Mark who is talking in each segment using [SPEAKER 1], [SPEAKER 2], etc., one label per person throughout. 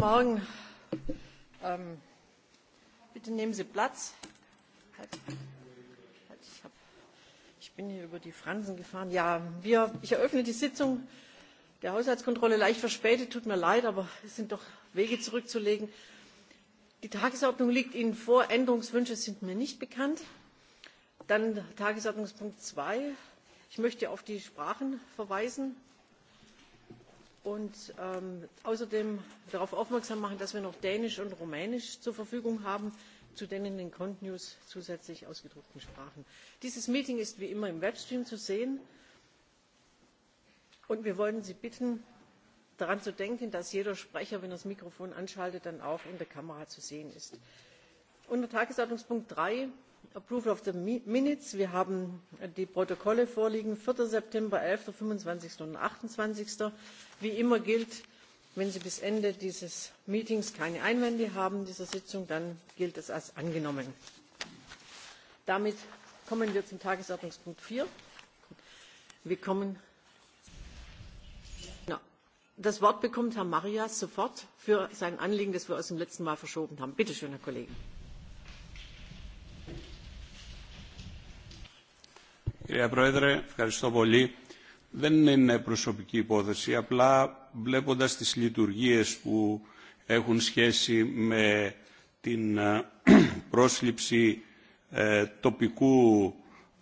[SPEAKER 1] Guten Morgen. Ähm, bitte nehmen Sie Platz. Halt. Halt, ich, hab, ich bin hier über die Fransen gefahren. Ja, wir, ich eröffne die Sitzung der Haushaltskontrolle leicht verspätet. Tut mir leid, aber es sind doch Wege zurückzulegen. Die Tagesordnung liegt Ihnen vor. Änderungswünsche sind mir nicht bekannt. Dann Tagesordnungspunkt 2. Ich möchte auf die Sprachen verweisen und ähm, außerdem darauf aufmerksam machen, dass wir noch Dänisch und Rumänisch zur Verfügung haben, zu denen in Grundnews zusätzlich ausgedruckten Sprachen. Dieses Meeting ist wie immer im Webstream zu sehen. Und wir wollen Sie bitten, daran zu denken, dass jeder Sprecher, wenn er das Mikrofon anschaltet, dann auch in der Kamera zu sehen ist. Unter Tagesordnungspunkt 3 approval of the minutes wir haben äh, die protokolle vorliegen vier september. elf fünfundzwanzig und. achtundzwanzig wie immer gilt wenn sie bis ende dieses meetings keine einwände haben dieser sitzung dann gilt das als angenommen. damit kommen wir zum tagesordnungspunkt. vier das wort bekommt herr marias sofort für sein anliegen das wir aus dem letzten mal verschoben haben. bitte schön herr kollege.
[SPEAKER 2] Κυρία Πρόεδρε, ευχαριστώ πολύ. Δεν είναι προσωπική υπόθεση, απλά βλέποντας τις λειτουργίες που έχουν σχέση με την πρόσληψη ε, τοπικού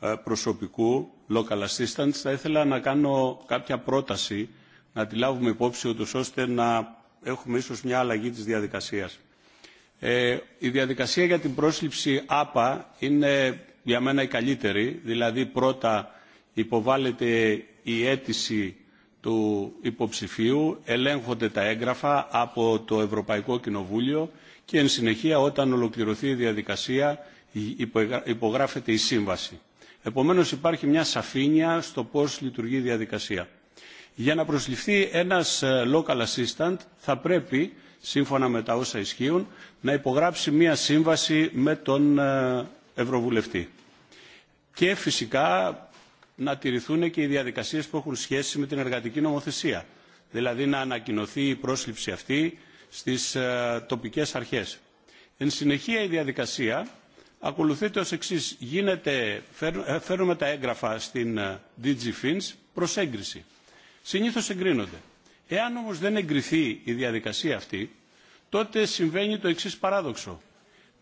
[SPEAKER 2] ε, προσωπικού, local assistance, θα ήθελα να κάνω κάποια πρόταση, να τη λάβουμε υπόψη, ούτως ώστε να έχουμε ίσως μια αλλαγή της διαδικασίας. Ε, η διαδικασία για την πρόσληψη ΑΠΑ είναι για μένα η καλύτερη. Δηλαδή πρώτα υποβάλλεται η αίτηση του υποψηφίου, ελέγχονται τα έγγραφα από το Ευρωπαϊκό Κοινοβούλιο και εν συνεχεία όταν ολοκληρωθεί η διαδικασία υπογράφεται η σύμβαση. Επομένως υπάρχει μια σαφήνεια στο πώς λειτουργεί η διαδικασία. Για να προσληφθεί ένας local assistant θα πρέπει, σύμφωνα με τα όσα ισχύουν, να υπογράψει μια σύμβαση με τον Ευρωβουλευτή. Και φυσικά να τηρηθούν και οι διαδικασίες που έχουν σχέση με την εργατική νομοθεσία. Δηλαδή να ανακοινωθεί η πρόσληψη αυτή στις ε, τοπικές αρχές. Εν συνεχεία η διαδικασία ακολουθείται ως εξής. Γίνεται, φέρνουμε τα έγγραφα στην DGFINS προς έγκριση. Συνήθως εγκρίνονται. Εάν όμως δεν εγκριθεί η διαδικασία αυτή, τότε συμβαίνει το εξής παράδοξο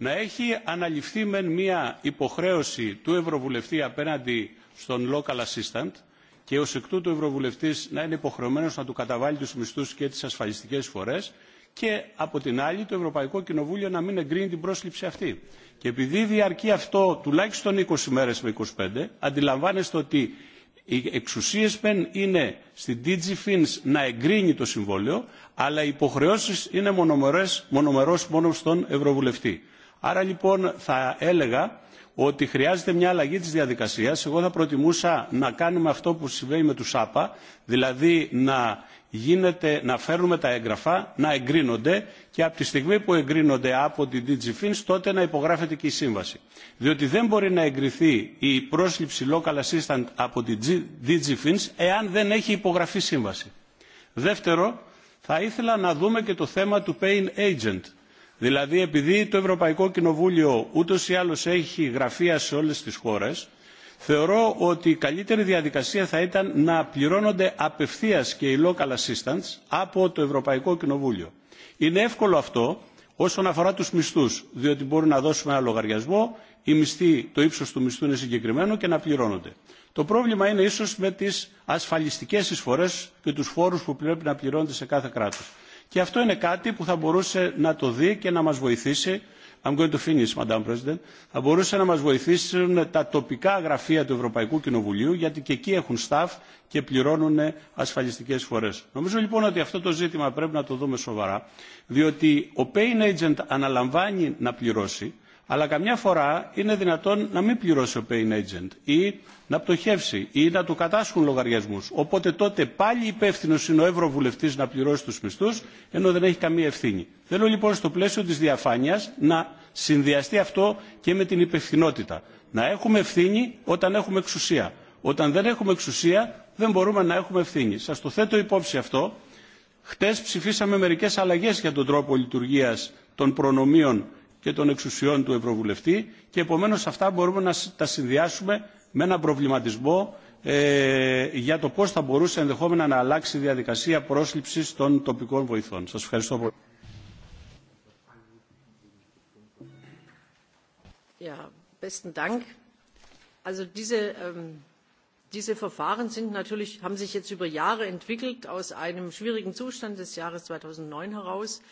[SPEAKER 2] να έχει αναλυφθεί μεν μία υποχρέωση του Ευρωβουλευτή απέναντι στον local assistant και ως εκ τούτου Ευρωβουλευτής να είναι υποχρεωμένος να του καταβάλει τους μισθούς και τις ασφαλιστικές φορές και από την άλλη το Ευρωπαϊκό Κοινοβούλιο να μην εγκρίνει την πρόσληψη αυτή. Και επειδή διαρκεί αυτό τουλάχιστον 20 μέρες με 25, αντιλαμβάνεστε ότι οι εξουσίες πεν είναι στην DG Fins να εγκρίνει το συμβόλαιο, αλλά οι υποχρεώσεις είναι μονομερές, μονομερός μόνο στον Ευρωβουλευτή. Άρα λοιπόν θα έλεγα ότι χρειάζεται μια αλλαγή της διαδικασίας. Εγώ θα προτιμούσα να κάνουμε αυτό που συμβαίνει με τους ΣΑΠΑ, δηλαδή να, γίνεται, να φέρνουμε τα έγγραφα, να εγκρίνονται και από τη στιγμή που εγκρίνονται από την DGFINS τότε να υπογράφεται και η σύμβαση. Διότι δεν μπορεί να εγκριθεί η πρόσληψη local assistant από την DGFINS εάν δεν έχει υπογραφεί σύμβαση. Δεύτερο, θα ήθελα να δούμε και το θέμα του paying agent δηλαδή επειδή το ευρωπαϊκό κοινοβούλιο ούτως ή άλλως έχει γραφεία σε όλες τις χώρες θεωρώ ότι η καλύτερη διαδικασία θα ήταν να πληρώνονται απευθείας και οι local assistance από το ευρωπαϊκό κοινοβούλιο είναι εύκολο αυτό όσον αφορά τους μισθούς διότι μπορούμε να δώσουμε ένα λογαριασμό η μισθή, το ύψος του μισθού είναι συγκεκριμένο και να πληρώνονται το πρόβλημα είναι ίσως με τις ασφαλιστικές εισφορές και τους φόρους που πρέπει να πληρώνεται σε κάθε κράτος. Και αυτό είναι κάτι που θα μπορούσε να το δει και να μας βοηθήσει I'm going to finish, Madam President. Θα μπορούσε να μας βοηθήσουν τα τοπικά γραφεία του Ευρωπαϊκού Κοινοβουλίου, γιατί και εκεί έχουν staff και πληρώνουν ασφαλιστικές φορές. Νομίζω λοιπόν ότι αυτό το ζήτημα πρέπει να το δούμε σοβαρά, διότι ο paying agent αναλαμβάνει να πληρώσει, αλλά καμιά φορά είναι δυνατόν να μην πληρώσει ο pain agent ή να πτωχεύσει ή να του κατάσχουν λογαριασμού. Οπότε τότε πάλι υπεύθυνο είναι ο ευρωβουλευτή να πληρώσει του μισθού, ενώ δεν έχει καμία ευθύνη. Θέλω λοιπόν στο πλαίσιο τη διαφάνεια να συνδυαστεί αυτό και με την υπευθυνότητα. Να έχουμε ευθύνη όταν έχουμε εξουσία. Όταν δεν έχουμε εξουσία, δεν μπορούμε να έχουμε ευθύνη. Σα το θέτω υπόψη αυτό. Χτε ψηφίσαμε μερικέ αλλαγέ για τον τρόπο λειτουργία των προνομίων και των εξουσιών του Ευρωβουλευτή και επομένως αυτά μπορούμε να τα συνδυάσουμε με έναν προβληματισμό ε, για το πώς θα μπορούσε ενδεχόμενα να αλλάξει η διαδικασία πρόσληψης των τοπικών βοηθών. Σας ευχαριστώ πολύ.
[SPEAKER 1] Ja, besten Dank. Also diese, ähm, diese Verfahren sind natürlich, haben sich jetzt über Jahre entwickelt aus einem schwierigen Zustand des Jahres 2009 heraus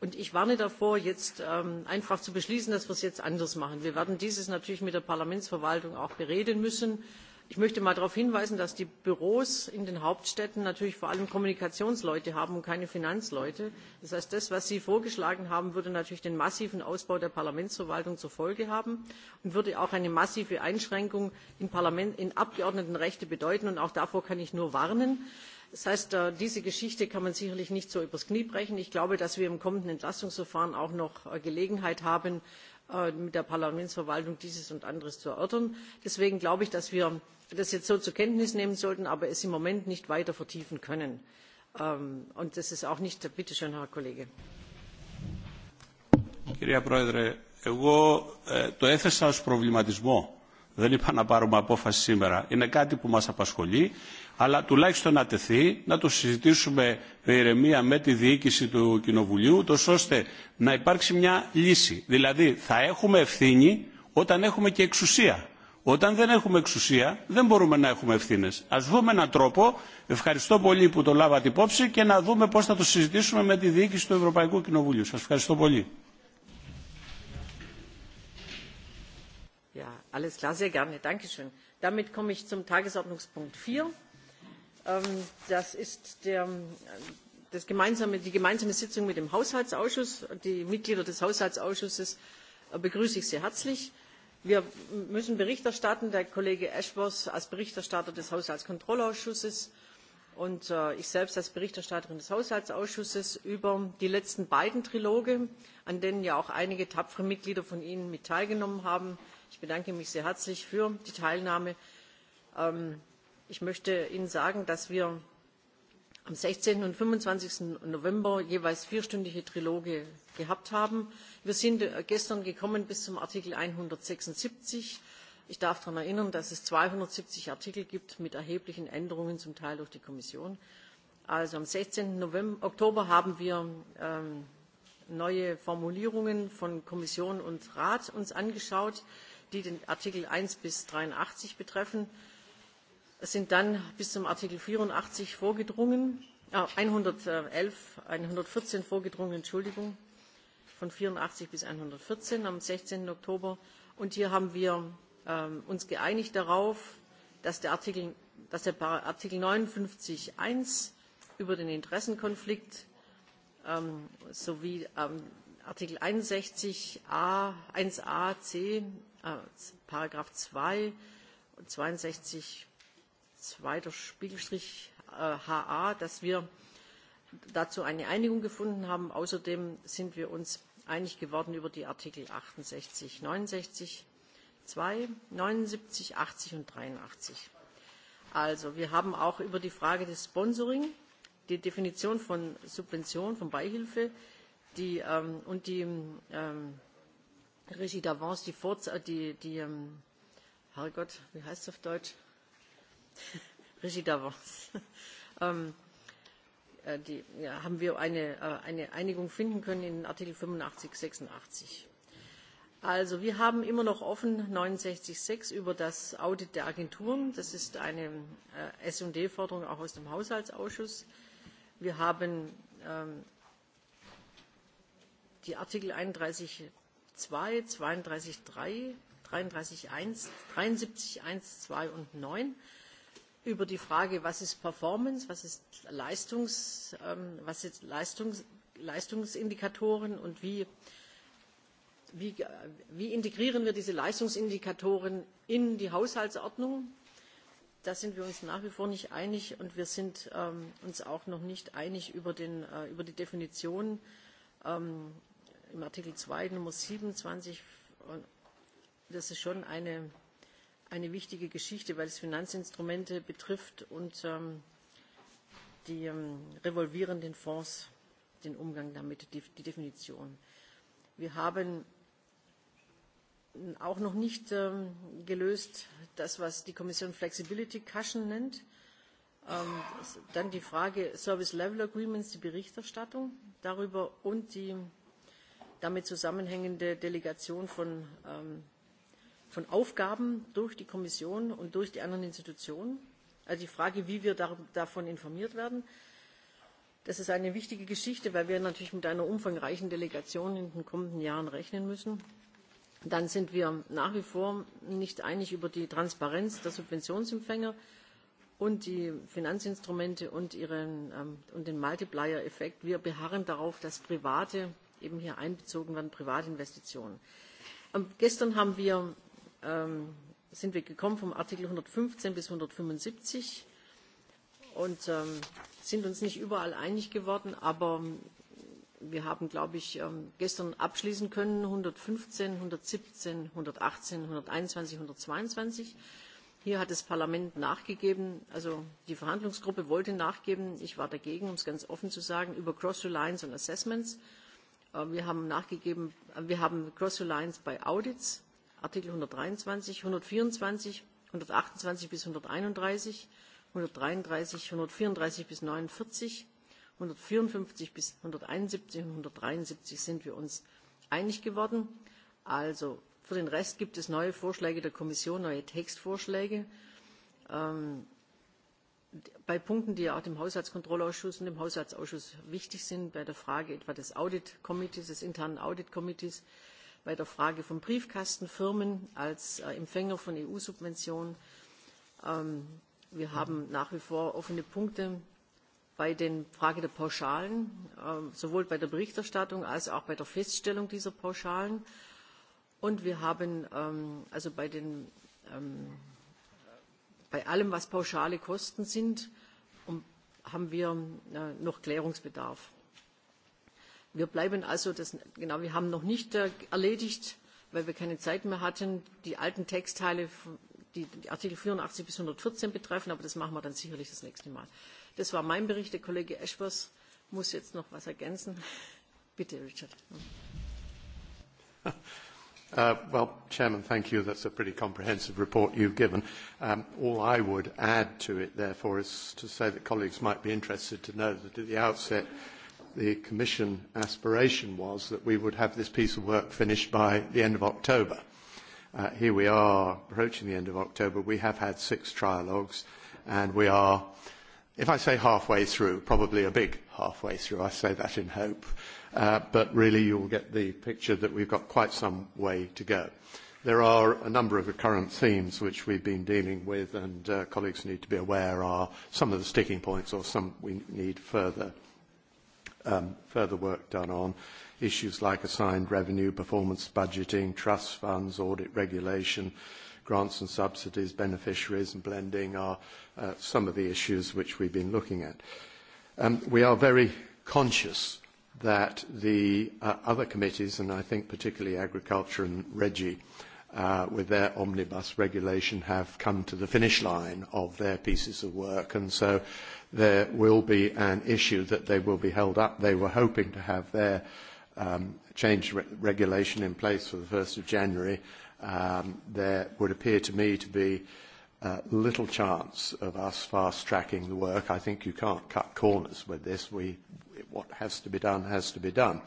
[SPEAKER 1] und ich warne davor jetzt ähm, einfach zu beschließen dass wir es jetzt anders machen. wir werden dies natürlich mit der parlamentsverwaltung auch bereden müssen. ich möchte mal darauf hinweisen dass die büros in den hauptstädten natürlich vor allem kommunikationsleute haben und keine finanzleute. das heißt das was sie vorgeschlagen haben würde natürlich den massiven ausbau der parlamentsverwaltung zur folge haben und würde auch eine massive einschränkung in abgeordnetenrechten bedeuten und auch davor kann ich nur warnen. Das heißt, diese Geschichte kann man sicherlich nicht so übers Knie brechen. Ich glaube, dass wir im kommenden Entlastungsverfahren auch noch äh, Gelegenheit haben, äh, mit der Parlamentsverwaltung dieses und anderes zu erörtern. Deswegen glaube ich, dass wir das jetzt so zur Kenntnis nehmen sollten, aber es im Moment nicht weiter vertiefen können. Ähm, und das ist auch nicht... Bitte schön, Herr Kollege.
[SPEAKER 2] Κυρία Πρόεδρε, εγώ ε, το έθεσα ως προβληματισμό. Δεν είπα να πάρουμε απόφαση σήμερα. Είναι κάτι που μας απασχολεί αλλά τουλάχιστον να τεθεί, να το συζητήσουμε με ηρεμία με τη διοίκηση του Κοινοβουλίου, ώστε να υπάρξει μια λύση. Δηλαδή, θα έχουμε ευθύνη όταν έχουμε και εξουσία. Όταν δεν έχουμε εξουσία, δεν μπορούμε να έχουμε ευθύνε. Α δούμε έναν τρόπο. Ευχαριστώ πολύ που το λάβατε υπόψη και να δούμε πώ θα το συζητήσουμε με τη διοίκηση του Ευρωπαϊκού Κοινοβουλίου. Σα ευχαριστώ πολύ.
[SPEAKER 1] Ja, alles klar, sehr gerne. Dankeschön. Damit komme ich zum Tagesordnungspunkt 4. Ähm, das ist der, das gemeinsame, die gemeinsame Sitzung mit dem Haushaltsausschuss. Die Mitglieder des Haushaltsausschusses äh, begrüße ich sehr herzlich. Wir müssen Bericht erstatten, der Kollege Ashworth als Berichterstatter des Haushaltskontrollausschusses und äh, ich selbst als Berichterstatterin des Haushaltsausschusses über die letzten beiden Triloge, an denen ja auch einige tapfere Mitglieder von Ihnen mit teilgenommen haben. Ich bedanke mich sehr herzlich für die Teilnahme. Ähm, Ich möchte Ihnen sagen, dass wir am 16. und 25. November jeweils vierstündige Triloge gehabt haben. Wir sind äh, gestern gekommen bis zum Artikel 176. Ich darf daran erinnern, dass es 270 Artikel gibt mit erheblichen Änderungen, zum Teil durch die Kommission. Also am 16. November, Oktober haben wir ähm, neue Formulierungen von Kommission und Rat uns angeschaut, die den Artikel 1 bis 83 betreffen sind dann bis zum Artikel 84 vorgedrungen, äh, 111, 114 vorgedrungen, Entschuldigung, von 84 bis 114 am 16. Oktober. Und hier haben wir äh, uns geeinigt darauf, dass der Artikel, dass der Artikel 59.1 über den Interessenkonflikt ähm, sowie ähm, Artikel 61 A, 1a c äh, Paragraph 2 und 62 zweiter Spielstrich äh, HA, dass wir dazu eine Einigung gefunden haben. Außerdem sind wir uns einig geworden über die Artikel 68, 69, 2, 79, 80 und 83. Also wir haben auch über die Frage des Sponsoring, die Definition von Subvention, von Beihilfe die, ähm, und die ähm, Regie d'Avance, die, die, die ähm, Herrgott, wie heißt es auf Deutsch? regie d'avance. Ähm, äh, die, ja, haben wir eine, äh, eine Einigung finden können in Artikel 85, 86. Also wir haben immer noch offen 69.6 über das Audit der Agenturen. Das ist eine äh, S&D-Forderung auch aus dem Haushaltsausschuss. Wir haben ähm, die Artikel 31.2, 32.3, 33.1, 73.1, 2 und 9 über die Frage, was ist Performance, was ist Leistungs, ähm, was sind Leistungs, Leistungsindikatoren und wie, wie, äh, wie integrieren wir diese Leistungsindikatoren in die Haushaltsordnung. Da sind wir uns nach wie vor nicht einig und wir sind ähm, uns auch noch nicht einig über, den, äh, über die Definition ähm, im Artikel 2 Nummer 27. Das ist schon eine eine wichtige Geschichte, weil es Finanzinstrumente betrifft und ähm, die ähm, revolvierenden Fonds, den Umgang damit, die, die Definition. Wir haben auch noch nicht ähm, gelöst das, was die Kommission Flexibility Cushion nennt. Ähm, dann die Frage Service Level Agreements, die Berichterstattung darüber und die damit zusammenhängende Delegation von ähm, von Aufgaben durch die Kommission und durch die anderen Institutionen. Also die Frage, wie wir davon informiert werden. Das ist eine wichtige Geschichte, weil wir natürlich mit einer umfangreichen Delegation in den kommenden Jahren rechnen müssen. Dann sind wir nach wie vor nicht einig über die Transparenz der Subventionsempfänger und die Finanzinstrumente und, ihren, ähm, und den Multiplier-Effekt. Wir beharren darauf, dass Private eben hier einbezogen werden, Privatinvestitionen. Ähm, gestern haben wir Ähm, sind wir gekommen vom Artikel 115 bis 175 und ähm, sind uns nicht überall einig geworden, aber wir haben, glaube ich, ähm, gestern abschließen können 115, 117, 118, 121, 122. Hier hat das Parlament nachgegeben, also die Verhandlungsgruppe wollte nachgeben, ich war dagegen, um es ganz offen zu sagen, über Cross-Reliance und Assessments. Äh, wir haben nachgegeben, äh, wir haben Cross-Reliance bei Audits Artikel 123, 124, 128 bis 131, 133, 134 bis 49, 154 bis 171 und 173 sind wir uns einig geworden. Also für den Rest gibt es neue Vorschläge der Kommission, neue Textvorschläge. Ähm, bei Punkten, die ja auch dem Haushaltskontrollausschuss und dem Haushaltsausschuss wichtig sind, bei der Frage etwa des Audit-Committees, des internen Audit-Committees, bei der Frage von Briefkastenfirmen als äh, Empfänger von EU-Subventionen. Ähm, wir haben nach wie vor offene Punkte bei der Frage der Pauschalen, äh, sowohl bei der Berichterstattung als auch bei der Feststellung dieser Pauschalen. Und wir haben ähm, also bei, den, ähm, bei allem, was pauschale Kosten sind, um, haben wir äh, noch Klärungsbedarf. Wir bleiben also, das, genau, wir haben noch nicht äh, erledigt, weil wir keine Zeit mehr hatten, die alten Textteile, die, die Artikel 84 bis 114 betreffen, aber das machen wir dann sicherlich das nächste Mal. Das war mein Bericht. Der Kollege Eschwers muss jetzt noch was ergänzen. Bitte, Richard.
[SPEAKER 3] Uh, well, Chairman, thank you. That's a pretty comprehensive report you've given. Um, all I would add to it, therefore, is to say that colleagues might be interested to know that at the outset, the commission aspiration was that we would have this piece of work finished by the end of October. Uh, here we are approaching the end of October. We have had six trialogues and we are, if I say halfway through, probably a big halfway through. I say that in hope. Uh, but really you will get the picture that we've got quite some way to go. There are a number of recurrent themes which we've been dealing with and uh, colleagues need to be aware are some of the sticking points or some we need further uh, um, further work done on issues like assigned revenue, performance budgeting, trust funds, audit regulation, grants and subsidies, beneficiaries and blending are uh, some of the issues which we've been looking at. Um, we are very conscious that the uh, other committees, and I think particularly Agriculture and Reggie, uh, with their omnibus regulation, have come to the finish line of their pieces of work. And so there will be an issue that they will be held up. They were hoping to have their um, change re- regulation in place for the 1st of January. Um, there would appear to me to be uh, little chance of us fast tracking the work. I think you can't cut corners with this. We, what has to be done has to be done.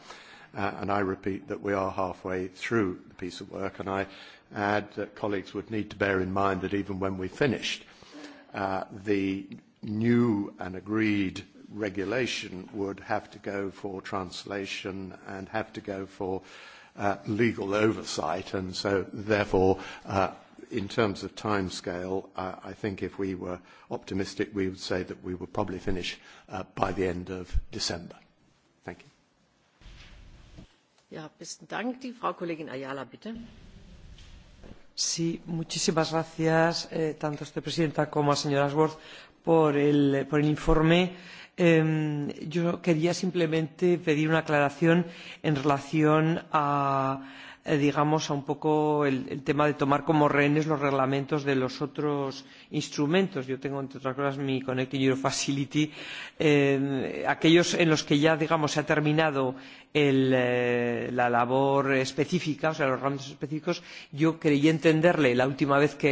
[SPEAKER 3] Uh, and I repeat that we are halfway through the piece of work. And I add that colleagues would need to bear in mind that even when we finished, uh, the new and agreed regulation would have to go for translation and have to go for uh, legal oversight. And so, therefore, uh, in terms of time scale, uh, I think if we were optimistic, we would say that we would probably finish uh, by the end of December. Thank you.
[SPEAKER 1] Ja, besten Dank. Die Frau Kollegin Ayala, bitte.
[SPEAKER 4] Sí, muchísimas gracias, eh, tanto a usted, Presidenta, como a señora Ashworth, por el informe. Yo quería simplemente pedir una aclaración en relación con Eh, digamos un poco el tema de tomar como rehenes los reglamentos de los otros instrumentos yo tengo entre otras cosas mi connecting europe facility eh, aquellos en los que ya digamos se ha terminado eh, la labor específica o sea los reglamentos específicos yo creí entenderle la última vez que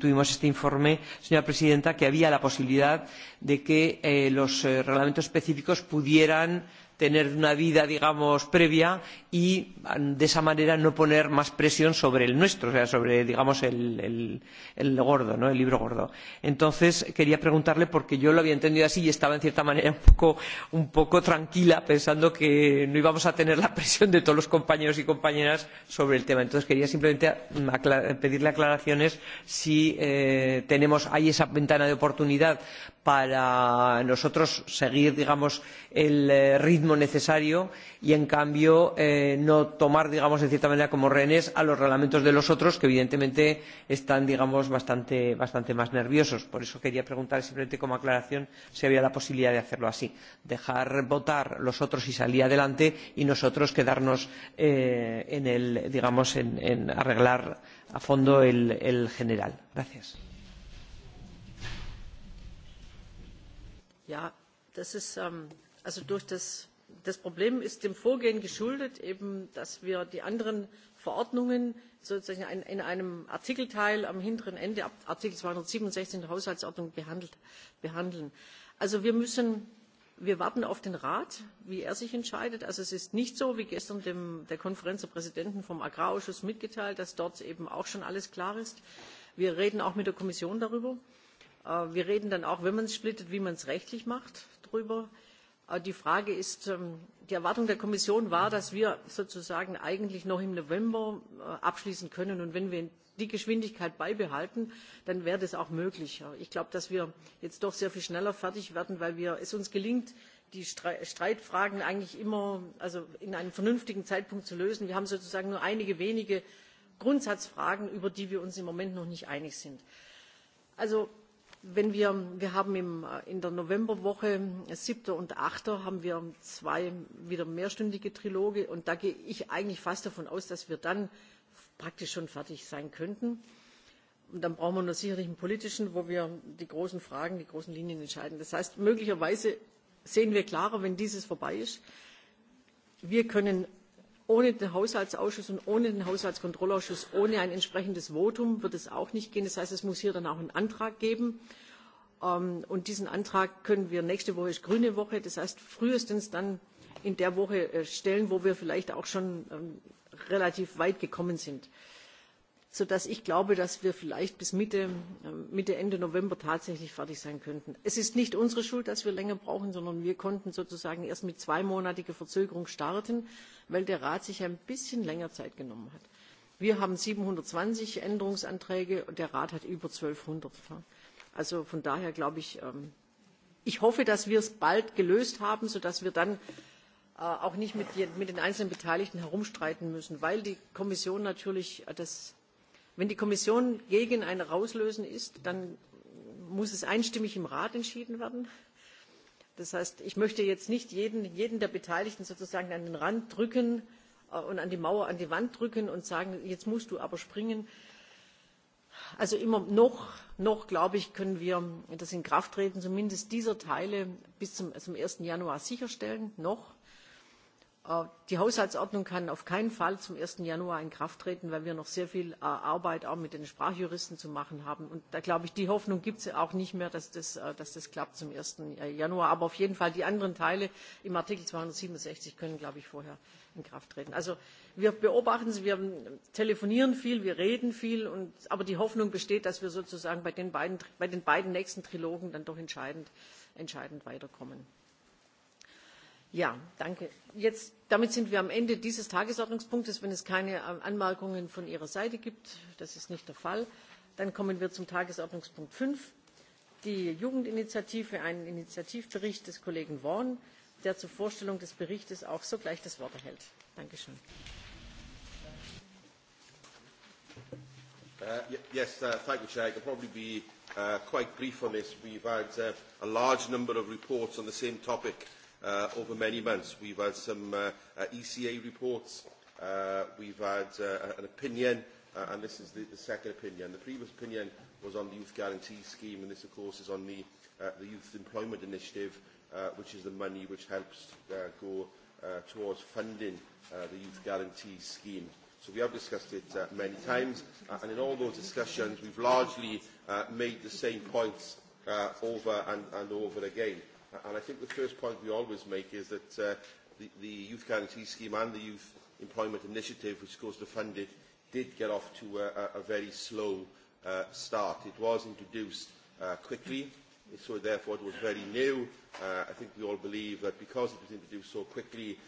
[SPEAKER 4] tuvimos este informe señora presidenta que había la posibilidad de que los reglamentos específicos pudieran tener una vida digamos previa y de esa manera no poner más presión sobre el nuestro o sea sobre digamos el gordo ¿no? el libro gordo. entonces quería preguntarle porque yo lo había entendido así y estaba en cierta manera un poco tranquila pensando que no íbamos a tener la presión de todos los compañeros y compañeras sobre el tema. entonces quería simplemente pedirle aclaraciones si eh, hay esa ventana de oportunidad para nosotros seguir el eh, ritmo necesario y en cambio eh, no tomar de cierta manera como rehenes a los reglamentos de los otros que evidentemente están bastante más nerviosos. por eso quería preguntar simplemente como aclaración si había la posibilidad de hacerlo así dejar votar los otros y salir adelante y nosotros quedarnos eh, en arreglar a fondo el general. gracias.
[SPEAKER 1] Ja, das ist ähm, also durch das, das Problem ist dem Vorgehen geschuldet, eben, dass wir die anderen Verordnungen sozusagen in, in einem Artikelteil am hinteren Ende Artikel 267 der Haushaltsordnung behandelt, behandeln. Also wir müssen wir warten auf den Rat, wie er sich entscheidet. Also es ist nicht so, wie gestern dem, der Konferenz der Präsidenten vom Agrarausschuss mitgeteilt, dass dort eben auch schon alles klar ist. Wir reden auch mit der Kommission darüber. Äh, wir reden dann auch, wenn man es splittet, wie man es rechtlich macht, darüber. Äh, die Frage ist, ähm, die Erwartung der Kommission war, dass wir sozusagen eigentlich noch im November äh, abschließen können. Und wenn wir die Geschwindigkeit beibehalten, dann wäre das auch möglich. Ich glaube, dass wir jetzt doch sehr viel schneller fertig werden, weil wir, es uns gelingt, die Streitfragen eigentlich immer also in einem vernünftigen Zeitpunkt zu lösen. Wir haben sozusagen nur einige wenige Grundsatzfragen, über die wir uns im Moment noch nicht einig sind. Also wenn wir, wir haben im, äh, in der Novemberwoche, 7. Äh, und 8. haben wir um zwei wieder mehrstündige Triloge und da gehe ich eigentlich fast davon aus, dass wir dann praktisch schon fertig sein könnten. Und dann brauchen wir noch sicherlich einen politischen, wo wir die großen Fragen, die großen Linien entscheiden. Das heißt, möglicherweise sehen wir klarer, wenn dieses vorbei ist. Wir können ohne den Haushaltsausschuss und ohne den Haushaltskontrollausschuss, ohne ein entsprechendes Votum wird es auch nicht gehen. Das heißt, es muss hier dann auch einen Antrag geben. Ähm, und diesen Antrag können wir nächste Woche, ist grüne Woche, das heißt frühestens dann in der Woche äh, stellen, wo wir vielleicht auch schon ähm, relativ weit gekommen sind so dass ich glaube dass wir vielleicht bis mitte ähm, mitte ende november tatsächlich fertig sein könnten. es ist nicht unsere schuld dass wir länger brauchen sondern wir konnten sozusagen erst mit zweimonatiger verzögerung starten weil der rat sich ein bisschen länger zeit genommen hat. wir haben siebenhundertzwanzig änderungsanträge und der rat hat über. zweitausendzweihundert also von daher glaube ich ähm, ich hoffe dass wir es bald gelöst haben so dass wir dann äh, auch nicht mit den einzelnen beteiligten herumstreiten müssen weil die kommission natürlich äh, Wenn die Kommission gegen ein Rauslösen ist, dann muss es einstimmig im Rat entschieden werden. Das heißt, ich möchte jetzt nicht jeden, jeden der Beteiligten sozusagen an den Rand drücken äh, und an die Mauer, an die Wand drücken und sagen, jetzt musst du aber springen. Also immer noch, noch, glaube ich, können wir das in Kraft treten, zumindest dieser Teile bis zum, zum 1. Januar sicherstellen, noch. Äh, die Haushaltsordnung kann auf keinen Fall zum 1. Januar in Kraft treten, weil wir noch sehr viel äh, Arbeit auch mit den Sprachjuristen zu machen haben. Und da glaube ich, die Hoffnung gibt es ja auch nicht mehr, dass das, äh, dass das klappt zum 1. Januar. Aber auf jeden Fall die anderen Teile im Artikel 267 können, glaube ich, vorher in Kraft treten. Also wir beobachten sie, wir ähm, telefonieren viel, wir reden viel, und, aber die Hoffnung besteht, dass wir sozusagen bei den beiden, bei den beiden nächsten Trilogen dann doch entscheidend, entscheidend weiterkommen. Ja, danke. Jetzt, damit sind wir am Ende dieses Tagesordnungspunktes. Wenn es keine äh, Anmerkungen von Ihrer Seite gibt, das ist nicht der Fall, dann kommen wir zum Tagesordnungspunkt 5, die Jugendinitiative, einen Initiativbericht des Kollegen Worn, der zur Vorstellung des Berichtes auch sogleich das Wort erhält. Dankeschön.
[SPEAKER 5] Uh, yes, uh, thank you, Chair. I can probably be uh, quite brief on this. We've had uh, a large number of reports on the same topic uh, over many months. We've had some uh, uh, ECA reports, uh, we've had uh, an opinion, uh, and this is the, the second opinion. The previous opinion was on the Youth Guarantee Scheme, and this, of course, is on the, uh, the Youth Employment Initiative, uh, which is the money which helps uh, go uh, towards funding uh, the Youth Guarantee Scheme. So we have discussed it uh, many times, uh, and in all those discussions, we've largely uh, made the same points uh, over and, and over again. And I think the first point we always make is that uh, the, the Youth Guarantee Scheme and the Youth Employment Initiative, which goes to fund it, did get off to a, a very slow uh, start. It was introduced uh, quickly, so therefore it was very new. Uh, I think we all believe that because it was introduced so quickly,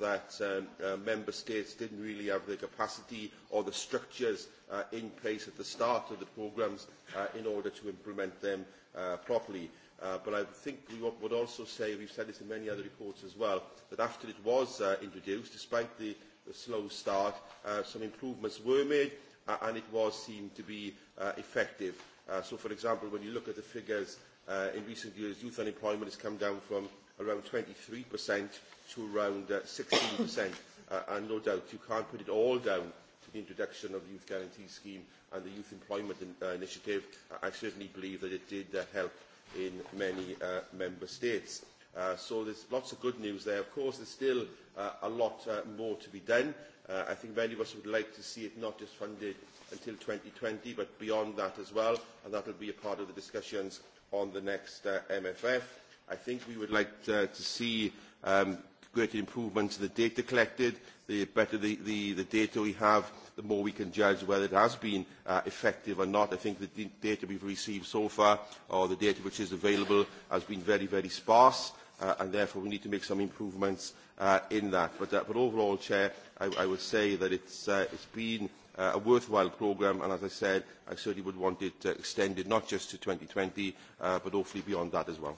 [SPEAKER 5] that um, uh, member states didn't really have the capacity or the structures uh, in place at the start of the programs uh, in order to implement them uh, properly. Uh, but I think we would also say, we've said this in many other reports as well, that after it was uh, introduced, despite the, the slow start, uh, some improvements were made uh, and it was seen to be uh, effective. Uh, so, for example, when you look at the figures uh, in recent years, youth unemployment has come down from around 23% to around uh, 16%. uh, and no doubt, you can't put it all down to the introduction of the Youth Guarantee Scheme and the Youth Employment in, uh, Initiative. I certainly believe that it did uh, help in many uh, member states. Uh, so there's lots of good news there. Of course, there's still uh, a lot uh, more to be done. Uh, I think many of us would like to see it not just funded until 2020, but beyond that as well, and that will be a part of the discussions on the next uh, MFF. I think we would like to, uh, to see um, greater improvements in the data collected, the better the, the, the data we have, the more we can judge whether it has been uh, effective or not. I think the data we've received so far, or the data which is available, has been very, very sparse, uh, and therefore we need to make some improvements uh, in that. But, uh, but overall, Chair, I, I would say that it's, uh, it's been uh, a worthwhile programme, and as I said, I certainly would want it uh, extended not just to 2020, uh, but hopefully beyond that as well.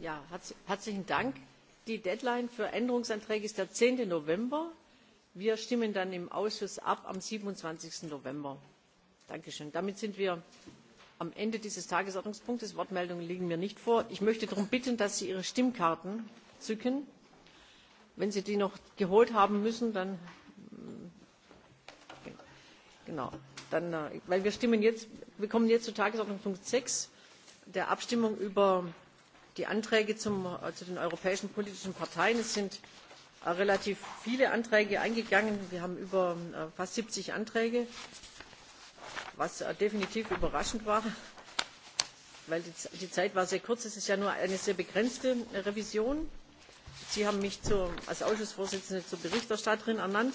[SPEAKER 1] Ja, herz, herzlichen Dank die deadline für änderungsanträge ist der. zehn november wir stimmen dann im ausschuss ab am. siebenundzwanzig november. damit sind wir am ende dieses tagesordnungspunktes. wortmeldungen liegen mir nicht vor. ich möchte darum bitten dass sie ihre stimmkarten zücken. wenn sie die noch geholt haben müssen dann mm, äh, weil wir stimmen jetzt wir kommen jetzt zu tagesordnungspunkt sechs der abstimmung die anträge zu den europäischen politischen parteien es sind äh, relativ viele anträge eingegangen wir haben äh, fast siebzig anträge was äh, definitiv überraschend war weil die zeit sehr kurz war. es ist ja nur eine sehr begrenzte revision. sie haben mich als ausschussvorsitzende zur berichterstatterin ernannt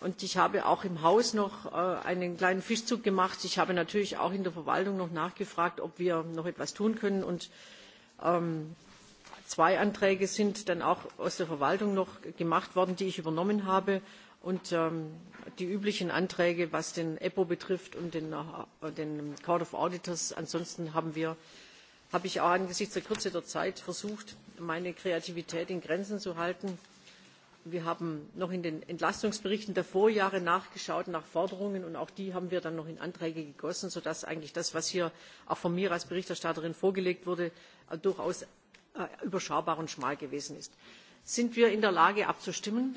[SPEAKER 1] und ich habe auch im haus noch einen kleinen fischzug gemacht. ich habe natürlich auch in der verwaltung noch nachgefragt ob wir noch etwas tun können Ähm, zwei anträge sind dann auch aus der verwaltung noch gemacht worden die ich übernommen habe und ähm, die üblichen anträge was den eppo betrifft und den äh, court of auditors. ansonsten habe ich auch angesichts der kürze der zeit versucht meine kreativität in grenzen zu halten wir haben noch in den Entlastungsberichten der Vorjahre nachgeschaut nach Forderungen und auch die haben wir dann noch in Anträge gegossen, sodass eigentlich das, was hier auch von mir als Berichterstatterin vorgelegt wurde, äh, durchaus äh, überschaubar und schmal gewesen ist. Sind wir in der Lage abzustimmen?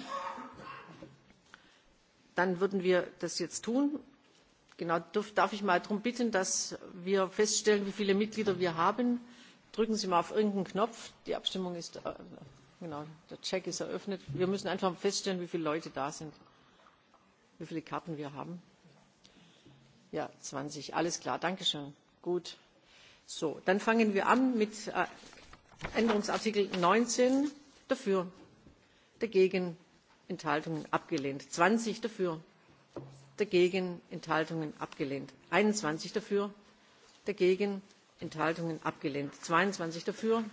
[SPEAKER 1] Dann würden wir das jetzt tun. Genau, darf ich mal darum bitten, dass wir feststellen, wie viele Mitglieder wir haben. Drücken Sie mal auf irgendeinen Knopf. Die Abstimmung ist. Äh, genau der check ist eröffnet. wir müssen einfach feststellen wie viele leute da sind wie viele karten wir haben. ja zwanzig alles klar danke schön. gut so dann fangen wir an mit äh, änderungsartikel neunzehn dafür dagegen enthaltungen abgelehnt zwanzig dafür dagegen enthaltungen abgelehnt einundzwanzig dafür dagegen enthaltungen abgelehnt zweiundzwanzig dafür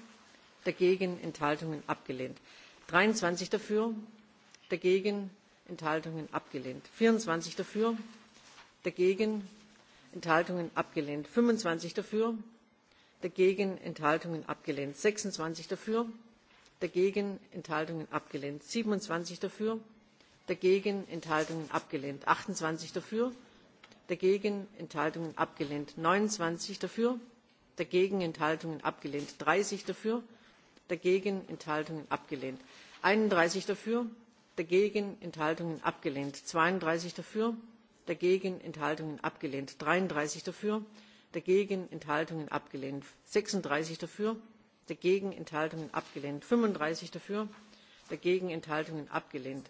[SPEAKER 1] dagegen enthaltungen abgelehnt dreiundzwanzig dafür dagegen enthaltungen abgelehnt vierundzwanzig dafür dagegen enthaltungen abgelehnt fünfundzwanzig dafür dagegen enthaltungen abgelehnt sechsundzwanzig dafür dagegen enthaltungen abgelehnt siebenundzwanzig dafür dagegen enthaltungen abgelehnt achtundzwanzig dafür dagegen enthaltungen abgelehnt neunundzwanzig dafür dagegen enthaltungen abgelehnt dreißig dafür dagegen enthaltungen abgelehnt einunddreißig dafür dagegen enthaltungen abgelehnt zweiunddreißig dafür dagegen enthaltungen abgelehnt dreiunddreißig dafür dagegen enthaltungen abgelehnt sechsunddreißig dafür dagegen enthaltungen abgelehnt fünfunddreißig dafür dagegen enthaltungen abgelehnt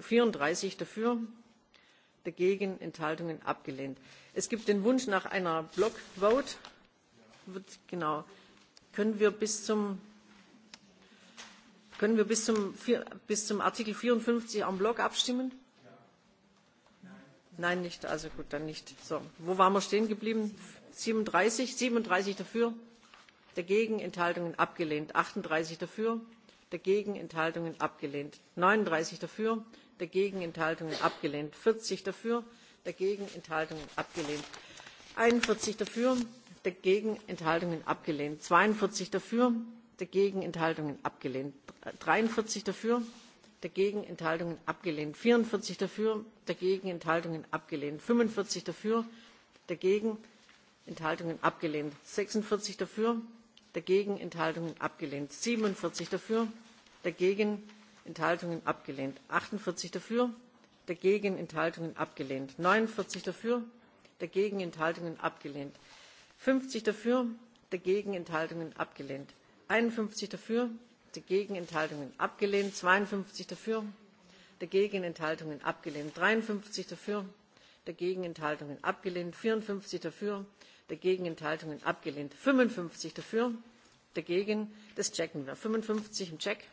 [SPEAKER 1] vierunddreißig dafür dagegen enthaltungen abgelehnt. es gibt den wunsch nach einer block vote können wir bis zum, bis zum Artikel 54 am Block abstimmen? Ja. Nein. Nein, nicht. Also gut, dann nicht. So, wo waren wir stehen geblieben? 37, 37 dafür, dagegen, Enthaltungen abgelehnt. 38 dafür, dagegen, Enthaltungen abgelehnt. 39 dafür, dagegen, Enthaltungen abgelehnt. 40 dafür, dagegen, Enthaltungen abgelehnt. 41 dafür, dagegen enthaltungen abgelehnt; zweiundvierzig dafür dagegen enthaltungen abgelehnt; dreiundvierzig dafür dagegen enthaltungen abgelehnt; vierundvierzig dafür dagegen enthaltungen abgelehnt; fünfundvierzig dafür dagegen enthaltungen abgelehnt; sechsundvierzig dafür dagegen enthaltungen abgelehnt; siebenundvierzig dafür dagegen enthaltungen abgelehnt; achtundvierzig dafür dagegen enthaltungen abgelehnt; neunundvierzig dafür dagegen enthaltungen abgelehnt; fünfzig dafür dagegen enthaltungen abgelehnt einundfünfzig dafür dagegen enthaltungen abgelehnt zweiundfünfzig dafür dagegen enthaltungen abgelehnt dreiundfünfzig dafür dagegen enthaltungen abgelehnt vierundfünfzig dafür dagegen enthaltungen abgelehnt fünfundfünfzig dafür dagegen das checken wir fünfundfünfzig im check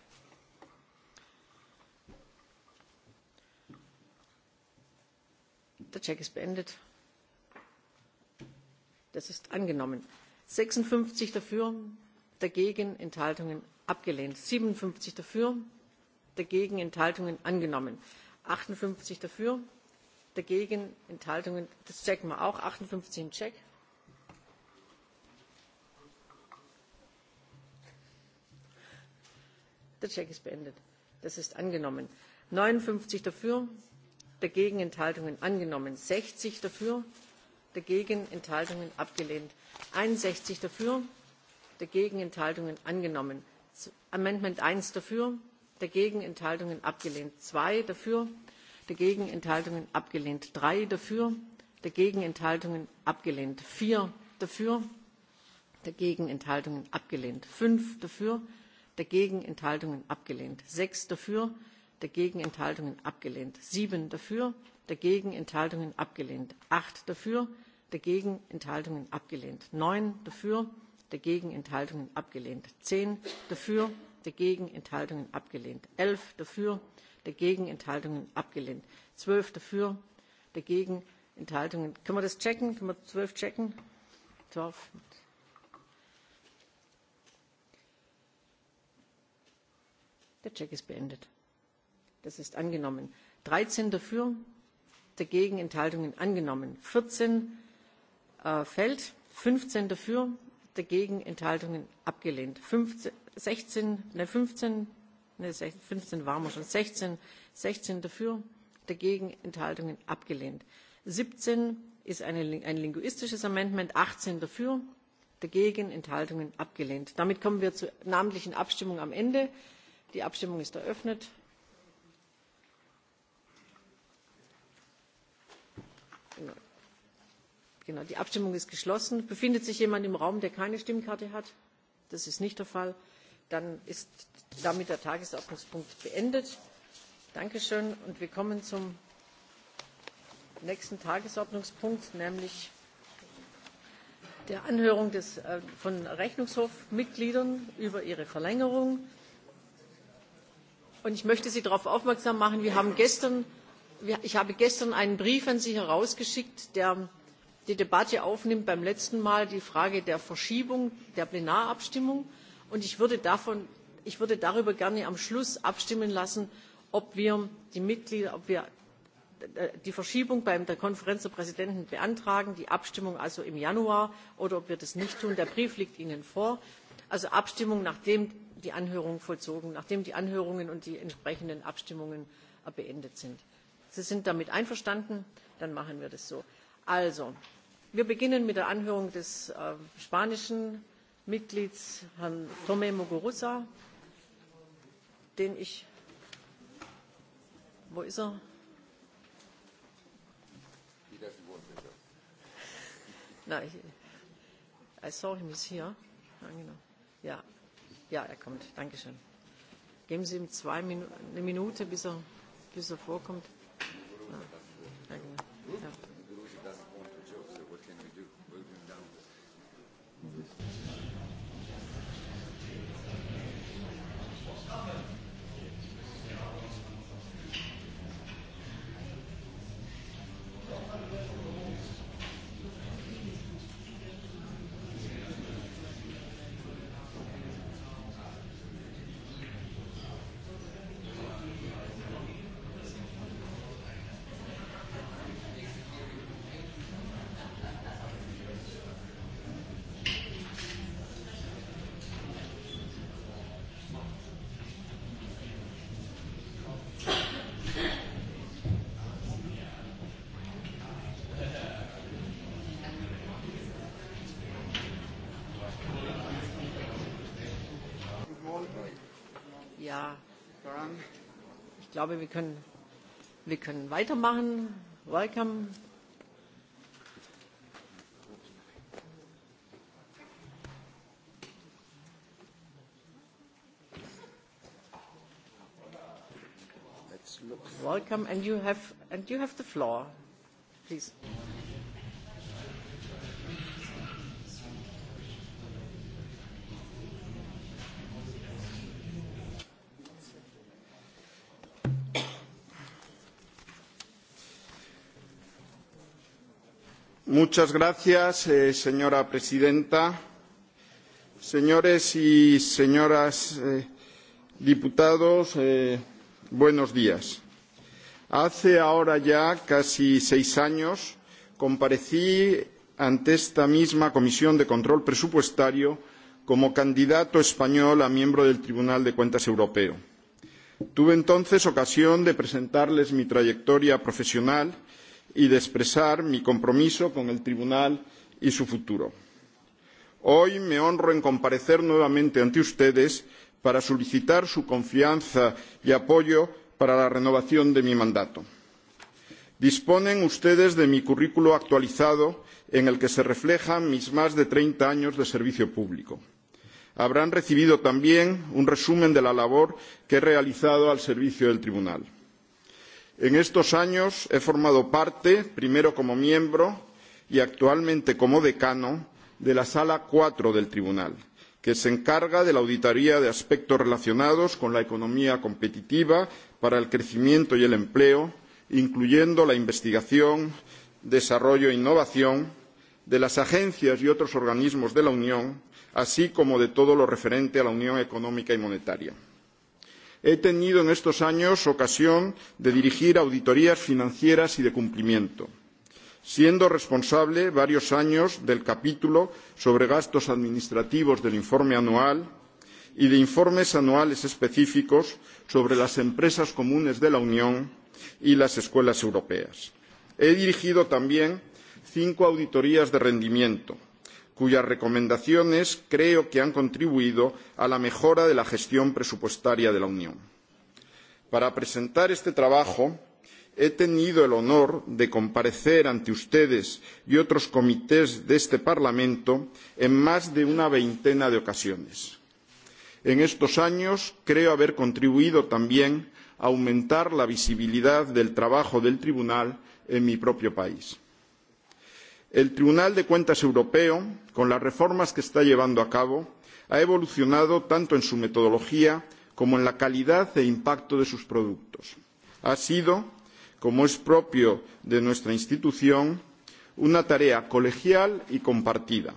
[SPEAKER 1] der check ist beendet das ist angenommen. 56 dafür, dagegen Enthaltungen abgelehnt. 57 dafür, dagegen Enthaltungen angenommen. 58 dafür, dagegen Enthaltungen, das checken wir auch, 58 im Check. Der Check ist beendet. Das ist angenommen. 59 dafür, dagegen Enthaltungen angenommen. 60 dafür, dagegen enthaltungen abgelehnt; einundsechzig dafür dagegen enthaltungen angenommen; änderungsantrag eins dafür dagegen enthaltungen abgelehnt; zwei dafür dagegen enthaltungen abgelehnt; drei dafür dagegen enthaltungen abgelehnt; vier dafür dagegen enthaltungen abgelehnt; fünf dafür dagegen enthaltungen abgelehnt; sechs dafür dagegen enthaltungen abgelehnt; sieben dafür dagegen enthaltungen abgelehnt acht dafür dagegen enthaltungen abgelehnt neun dafür dagegen enthaltungen abgelehnt zehn dafür dagegen enthaltungen abgelehnt elf dafür dagegen enthaltungen abgelehnt zwölf dafür dagegen enthaltungen können wir das checken können wir zwölf checken zwölf der check ist beendet das ist angenommen dreizehn dafür dagegen enthaltungen angenommen; vierzehn äh, fällt fünfzehn dafür dagegen enthaltungen abgelehnt; sechzehn dafür dagegen enthaltungen abgelehnt; siebzehn ist ein linguistisches amendment achtzehn dafür dagegen enthaltungen abgelehnt. damit kommen wir zur namentlichen abstimmung am ende. die abstimmung ist eröffnet. Äh, die abstimmung ist geschlossen. befindet sich jemand im raum der keine stimmkarte hat? das ist nicht der fall. dann ist damit der tagesordnungspunkt beendet. wir kommen zum nächsten tagesordnungspunkt nämlich der anhörung äh, von rechnungshofmitgliedern über ihre verlängerung. ich möchte sie darauf aufmerksam machen wir haben ich habe gestern einen brief an sie herausgeschickt der die debatte aufnimmt beim letzten mal die frage der verschiebung der plenarabstimmung und ich würde darüber gerne am schluss abstimmen lassen ob wir die äh, verschiebung bei der konferenz der präsidenten beantragen die abstimmung also im januar oder ob wir das nicht tun. der brief liegt ihnen vor also abstimmung nachdem die anhörungen und die entsprechenden abstimmungen äh, beendet sind sie sind damit einverstanden dann machen wir das so. wir beginnen mit der anhörung des äh, spanischen mitglieds herrn tomé muguruza den ich wo ist er? Nein, I saw him is here. Ja, genau. ja. ja, er kommt. Dankeschön. Geben Sie ihm zwei Minu eine Minute, bis er, bis er vorkommt. glaube, wir können, wir können weitermachen. Welcome. Welcome, and you have and you have the floor, please.
[SPEAKER 6] Muchas gracias, eh, señora presidenta. Señores y señoras eh, diputados, eh, buenos días. Hace ahora ya casi seis años comparecí ante esta misma Comisión de Control Presupuestario como candidato español a miembro del Tribunal de Cuentas Europeo. Tuve entonces ocasión de presentarles mi trayectoria profesional y de expresar mi compromiso con el tribunal y su futuro. Hoy me honro en comparecer nuevamente ante ustedes para solicitar su confianza y apoyo para la renovación de mi mandato. Disponen ustedes de mi currículo actualizado en el que se reflejan mis más de 30 años de servicio público. Habrán recibido también un resumen de la labor que he realizado al servicio del Tribunal en estos años he formado parte primero como miembro y actualmente como decano de la sala cuatro del tribunal que se encarga de la auditoría de aspectos relacionados con la economía competitiva para el crecimiento y el empleo incluyendo la investigación desarrollo e innovación de las agencias y otros organismos de la unión así como de todo lo referente a la unión económica y monetaria he tenido en estos años ocasión de dirigir auditorías financieras y de cumplimiento siendo responsable varios años del capítulo sobre gastos administrativos del informe anual y de informes anuales específicos sobre las empresas comunes de la unión y las escuelas europeas. he dirigido también cinco auditorías de rendimiento cuyas recomendaciones creo que han contribuido a la mejora de la gestión presupuestaria de la unión. para presentar este trabajo he tenido el honor de comparecer ante ustedes y otros comités de este parlamento en más de una veintena de ocasiones. en estos años creo haber contribuido también a aumentar la visibilidad del trabajo del tribunal en mi propio país el tribunal de cuentas europeo con las reformas que está llevando a cabo ha evolucionado tanto en su metodología como en la calidad e impacto de sus productos. ha sido como es propio de nuestra institución una tarea colegial y compartida.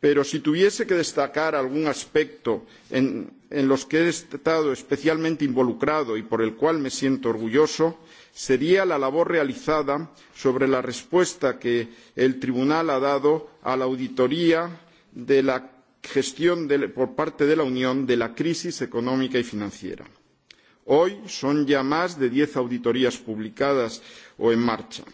[SPEAKER 6] pero si tuviese que destacar algún aspecto en, en los que he estado especialmente involucrado y por el cual me siento orgulloso sería la labor realizada sobre la respuesta que el tribunal ha dado a la auditoría de la gestión por parte de la unión de la crisis económica y financiera. hoy son ya más de diez auditorías publicadas o en marcha.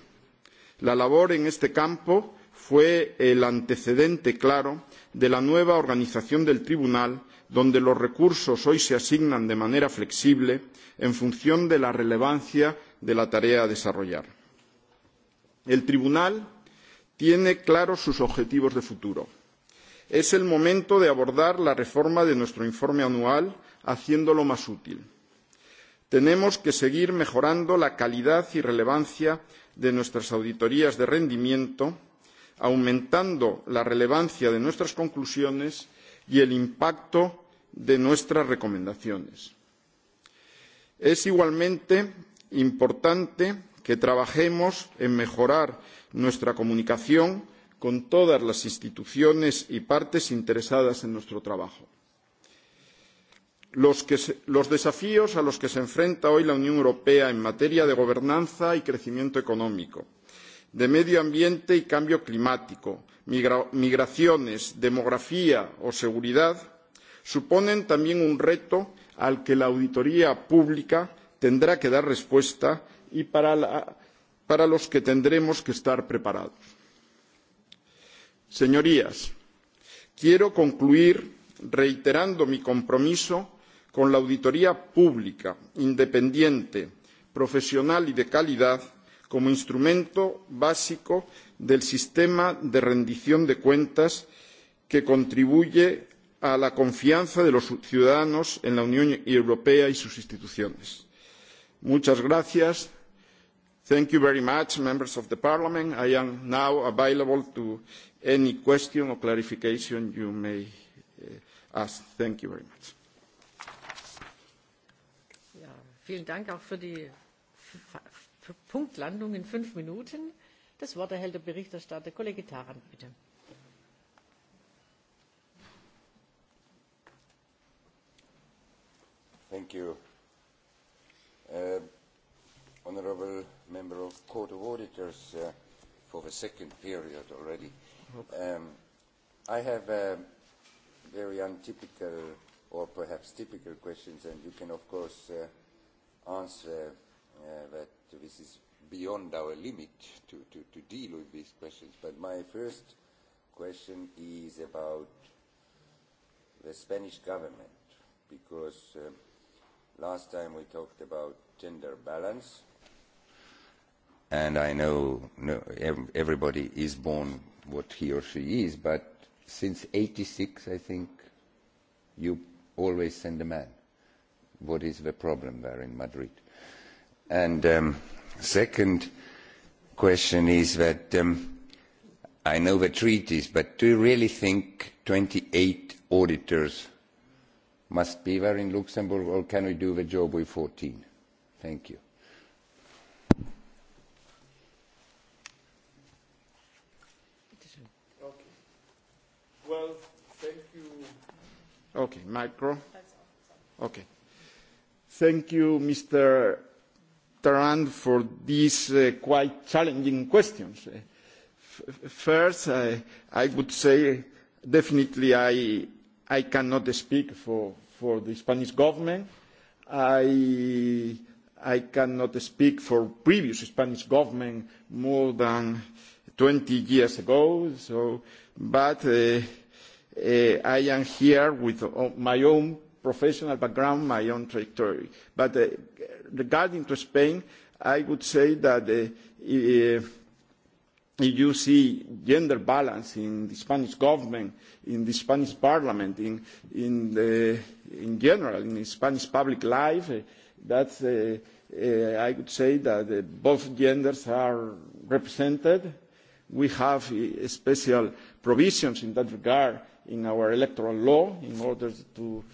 [SPEAKER 6] la labor en este campo fue el antecedente claro de la nueva organización del tribunal donde los recursos hoy se asignan de manera flexible en función de la relevancia de la tarea a desarrollar. El Tribunal tiene claros sus objetivos de futuro. Es el momento de abordar la reforma de nuestro informe anual haciéndolo más útil. Tenemos que seguir mejorando la calidad y relevancia de nuestras auditorías de rendimiento, aumentando la relevancia de nuestras conclusiones y el impacto de nuestras recomendaciones. Es igualmente importante que trabajemos en mejorar nuestra comunicación con todas las instituciones y partes interesadas en nuestro trabajo. Los, que se, los desafíos a los que se enfrenta hoy la Unión Europea en materia de gobernanza y crecimiento económico, de medio ambiente y cambio climático, migra, migraciones, demografía o seguridad, suponen también un reto al que la auditoría pública tendrá que dar respuesta y para, la, para los que tendremos que estar preparados. Señorías, quiero concluir reiterando mi compromiso con la auditoría pública, independiente, profesional y de calidad como instrumento básico del sistema de rendición de cuentas que contribuye a la confianza de los ciudadanos en la Unión Europea y sus instituciones muchas gracias. Thank you very much, members of the Parliament. I am now available to any question or clarification you may uh, ask. Thank you very much.
[SPEAKER 1] Ja, vielen Dank auch für die für Punktlandung in fünf Minuten. Das Wort erhält der Berichterstatter, Kollege Tarant, bitte.
[SPEAKER 7] Thank you. Uh, honorable member of Court of Auditors uh, for the second period already. Um, I have a uh, very untypical or perhaps typical questions and you can of course uh, answer uh, that this is beyond our limit to, to, to deal with these questions. But my first question is about the Spanish government because uh, Last time we talked about gender balance, and I know no, ev everybody is born what he or she is, but since 86, I think, you always send a man. What is the problem there in Madrid? And um, second question is that um, I know the treaties, but do you really think 28 auditors must be there in Luxembourg, or can we do the job with 14? Thank you.
[SPEAKER 6] Well, thank you. Okay, micro. Okay. Thank you, Mr. Tarand, for these uh, quite challenging questions. Uh, f- first, uh, I would say definitely I I cannot speak for, for the Spanish government. I, I cannot speak for previous Spanish government more than 20 years ago. So, but uh, uh, I am here with uh, my own professional background, my own trajectory. But uh, regarding to Spain, I would say that uh, uh, if you see gender balance in the Spanish government, in the Spanish parliament, in, in, the, in general, in the Spanish public life, eh, that's, uh, uh, I would say that uh, both genders are represented. We have uh, special provisions in that regard in our electoral law in order to,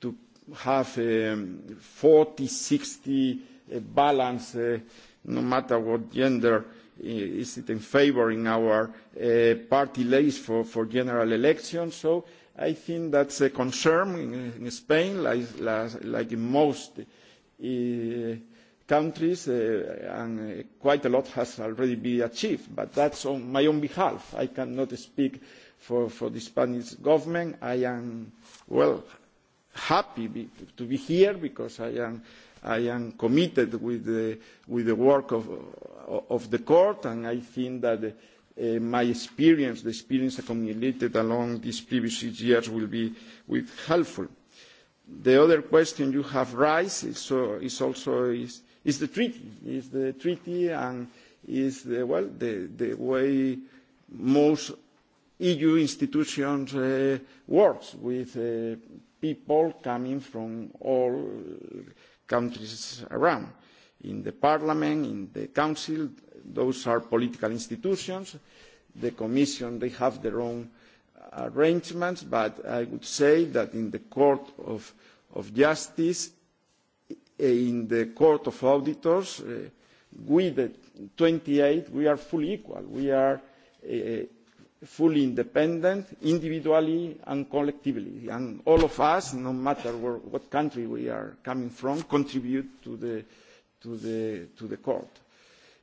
[SPEAKER 6] to have um, 40, 60, a balance, uh, no matter what gender is it in favor in our uh, party list for, for general elections. So I think that's a concern in, in Spain, like, like in most uh, countries, uh, and uh, quite a lot has already been achieved. But that's on my own behalf. I cannot speak for, for the Spanish government. I am, well, happy be, to be here because I am uh, I am committed with the, with the work of, of the court, and I think that uh, my experience, the experience accumulated along these previous six years, will be with helpful. The other question you have raised is, uh, is also is, is the treaty, is the treaty, and is the, well the, the way most EU institutions uh, works with uh, people coming from all. Uh, countries around in the parliament in the council those are political institutions the commission they have their own arrangements but i would say that in the court of, of justice eh, in the court of auditors uh, we the 28 we are fully equal we are uh, fully independent, individually and collectively. And all of us, no matter where, what country we are coming from, contribute to the, to the, to the court.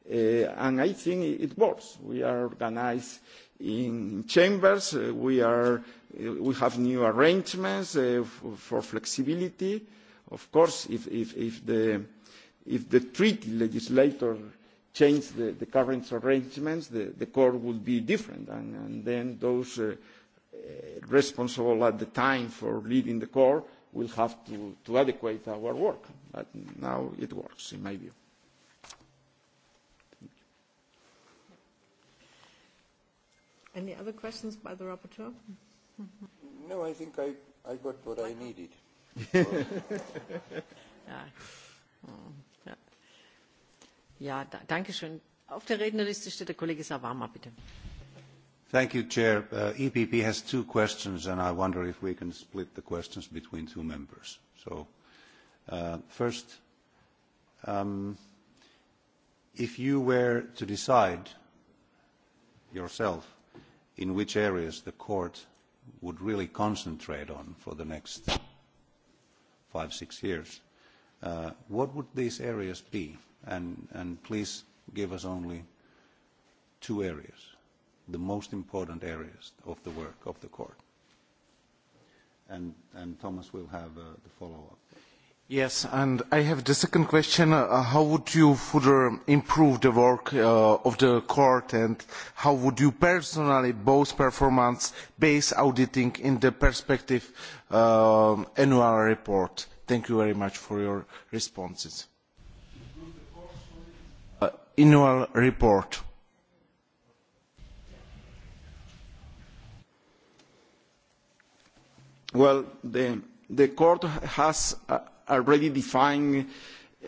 [SPEAKER 6] Uh, and I think it works. We are organized in chambers. Uh, we, are, uh, we have new arrangements uh, f for flexibility. Of course, if, if, if, the, if the treaty legislator change the, the current arrangements, the, the court would be different. And, and then those uh, uh, responsible at the time for leading the court will have to, to adequate our work. But now it works, in my view. Thank
[SPEAKER 1] you. Any other questions by the rapporteur?
[SPEAKER 7] No, I think I, I got what I needed. So. yeah.
[SPEAKER 1] oh. Ja, epp
[SPEAKER 8] uh, e has two questions and i wonder if we can split the questions between two members. Uh, first um, if you were to decide yourself in which areas the court would really concentrate on for the next five six years uh, what would these areas be? and please give us only two areas, the most important areas of the work of the court. Thomas will have uh, the follow-up.
[SPEAKER 9] Yes, and I have the second question. Uh, how would you further improve the work uh, of the court, and how would you personally boost performance-based auditing in the prospective um, annual report? Thank you very much for your responses annual report
[SPEAKER 6] the court has uh, already defined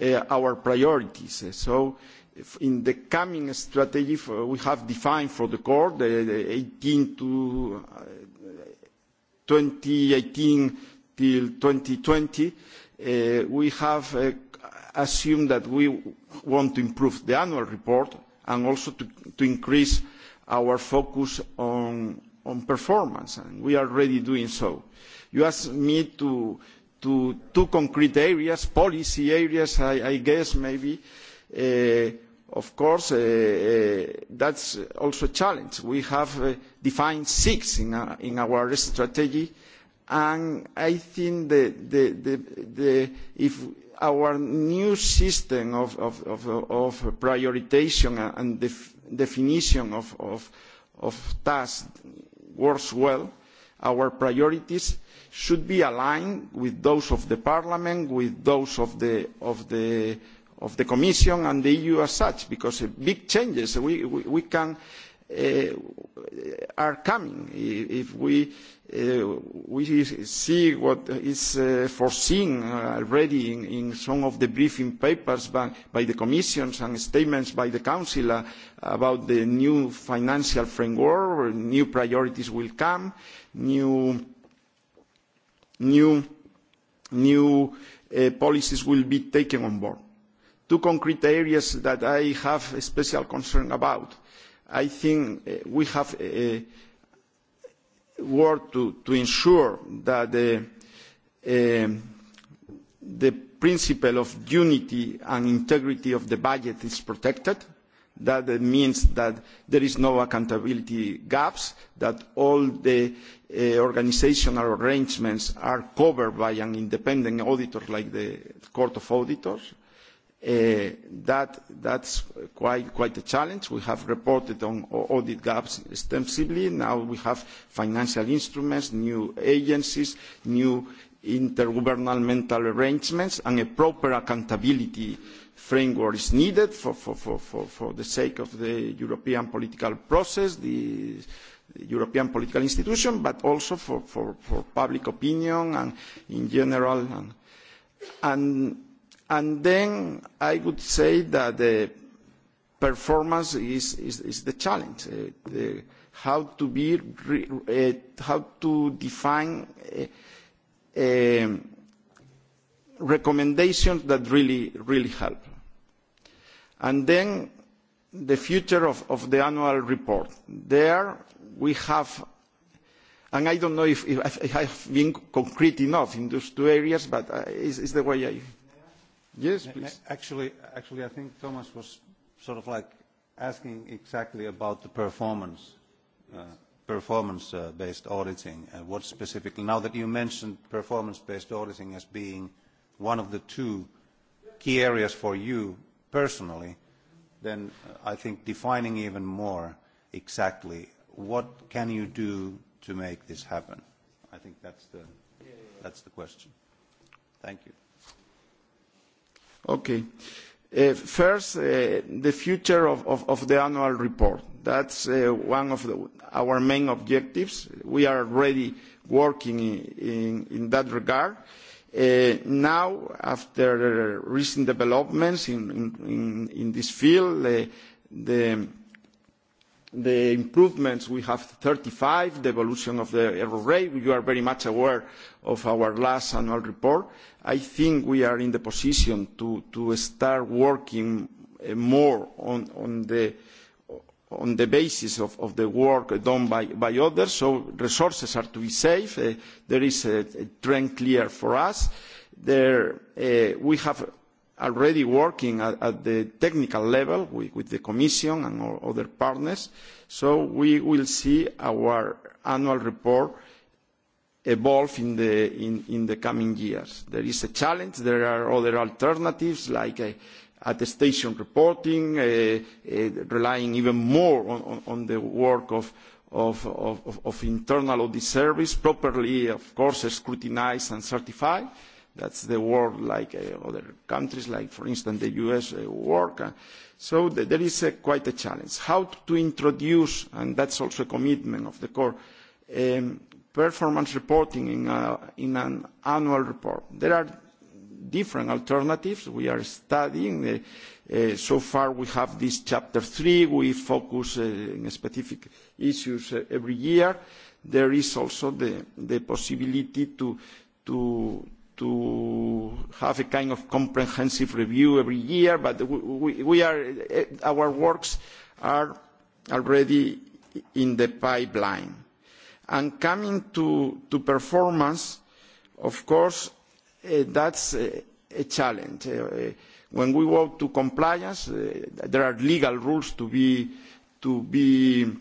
[SPEAKER 6] uh, our priorities so in the coming strategy we have defined for the court the 18 to 2018 uh, till 2020 we have assume that we want to improve the annual report and also to, to increase our focus on, on performance, and we are already doing so. You asked me to, to two concrete areas, policy areas, I, I guess, maybe. Uh, of course, uh, uh, that's also a challenge. We have uh, defined six in, a, in our strategy, and I think the, the, the, the, if, our new system of, of, of, of prioritization and def definition of, of, of tasks works well, our priorities should be aligned with those of the Parliament, with those of the, of the, of the Commission and the EU as such, because uh, big changes we, we, we can, uh, are coming if, if we Uh, we see what is uh, foreseen uh, already in, in some of the briefing papers by, by the Commission and statements by the Council uh, about the new financial framework, where new priorities will come, new, new, new uh, policies will be taken on board. Two concrete areas that I have a special concern about. I think uh, we have uh, work to, to ensure that the, uh, the principle of unity and integrity of the budget is protected. That means that there is no accountability gaps, that all the uh, organizational arrangements are covered by an independent auditor like the Court of Auditors. Uh, that's quite a challenge. We have reported on audit gaps extensively. Now we have financial instruments, new agencies, new intergovernmental arrangements, and a proper accountability framework is needed for the sake of the European political process, the European political institution, but also for public opinion and in general. Then I would say that the performance is the challenge. Eh, eh, how to define eh, recommendations that really help. Then the future of the annual report. There we have. I don't know if I have been concrete enough in those two areas, but it's the way I
[SPEAKER 8] Yes, please. Actually, actually, I think Thomas was sort of like asking exactly about the performance, uh, performance-based uh, auditing, and uh, what specifically... Now that you mentioned performance-based auditing as being one of the two key areas for you personally, then I think defining even more exactly, what can you do to make this happen? I think that's the- Yeah, yeah. That's the question. Thank you.
[SPEAKER 6] Uh, first, uh, the future of the annual report. That's uh, one of our main objectives. We are already working in that regard. Now, after recent developments in this field, the the improvements. We have 35, the evolution of the error rate. You are very much aware of our last annual report. I think we are in the position to start working uh, more on the basis of the work done by others, so resources are to be saved. Uh, there is a trend clear for us. There, uh, we have already working at, at the technical level with, with the Commission and our other partners. So we will see our annual report evolve in the, in, in the coming years. There is a challenge. There are other alternatives like uh, attestation reporting, uh, uh, relying even more on, on, on the work of, of, of, of internal audit service, properly, of course, scrutinized and certified that's the world like uh, other countries, like, for instance, the u.s. Uh, work. Uh, so th- there is a, uh, quite a challenge. how to, to introduce, and that's also a commitment of the core, um, performance reporting in, a, uh, in an annual report. there are different alternatives. we are studying. Uh, uh, so far, we have this chapter three. we focus uh, in specific issues uh, every year. there is also the, the possibility to to, to have a kind of comprehensive review every year, but we, we are, eh, our works are already in the pipeline. And coming to, to performance, of course, uh, that's a, a challenge. Uh, when we walk to compliance, uh, there are legal rules to be, to be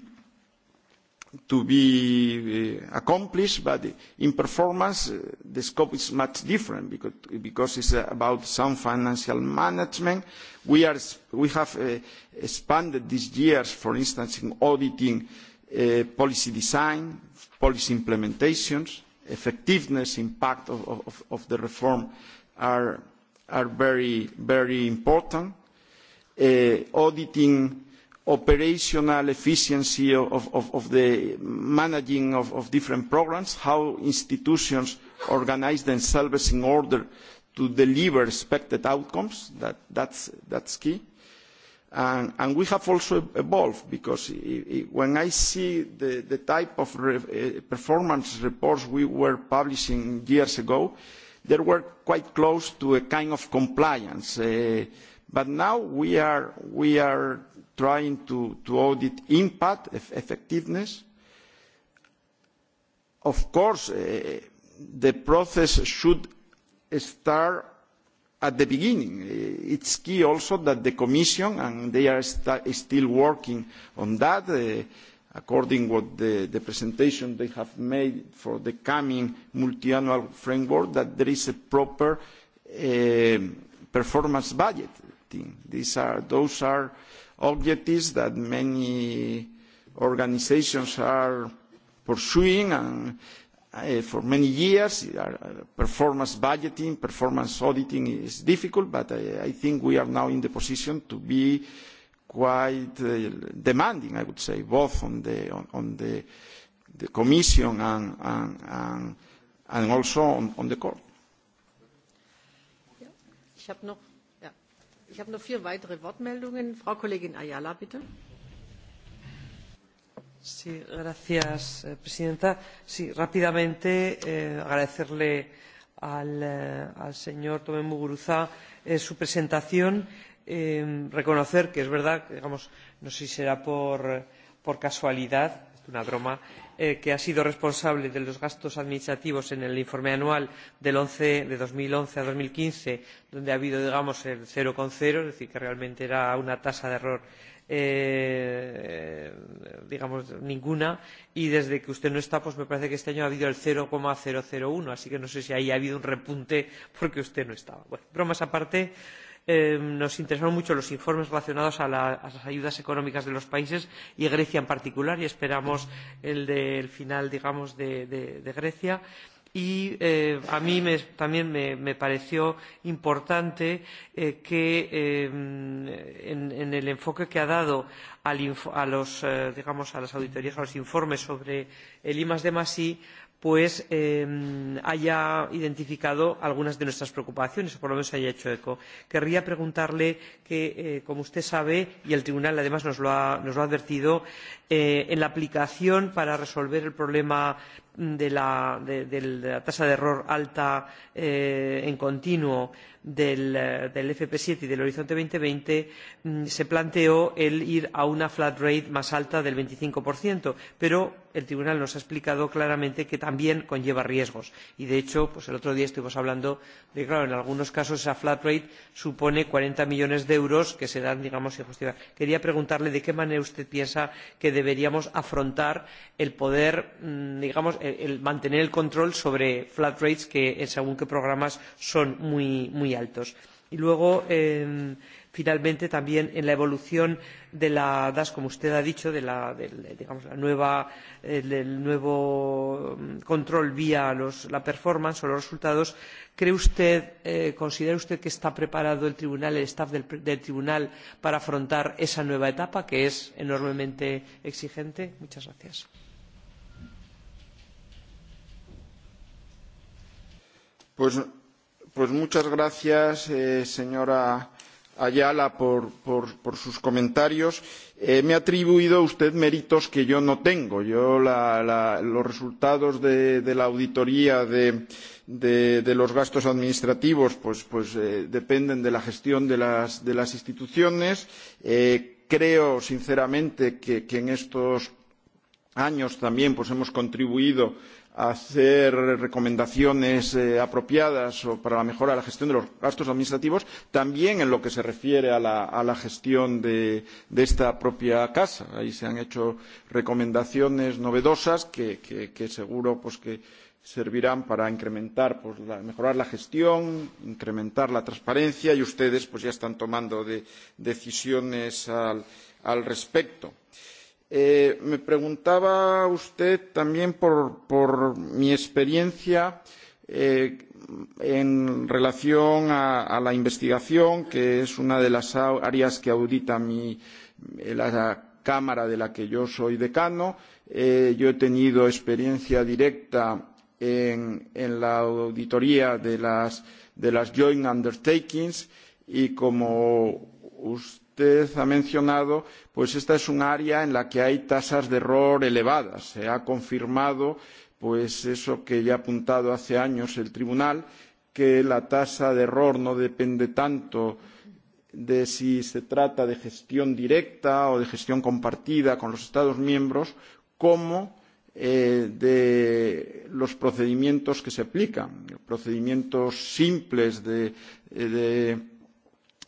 [SPEAKER 6] to be uh, accomplished, but in performance, uh, the scope is much different because, because it's eh, about some financial management. We, are, we have uh, expanded these years, for instance, in auditing uh, policy design, policy implementations, effectiveness, impact of, of, of the reform are, are very, very important. Uh, auditing uh, operational efficiency of, of, of the managing of, of different programs, how institutions organize themselves in order to deliver expected outcomes. That, that's, that's key. And, and we have also evolved because it, it, when I see the, the type of re, uh, performance reports we were publishing years ago, they were quite close to a kind of compliance. Uh, but now we are, we are trying to, to audit impact eff effectiveness. Of course, uh, the process should start at the beginning. Eh, it's key also that the Commission, and they are st still working on that, uh, according what the, the presentation they have made for the coming multi-annual framework, that there is a proper uh, performance budget. Thing. These are, those are uh, objectives that many organizations are pursuing and, uh, for many years. Are, uh, performance budgeting, performance auditing is difficult, but I, eh, I think we are now in the position to be quite uh, demanding, I would say, both on the, on, on the, the Commission and, and, and, and also on, on the Court.
[SPEAKER 1] Ja. Ich habe noch ich habe noch vier weitere wortmeldungen frau kollegin ayala bitte
[SPEAKER 4] señora eh, presidenta rápidamente eh, agradecerle eh, al señor tomé muguruza su presentación reconocer que es verdad no sé si será por casualidad de una broma eh, que ha sido responsable de los gastos administrativos en el informe anual del 11, de 2011 a 2015, donde ha habido, digamos, el 0,0, es decir, que realmente era una tasa de error, eh, digamos, ninguna. Y desde que usted no está, pues me parece que este año ha habido el 0,001, así que no sé si ahí ha habido un repunte porque usted no estaba. Bueno, bromas aparte. Eh, nos interesaron mucho los informes relacionados a, la, a las ayudas económicas de los países y Grecia en particular, y esperamos el del de, final, digamos, de, de, de Grecia. Y eh, a mí me, también me, me pareció importante eh, que eh, en, en el enfoque que ha dado al, a, los, eh, digamos, a las auditorías o a los informes sobre el I, +D +I pues haya identificado algunas de nuestras preocupaciones o por lo menos se haya hecho eco. querría preguntarle eh, como usted sabe y el tribunal además nos lo ha advertido eh, en la aplicación para resolver el problema de de la, de, de la tasa de error alta eh, en continuo del, del FP7 y del Horizonte 2020, mm, se planteó el ir a una flat rate más alta del 25%, pero el tribunal nos ha explicado claramente que también conlleva riesgos. Y, de hecho, pues el otro día estuvimos hablando de que, claro, en algunos casos esa flat rate supone 40 millones de euros que serán, digamos, injustificados. Quería preguntarle de qué manera usted piensa que deberíamos afrontar el poder, mm, digamos, mantener el control sobre flat rates que según qué programas son muy altos. Y luego, finalmente, también en la evolución de la DAS, como usted ha dicho, de la, de, digamos, la nueva, del nuevo mm, control vía los, la performance o los resultados, ¿cree usted, eh, considera usted que está preparado el tribunal, el staff del, del tribunal, para afrontar esa nueva etapa que es enormemente exigente? Muchas gracias.
[SPEAKER 6] Pues, pues muchas gracias, eh, señora Ayala, por, por, por sus comentarios. Eh, me ha atribuido usted méritos que yo no tengo. Yo la, la, los resultados de, de la auditoría de, de, de los gastos administrativos pues, pues, eh, dependen de la gestión de las, de las instituciones. Eh, creo, sinceramente, que, que en estos años también pues, hemos contribuido hacer recomendaciones eh, apropiadas o para la mejora de la gestión de los gastos administrativos, también en lo que se refiere a la, a la gestión de, de esta propia casa. Ahí se han hecho recomendaciones novedosas que, que, que seguro pues, que servirán para incrementar, pues, la, mejorar la gestión, incrementar la transparencia y ustedes pues, ya están tomando de, decisiones al, al respecto. Eh, Eh, me preguntaba usted también por, por mi experiencia eh, en relación a, a la investigación, que es una de las áreas que audita mi, eh, la Cámara de la que yo soy decano. Eh, yo he tenido experiencia directa en, en la auditoría de las, de las joint undertakings y como usted usted ha mencionado, pues esta es un área en la que hay tasas de error elevadas. Se ha confirmado, pues eso que ya ha apuntado hace años el tribunal, que la tasa de error no depende tanto de si se trata de gestión directa o de gestión compartida con los Estados miembros, como eh, de los procedimientos que se aplican, procedimientos simples de, eh, de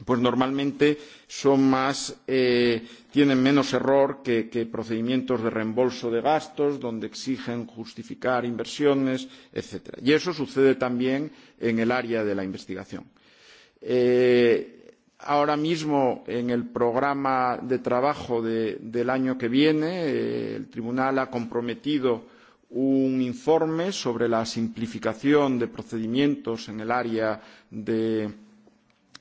[SPEAKER 6] pues normalmente son más, eh, tienen menos error que, que procedimientos de reembolso de gastos, donde exigen justificar inversiones, etc. Y eso sucede también en el área de la investigación. Eh, ahora mismo, en el programa de trabajo de, del año que viene, eh, el Tribunal ha comprometido un informe sobre la simplificación de procedimientos en el área de investigación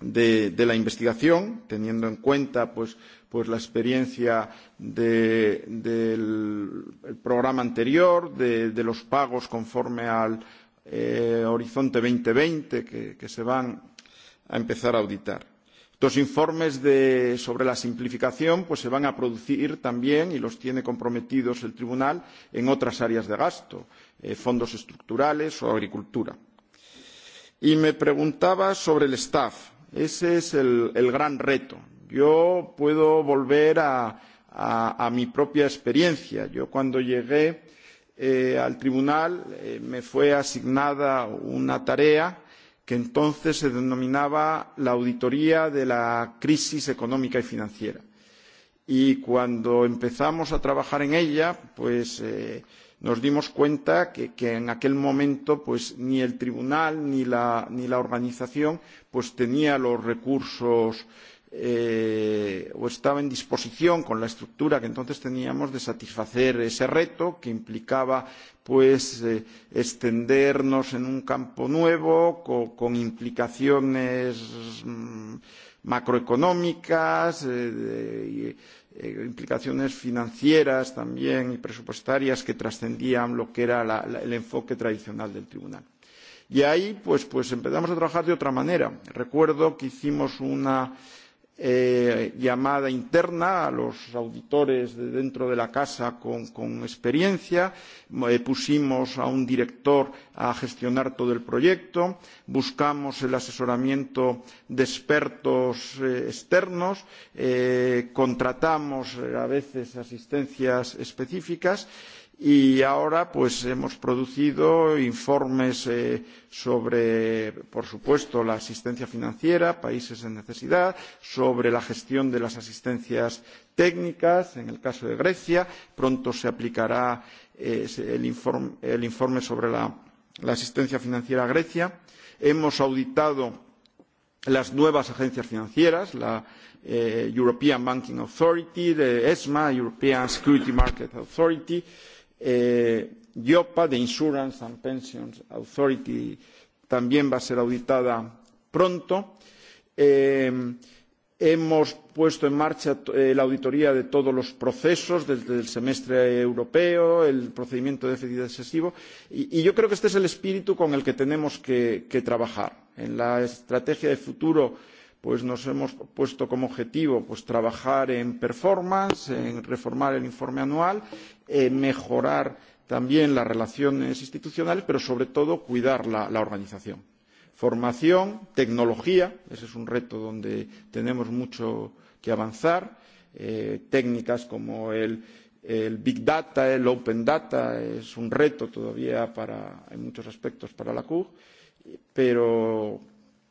[SPEAKER 6] de, de la investigación, teniendo en cuenta pues, pues la experiencia del de, de programa anterior, de, de los pagos conforme al eh, Horizonte 2020 que, que se van a empezar a auditar. Estos informes de, sobre la simplificación pues, se van a producir también y los tiene comprometidos el Tribunal en otras áreas de gasto, eh, fondos estructurales o agricultura. Y me preguntaba sobre el staff. Ese es el, el gran reto. Yo puedo volver a, a, a mi propia experiencia. Yo cuando llegué eh, al tribunal eh, me fue asignada una tarea que entonces se denominaba la auditoría de la crisis económica y financiera. Y cuando empezamos a trabajar en ella, pues. Eh, nos dimos cuenta que, que en aquel momento pues, ni el tribunal ni la, ni la organización pues, tenía los recursos eh, o estaba en disposición con la estructura que entonces teníamos de satisfacer ese reto que implicaba pues eh, extendernos en un campo nuevo co con implicaciones mmm, macroeconómicas eh, y, eh, implicaciones financieras también y presupuestarias que trascendían lo que era la, la, el enfoque tradicional del tribunal. Y ahí pues, pues empezamos a trabajar de otra manera. Recuerdo que hicimos una, eh, llamada interna a los auditores de dentro de la casa con, con experiencia, eh, pusimos a un director a gestionar todo el proyecto, buscamos el asesoramiento de expertos eh, externos, eh, contratamos eh, a veces asistencias específicas y ahora pues hemos producido informes eh, sobre por supuesto la asistencia financiera países en necesidad sobre la gestión de las asistencias técnicas en el caso de grecia pronto se aplicará eh, el, informe, el informe sobre la, la asistencia financiera a grecia hemos auditado las nuevas agencias financieras la eh, European Banking Authority, de ESMA, European Security Market Authority, eh, IOPA, de Insurance and Pensions Authority, también va a ser auditada pronto. Eh, hemos puesto en marcha eh, la auditoría de todos los procesos, desde el semestre europeo, el procedimiento de déficit excesivo, y, y yo creo que este es el espíritu con el que tenemos que, que trabajar. En la estrategia de futuro eh, pues nos hemos puesto como objetivo pues trabajar en performance, en reformar el informe anual, en mejorar también las relaciones institucionales, pero sobre todo cuidar la, la organización. Formación, tecnología, ese es un reto donde tenemos mucho que avanzar, eh, técnicas como el, el Big Data, el Open Data, es un reto todavía para, en muchos aspectos para la CUG, pero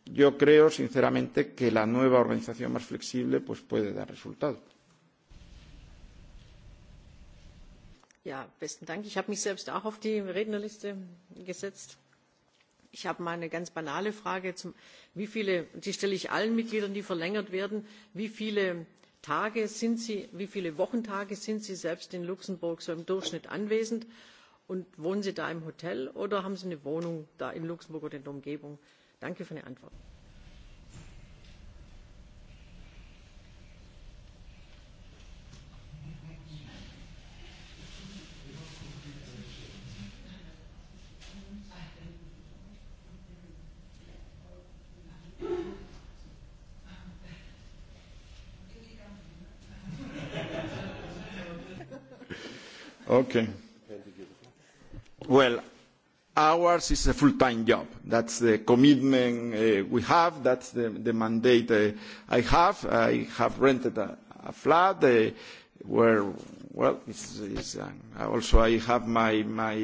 [SPEAKER 6] yo creo sinceramente que la nueva organización más flexible pues puede dar resultado.
[SPEAKER 1] Ja, besten Dank. Ich habe mich selbst auch auf die Rednerliste gesetzt. Ich habe mal eine ganz banale Frage. Zum, wie viele, die stelle ich allen Mitgliedern, die verlängert werden. Wie viele Tage sind Sie, wie viele Wochentage sind Sie selbst in Luxemburg so im Durchschnitt anwesend? Und wohnen Sie da im Hotel oder haben Sie eine Wohnung da in Luxemburg oder in der Umgebung? Danke für eine Antwort.
[SPEAKER 6] Okay. Well, ours is a full time job that 's the commitment uh, we have that 's the, the mandate uh, I have. I have rented a, a flat uh, where well it's, it's, uh, also I have my, my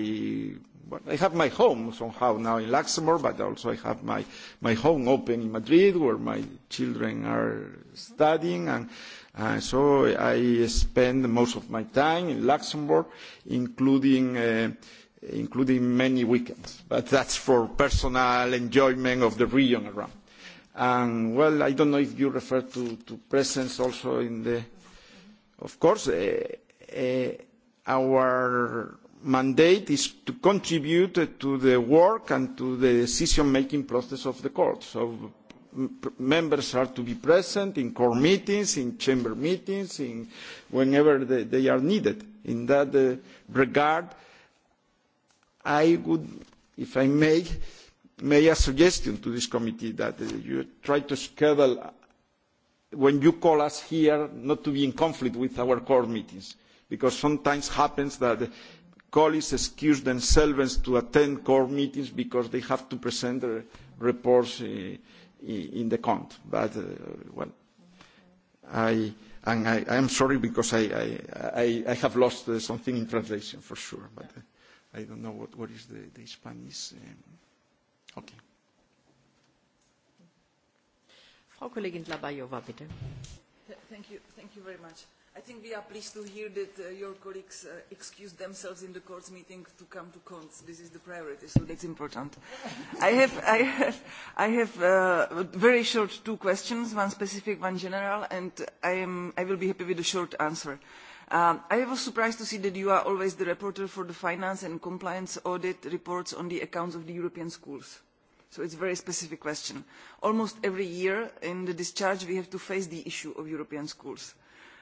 [SPEAKER 6] well, I have my home somehow now in Luxembourg, but also I have my, my home open in Madrid, where my children are studying and uh, so I spend most of my time in Luxembourg, including uh, including many weekends, but that's for personal enjoyment of the region around. And well, I don't know if you refer to, to presence also in the, of course, uh, uh, our mandate is to contribute to the work and to the decision-making process of the court. So m members are to be present in core meetings, in chamber meetings, in whenever they, they are needed. In that uh, regard, I would, if I may, may a suggestion to this committee that uh, you try to schedule when you call us here not to be in conflict with our core meetings, because sometimes happens that uh, colleagues excuse themselves to attend core meetings because they have to present their reports uh, in the count. But, uh, well, I, and I, I am sorry because I, I, I, I have lost uh, something in translation for sure. But, uh, I don't know what, what is the, the Spanish. Um, okay.
[SPEAKER 1] Frau Kollegin Labajova, bitte.
[SPEAKER 10] Thank you. Thank you very much. I think we are pleased to hear that uh, your colleagues uh, excused themselves in the court's meeting to come to cons. This is the priority, so that's important. I have, I have, I have uh, very short two questions, one specific, one general, and I, am, I will be happy with a short answer. Uh, Um, i was surprised to see that you are always the rapporteur for the finance and compliance audit reports on the accounts of the european schools so it's a very specific question. almost every year in the discharge we have to face the issue of european schools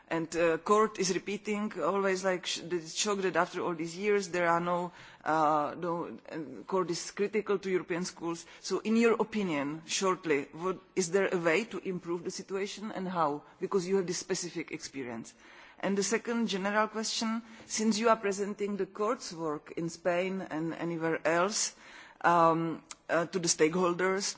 [SPEAKER 10] and the uh, court is repeating always like sh the shock that after all these years there are no, uh, no and court is critical to european schools so in your opinion shortly what, is there a way to improve the situation and how because you have this specific experience. The second general question, since you are presenting the court's work in Spain and anywhere else um, uh, to the stakeholders,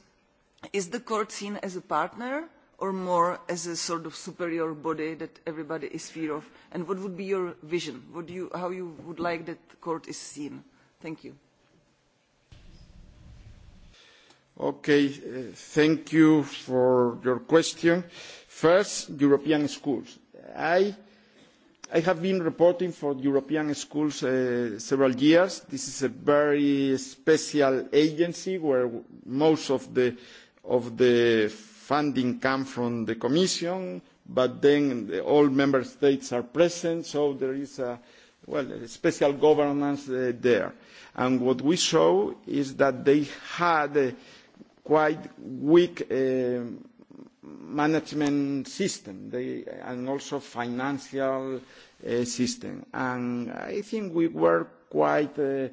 [SPEAKER 10] is the court seen as a partner or more as a sort of superior body that everybody is fear of? And what would be your vision? What do you, how you would like that the court is seen? Thank you.
[SPEAKER 6] Okay, uh, thank you for your question. First, European schools. I, uh, I have been reporting for European schools uh, several years. This is a very special agency where most of the, of the funding comes from the Commission, but then the, all member states are present, so there is a, well, a special governance uh, there. And what we saw is that they had a quite weak uh, management system the, and also financial uh, system. And I think we were quite, uh, uh,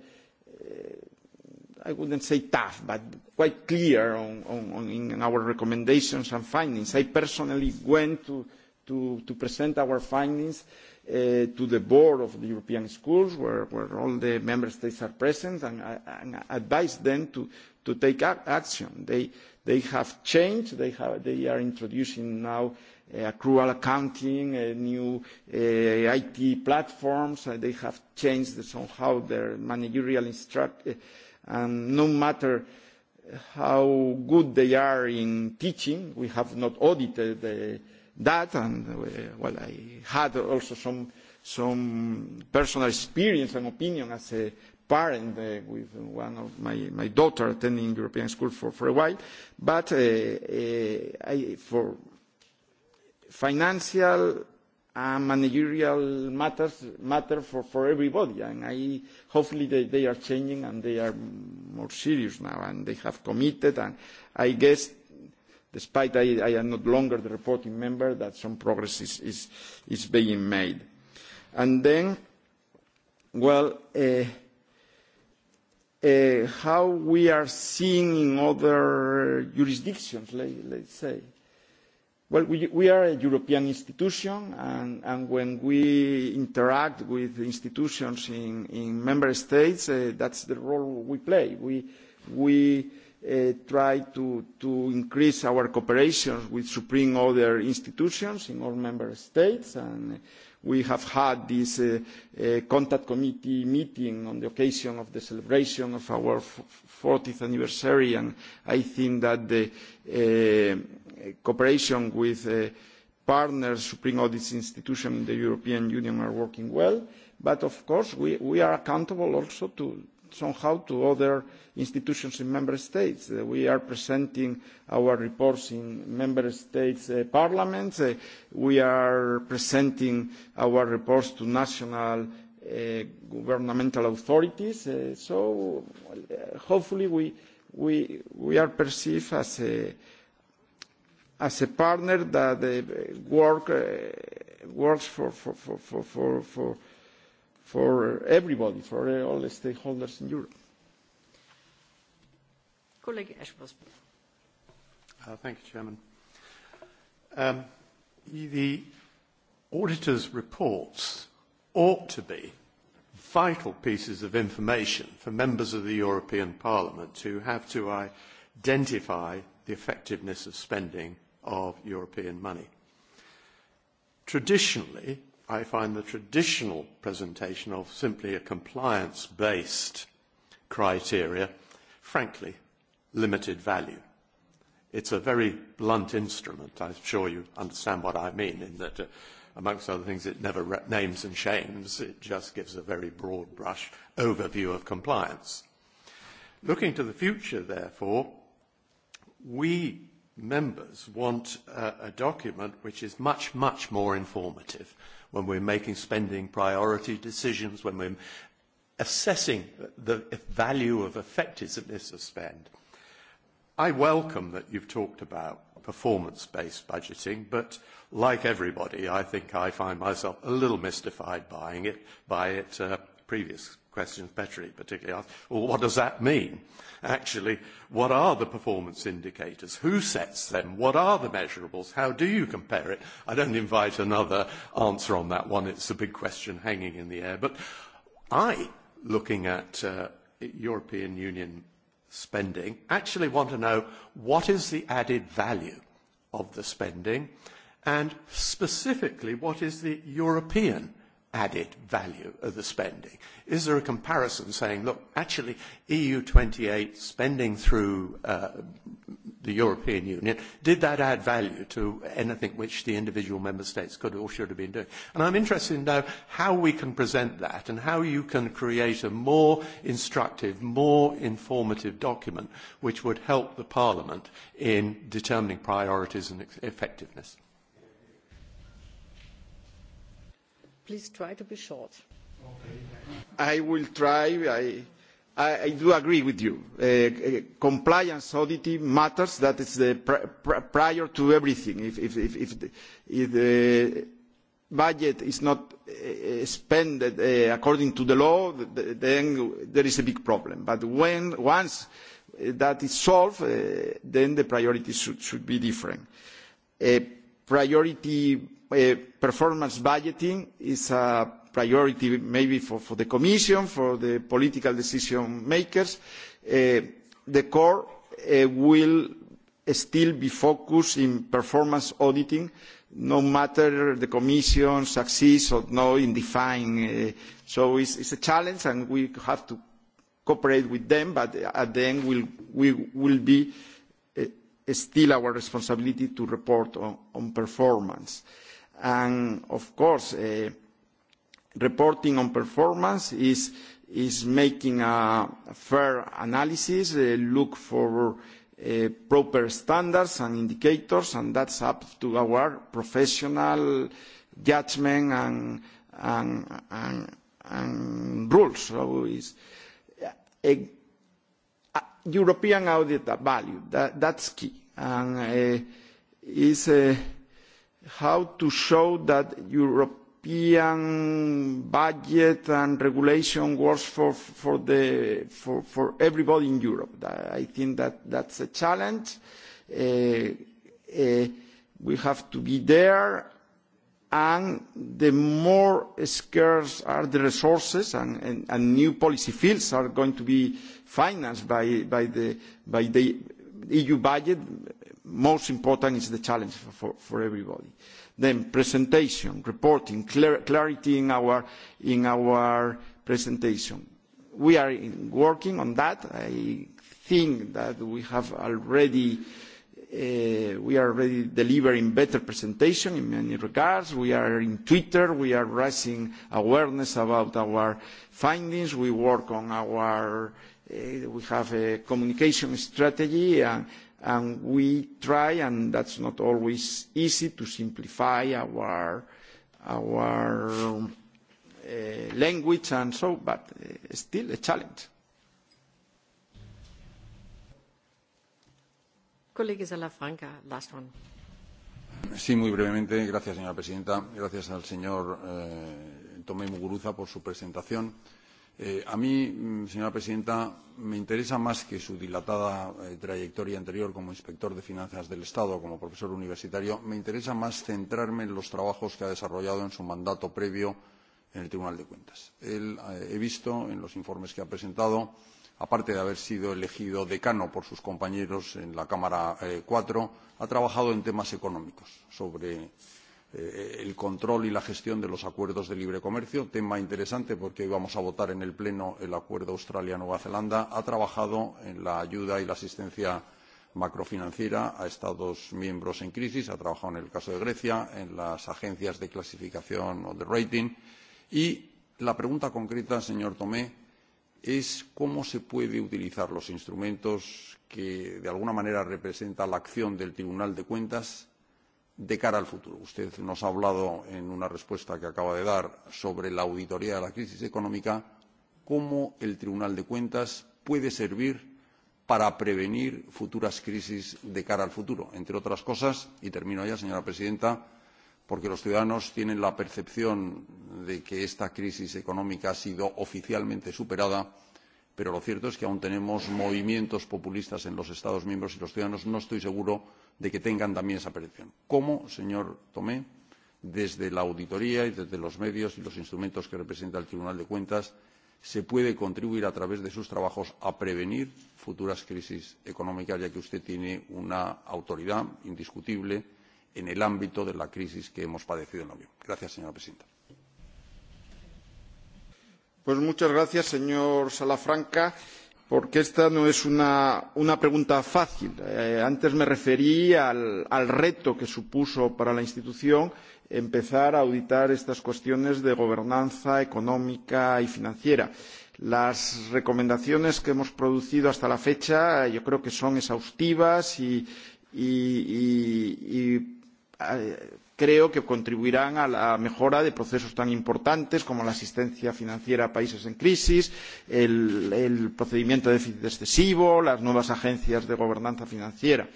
[SPEAKER 6] I wouldn't say tough, but quite clear on, on, on in our recommendations and findings. I personally went to, to, to present our findings uh, to the board of the European schools where, where all the member states are present and, and advised them to, to take a- action. They, They have changed. They have, they are introducing now uh, accrual accounting, uh, new uh, IT platforms. They have changed somehow their managerial structure. No matter how good they are in teaching, we have not audited the data. Well, I had also some personal experience and opinion as a parent uh, with one of my, my daughter attending European school for, for a while, but uh, uh, I, for financial and managerial matters matter for, for everybody, and I, hopefully they, they are changing and they are more serious now, and they have committed, and I guess, despite I, I am no longer the reporting member, that some progress is, is, is being made. And then, well, uh, Uh, how we are seeing in other jurisdictions, let, let's say. Well, we, we are a European institution, and, and when we interact with institutions in, in member states, uh, that's the role we play. We, we uh, try to, to increase our cooperation with supreme other institutions in all member states, and we have had this uh, uh, contact committee meeting on the occasion of the celebration of our f 40th anniversary, and I think that the uh, cooperation with uh, partners, Supreme Audit Institution in the European Union are working well. But of course, we, we are accountable also to, somehow to other institutions in member states. Uh, we are presenting our reports in member states' uh, parliaments. Uh, we are presenting our reports to national uh, governmental authorities. Uh, so uh, hopefully we, we, we are perceived as a, as a partner that uh, work, uh, works for, for, for, for, for, for for everybody, for all the stakeholders in Europe.
[SPEAKER 1] Colleague Ashworth.
[SPEAKER 3] Uh, thank you, Chairman. Um, the auditor's reports ought to be vital pieces of information for members of the European Parliament who have to identify the effectiveness of spending of European money. Traditionally, I find the traditional presentation of simply a compliance based criteria, frankly, limited value. It's a very blunt instrument. I'm sure you understand what I mean, in that, uh, amongst other things, it never re- names and shames. It just gives a very broad brush overview of compliance. Looking to the future, therefore, we members want uh, a document which is much, much more informative, when we're making spending priority decisions, when we're assessing the value of effectiveness of spend. I welcome that you've talked about performance-based budgeting, but like everybody, I think I find myself a little mystified buying it, by it uh, previously questions Petri particularly asked, well, what does that mean? Actually, what are the performance indicators? Who sets them? What are the measurables? How do you compare it? I don't invite another answer on that one. It's a big question hanging in the air. But I, looking at uh, European Union spending, actually want to know what is the added value of the spending and specifically what is the European value added value of the spending? Is there a comparison saying, look, actually, EU28 spending through uh, the European Union, did that add value to anything which the individual member states could or should have been doing? And I'm interested in know how we can present that and how you can create a more instructive, more informative document which would help the Parliament in determining priorities and effectiveness.
[SPEAKER 1] Please try to be short.
[SPEAKER 6] Okay. I will try. I, I, I do agree with you. Uh, uh, compliance auditing matters. That is the pr pr prior to everything. If, if, if, if, the, if the budget is not uh, spent uh, according to the law, th then there is a big problem. But when, once that is solved, uh, then the priorities should, should be different. Uh, priority eh, performance budgeting is a priority maybe for the commission, for the political decision makers. Eh, the core eh, will still be focused in performance auditing, no matter the commission succeeds or not in defining. It's a challenge, and we have to cooperate with them, but at the end, we will be still our responsibility to report on performance. Of course, eh, reporting on performance is making a fair analysis, eh, look for eh, proper standards and indicators, and that's up to our professional judgment and rules. European audit value. That's key. And uh, is uh, how to show that European budget and regulation works for the for everybody in Europe. I think that's a challenge. Uh, we have to be there, and the more scarce are the resources and new policy fields are going to be financed by, by, the, by the EU budget, most important is the challenge for, for, for everybody. Then presentation, reporting, clar clarity in our, in our presentation. We are in, working on that. I think that we have already, uh, we are already delivering better presentation in many regards. We are in Twitter, we are raising awareness about our findings. We work on our uh, Uh, we have a communication strategy and, and we try, and that's not always easy to simplify our, our um, uh, language and so, but uh, still a challenge.
[SPEAKER 1] Colleagues a la franca, last one.
[SPEAKER 11] Sí, muy brevemente. Gracias, señora presidenta. Gracias al señor eh, Tomé Muguruza por su presentación. Eh, Eh, a mí, mm, señora presidenta, me interesa más que su dilatada eh, trayectoria anterior como inspector de finanzas del Estado, como profesor universitario, me interesa más centrarme en los trabajos que ha desarrollado en su mandato previo en el Tribunal de Cuentas. Él, eh, he visto en los informes que ha presentado, aparte de haber sido elegido decano por sus compañeros en la Cámara 4, ha trabajado en temas económicos, sobre Eh, el control y la gestión de los acuerdos de libre comercio, tema interesante porque hoy vamos a votar en el Pleno el acuerdo Australia-Nueva Zelanda, ha trabajado en la ayuda y la asistencia macrofinanciera a Estados miembros en crisis, ha trabajado en el caso de Grecia, en las agencias de clasificación o de rating. Y la pregunta concreta, señor Tomé, es cómo se puede utilizar los instrumentos que, de alguna manera, representa la acción del Tribunal de Cuentas de cara al futuro. Usted nos ha hablado en una respuesta que acaba de dar sobre la auditoría de la crisis económica. ¿Cómo el Tribunal de Cuentas puede servir para prevenir futuras crisis de cara al futuro? Entre otras cosas, y termino ya, señora presidenta, porque los ciudadanos tienen la percepción de que esta crisis económica ha sido oficialmente superada pero lo cierto es que aún tenemos movimientos populistas en los estados miembros y los ciudadanos no estoy seguro de que tengan también esa percepción. cómo señor tomé desde la auditoría y desde los medios y los instrumentos que representa el tribunal de cuentas se puede contribuir a través de sus trabajos a prevenir futuras crisis económicas ya que usted tiene una autoridad indiscutible en el ámbito de la crisis que hemos padecido en la Unión. Gracias, señora presidenta.
[SPEAKER 6] Pues muchas gracias, señor Salafranca, porque esta no es una, una pregunta fácil. Eh, antes me referí al, al reto que supuso para la institución empezar a auditar estas cuestiones de gobernanza económica y financiera. Las recomendaciones que hemos producido hasta la fecha yo creo que son exhaustivas y, y, y, y eh, creo que contribuirán a la mejora de procesos tan importantes como la asistencia financiera a países en crisis, el, el procedimiento de déficit excesivo, las nuevas agencias de gobernanza financiera.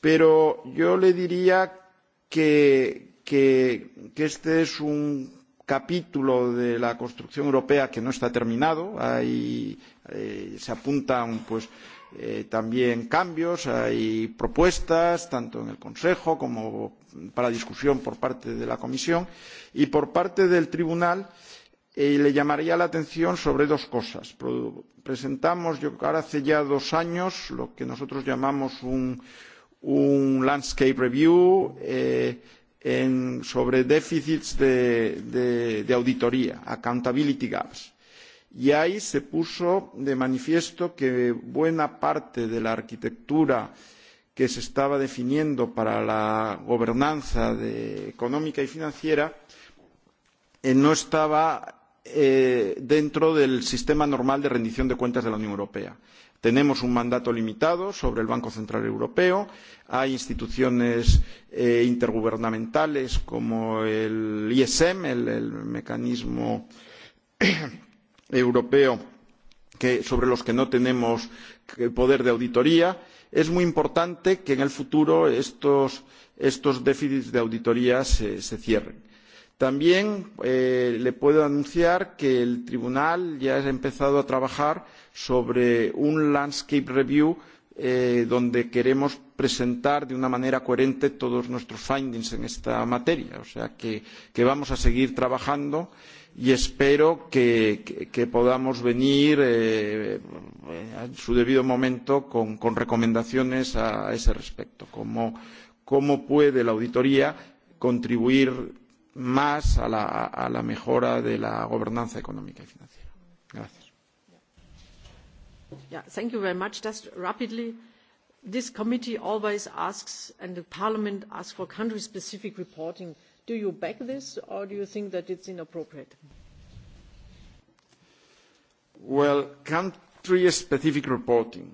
[SPEAKER 6] Pero yo le diría que, que, que este es un capítulo de la construcción europea que no está terminado. Hay, eh, se apuntan pues, eh, también cambios, hay propuestas, tanto en el Consejo como para discusión por parte de la Comisión y por parte del Tribunal eh, le llamaría la atención sobre dos cosas. Pro presentamos yo, ahora hace ya dos años lo que nosotros llamamos un, un landscape review eh, en, sobre déficits de, de, de auditoría, accountability gaps. Y ahí se puso de manifiesto que buena parte de la arquitectura eh, que se estaba definiendo para la gobernanza de, económica y financiera eh, no estaba eh, dentro del sistema normal de rendición de cuentas de la Unión Europea. Tenemos un mandato limitado sobre el Banco Central Europeo, hay instituciones eh, intergubernamentales como el ISM, el, el mecanismo eh, europeo que, sobre los que no tenemos eh, poder de auditoría es muy importante que en el futuro estos déficits de auditoría se cierren. también eh, le puedo anunciar que el tribunal ya ha empezado a trabajar sobre un landscape review eh, donde queremos presentar de una manera coherente todos nuestros findings en esta materia o sea que vamos a seguir trabajando y y espero que, que podamos venir eh, eh, en su debido momento con, con recomendaciones a ese respecto. ¿Cómo, cómo puede la auditoría contribuir más a la, a la mejora de la gobernanza económica y financiera? Gracias.
[SPEAKER 1] Yeah, thank you very much. Just rapidly, this committee always asks, and the Parliament asks for country-specific reporting. Do you back this, or do you think that it's inappropriate?
[SPEAKER 7] Well,
[SPEAKER 6] country-specific reporting.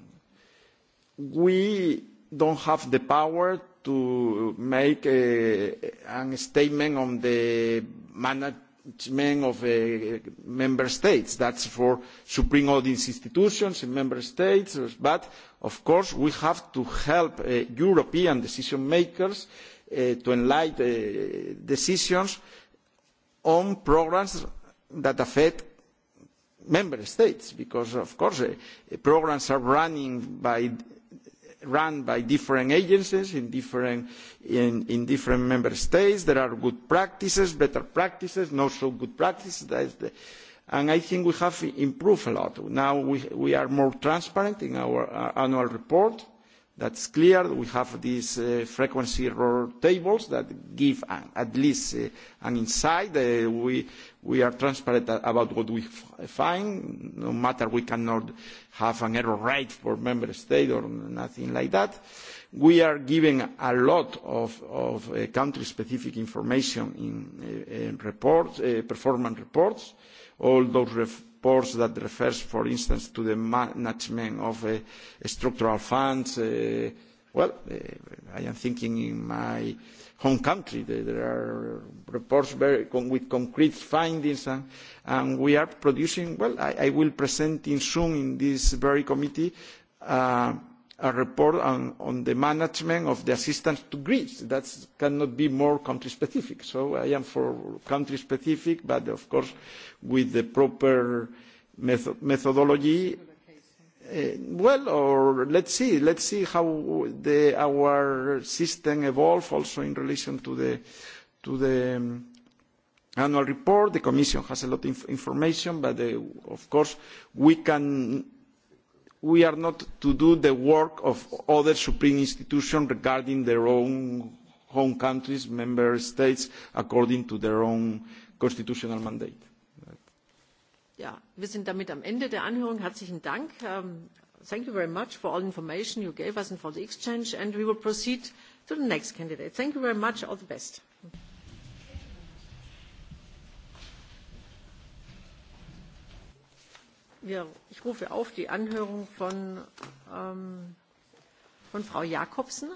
[SPEAKER 6] We don't have the power to make a, a statement on the management of a uh, member states. That's for supreme audience institutions in member states. But of course, we have to help uh, European decision makers. Eh, to enlighten eh, decisions on programmes that affect member states because of course eh, programmes are running by, run by different agencies in different, in, in different member states. there are good practices, better practices, not so good practices. The, and i think we have improved a lot. now we, we are more transparent in our uh, annual report. That's clear. We have these uh, frequency error tables that give at least uh, an insight. Uh, we are transparent about what we find. No matter, we cannot have an error rate for member state or nothing like that. We are giving a lot of country-specific information in performance reports. All those reports that refers, for instance, to the management of uh, structural funds. Uh, well, uh, I am thinking in my home country, there are reports very con with concrete findings, and, and we are producing, well, I, I will present in soon in this very committee. Uh, a report on, on the management of the assistance to Greece. That cannot be more country specific. So I am for country specific, but of course, with the proper method, methodology. Uh, well, or let's see, let's see how the, our system evolves also in relation to the, to the um, annual report. The Commission has a lot of inf information, but uh, of course, we can we are not to do the work of other supreme institutions regarding their own home countries, member states, according to their own constitutional mandate.
[SPEAKER 1] Ja, wir sind damit am Ende der Anhörung. Herzlichen Dank. Um, thank you very much for all information you gave us and for the exchange. And we will proceed to the next candidate. Thank you very much. All the best. ich rufe auf die anhörung von, ähm, von frau jakobsen.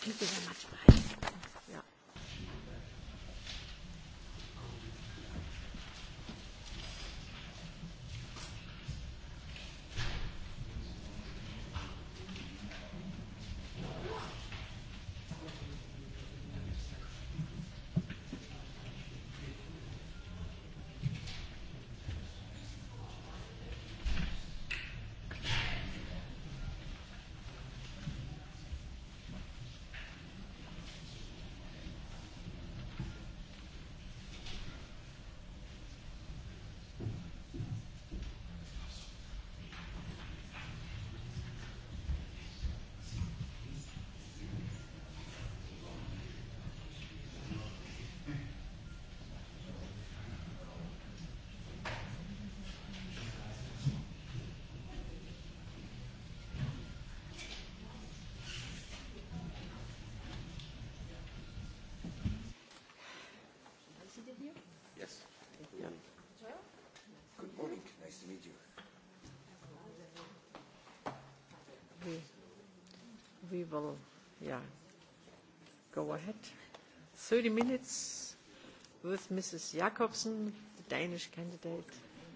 [SPEAKER 1] Thank you very much. we will yeah go ahead 30 minutes with mrs jakobsen the danish candidate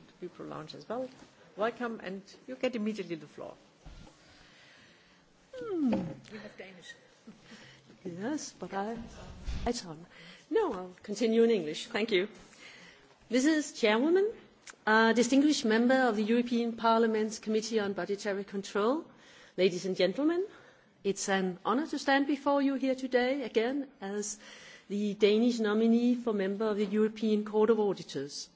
[SPEAKER 1] to be pronounced as well welcome and you get immediately the floor hmm. we have danish yes but i i talk
[SPEAKER 12] no i'll continue in english thank you mrs chairwoman a distinguished member of the European Parliament's Committee on Budgetary Control, ladies and gentlemen, It's an honor to stand before you here today again as the Danish nominee for member of the European Court of Auditors.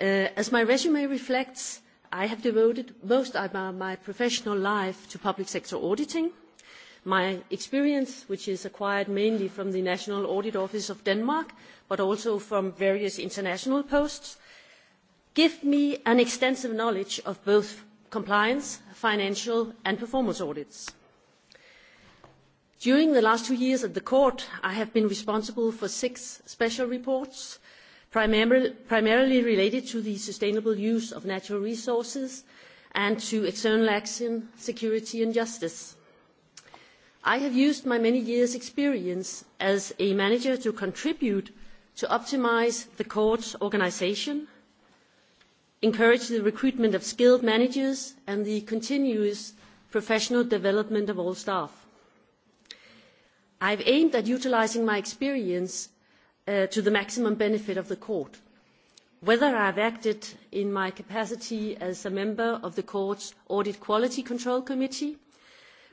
[SPEAKER 12] Uh, as my resume reflects, I have devoted most of my professional life to public sector auditing. My experience, which is acquired mainly from the National Audit Office of Denmark, but also from various international posts, give me an extensive knowledge of both compliance, financial, and performance audits. During the last two years at the court, I have been responsible for six special reports, primarily, primarily related to the sustainable use of natural resources and to external action, security and justice. I have used my many years' experience as a manager to contribute to optimize the court's organization, encourage the recruitment of skilled managers and the continuous professional development of all staff. I have aimed at utilising my experience uh, to the maximum benefit of the court. Whether I have acted in my capacity as a member of the court's Audit Quality Control Committee,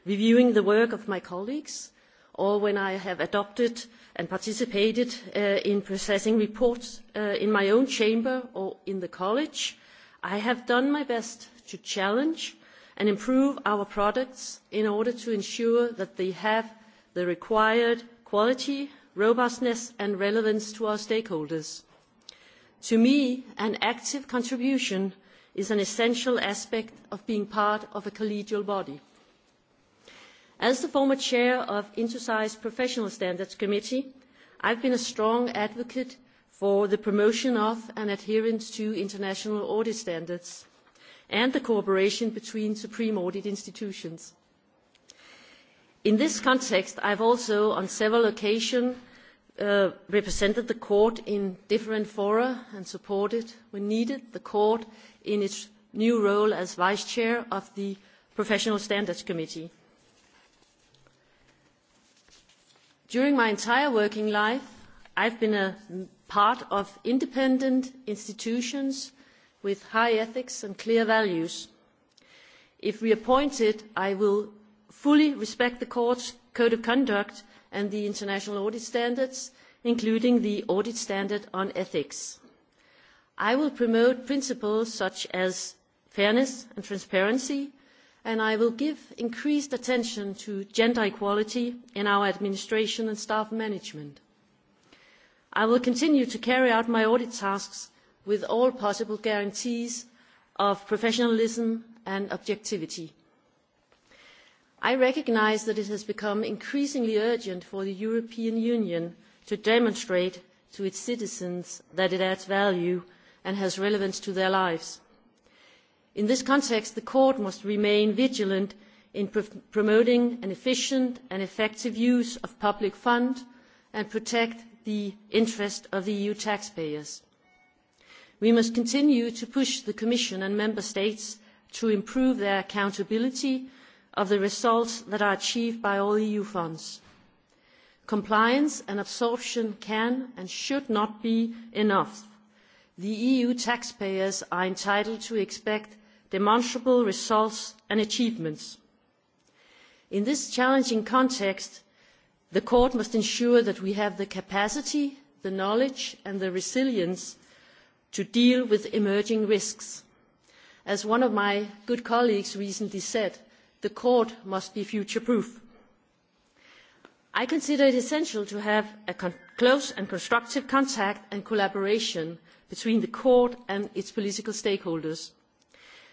[SPEAKER 12] reviewing the work of my colleagues, or when I have adopted and participated uh, in processing reports uh, in my own chamber or in the college, I have done my best to challenge and improve our products in order to ensure that they have the required quality, robustness, and relevance to our stakeholders. To me, an active contribution is an essential aspect of being part of a collegial body. As the former chair of InterSci's Professional Standards Committee, I've been a strong advocate for the promotion of and adherence to international audit standards and the cooperation between supreme audit institutions. In this context, I have also on several occasions uh, represented the court in different fora and supported, when needed, the court in its new role as vice chair of the Professional Standards Committee. During my entire working life, I've been a part of independent institutions with high ethics and clear values. If reappointed, I will fully respect the court's code of conduct and the international audit standards, including the audit standard on ethics. I will promote principles such as fairness and transparency, and I will give increased attention to gender equality in our administration and staff management. I will continue to carry out my audit tasks with all possible guarantees of professionalism and objectivity i recognise that it has become increasingly urgent for the european union to demonstrate to its citizens that it adds value and has relevance to their lives. in this context the court must remain vigilant in pr promoting an efficient and effective use of public funds and protect the interests of the eu taxpayers. we must continue to push the commission and member states to improve their accountability of the results that are achieved by all EU funds. Compliance and absorption can and should not be enough. The EU taxpayers are entitled to expect demonstrable results and achievements. In this challenging context, the Court must ensure that we have the capacity, the knowledge and the resilience to deal with emerging risks. As one of my good colleagues recently said, the court must be future proof. I consider it essential to have a con- close and constructive contact and collaboration between the court and its political stakeholders.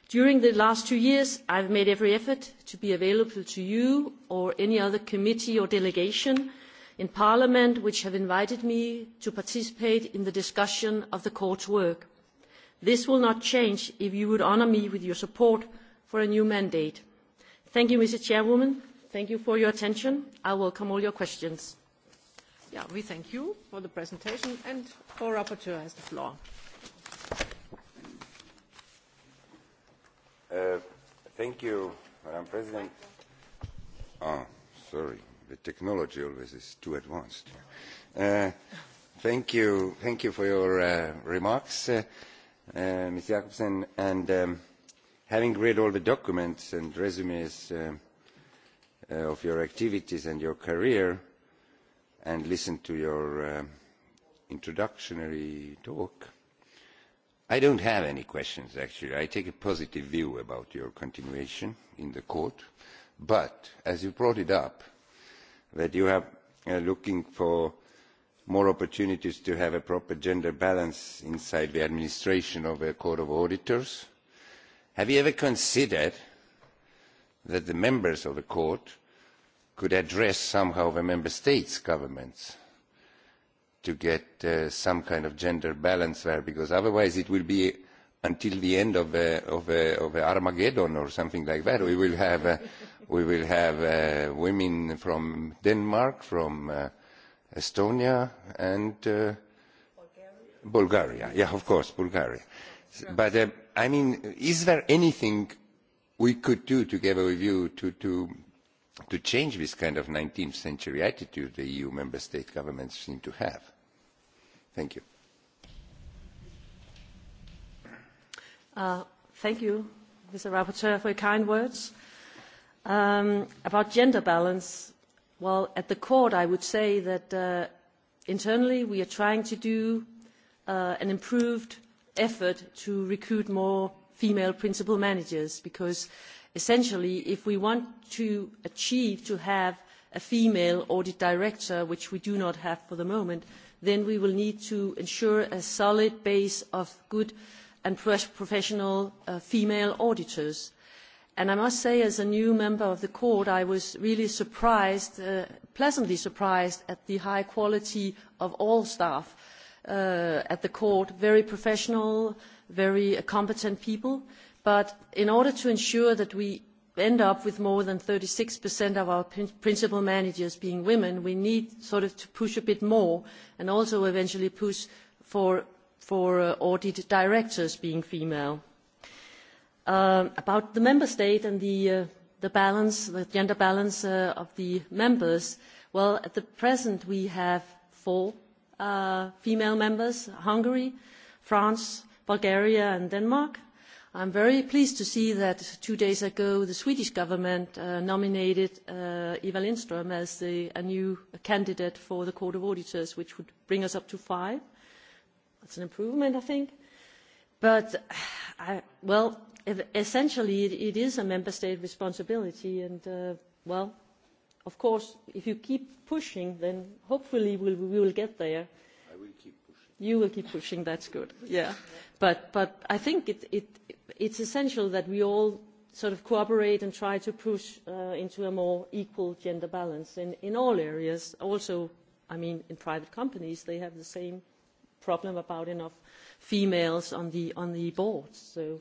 [SPEAKER 12] During the last two years, I have made every effort to be available to you or any other committee or delegation in Parliament which have invited me to participate in the discussion of the court's work. This will not change if you would honour me with your support for a new mandate. Thank you, Mr. Chairwoman. Thank you for
[SPEAKER 1] your attention. I welcome all your questions. Yeah, we thank you for the presentation and our rapporteur has the floor.
[SPEAKER 7] Uh, thank you, Madam President. Oh, sorry, the technology always is too advanced. Uh, thank you, thank you for your uh, remarks, uh, uh, Ms. Jacobsen, and. Um, having read all the documents and resumes uh, uh, of your activities and your career and listened to your uh, introductory talk i don't have any questions actually i take a positive view about your continuation in the court but as you brought it up that you are looking for more opportunities to have a proper gender balance inside the administration of the court of auditors Have you ever considered that the members of the court could address somehow the member states' governments to get uh, some kind of gender balance there? Because otherwise, it will be until the end of, uh, of, uh, of Armageddon or something like that. We will have, uh, we will have uh, women from Denmark, from uh, Estonia, and uh, Bulgaria. Bulgaria. Yeah, of course, Bulgaria. Okay but um, i mean is there anything we could do together with you to change this kind of nineteenth century attitude that eu member state governments seem to have? thank you.
[SPEAKER 12] Uh, thank you, mr. rapporteur, for your kind words. Um, about gender balance, well, at the court, i would say that uh, internally we are trying to do uh, an improved effort to recruit more female principal managers because essentially if we want to achieve to have a female audit director which we do not have for the moment then we will need to ensure a solid base of good and professional uh, female auditors and i must say as a new member of the court i was really surprised uh, pleasantly surprised at the high quality of all staff uh, at the court, very professional, very uh, competent people. But in order to ensure that we end up with more than 36% of our pin- principal managers being women, we need sort of to push a bit more and also eventually push for, for uh, audit directors being female. Uh, about the member state and the, uh, the balance, the gender balance uh, of the members, well, at the present we have four Uh, female members Hungary, France, Bulgaria, and Denmark. I'm very pleased to see that two days ago the Swedish government uh, nominated uh, Eva Lindström as the, a new candidate for the Court of Auditors, which would bring us up to five. That's an improvement, I think. But, I, well, essentially it, it is a member state responsibility, and, uh, well, of course, if you keep pushing, then hopefully we'll, we will get there. I will keep pushing. You will keep pushing, that's good, yeah. But, but I think it, it, it's essential that we all sort of cooperate and try to push uh, into a more equal gender balance in, in all areas. Also, I mean, in private companies, they have the same problem about enough females on the, on the board. So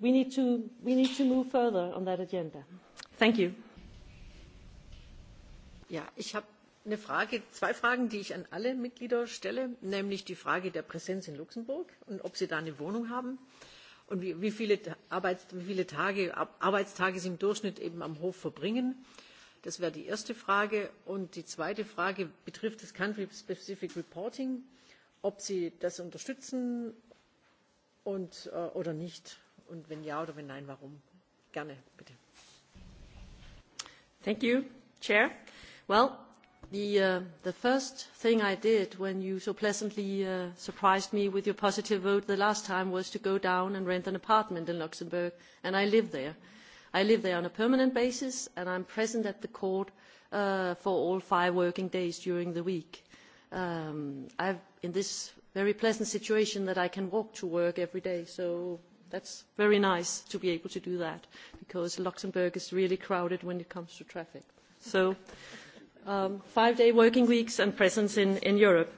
[SPEAKER 12] we need, to, we need to move further on that agenda. Thank you.
[SPEAKER 1] Ja, ich habe eine Frage, zwei Fragen, die ich an alle Mitglieder stelle, nämlich die Frage der Präsenz in Luxemburg und ob Sie da eine Wohnung haben und wie, wie viele, Arbeits, wie viele Tage, Arbeitstage Sie im Durchschnitt eben am Hof verbringen. Das wäre die erste Frage. Und die zweite Frage betrifft das Country-Specific Reporting, ob Sie das unterstützen und, äh, oder nicht. Und wenn ja oder wenn nein, warum? Gerne, bitte.
[SPEAKER 12] Thank you, Chair. Uh, Well, the, uh, the first thing I did when you so pleasantly uh, surprised me with your positive vote the last time was to go down and rent an apartment in Luxembourg, and I live there. I live there on a permanent basis, and I'm present at the court uh, for all five working days during the week. Um, I'm in this very pleasant situation that I can walk to work every day, so that's very nice to be able to do that, because Luxembourg is really crowded when it comes to traffic. So um, five day working weeks and presence in, in Europe.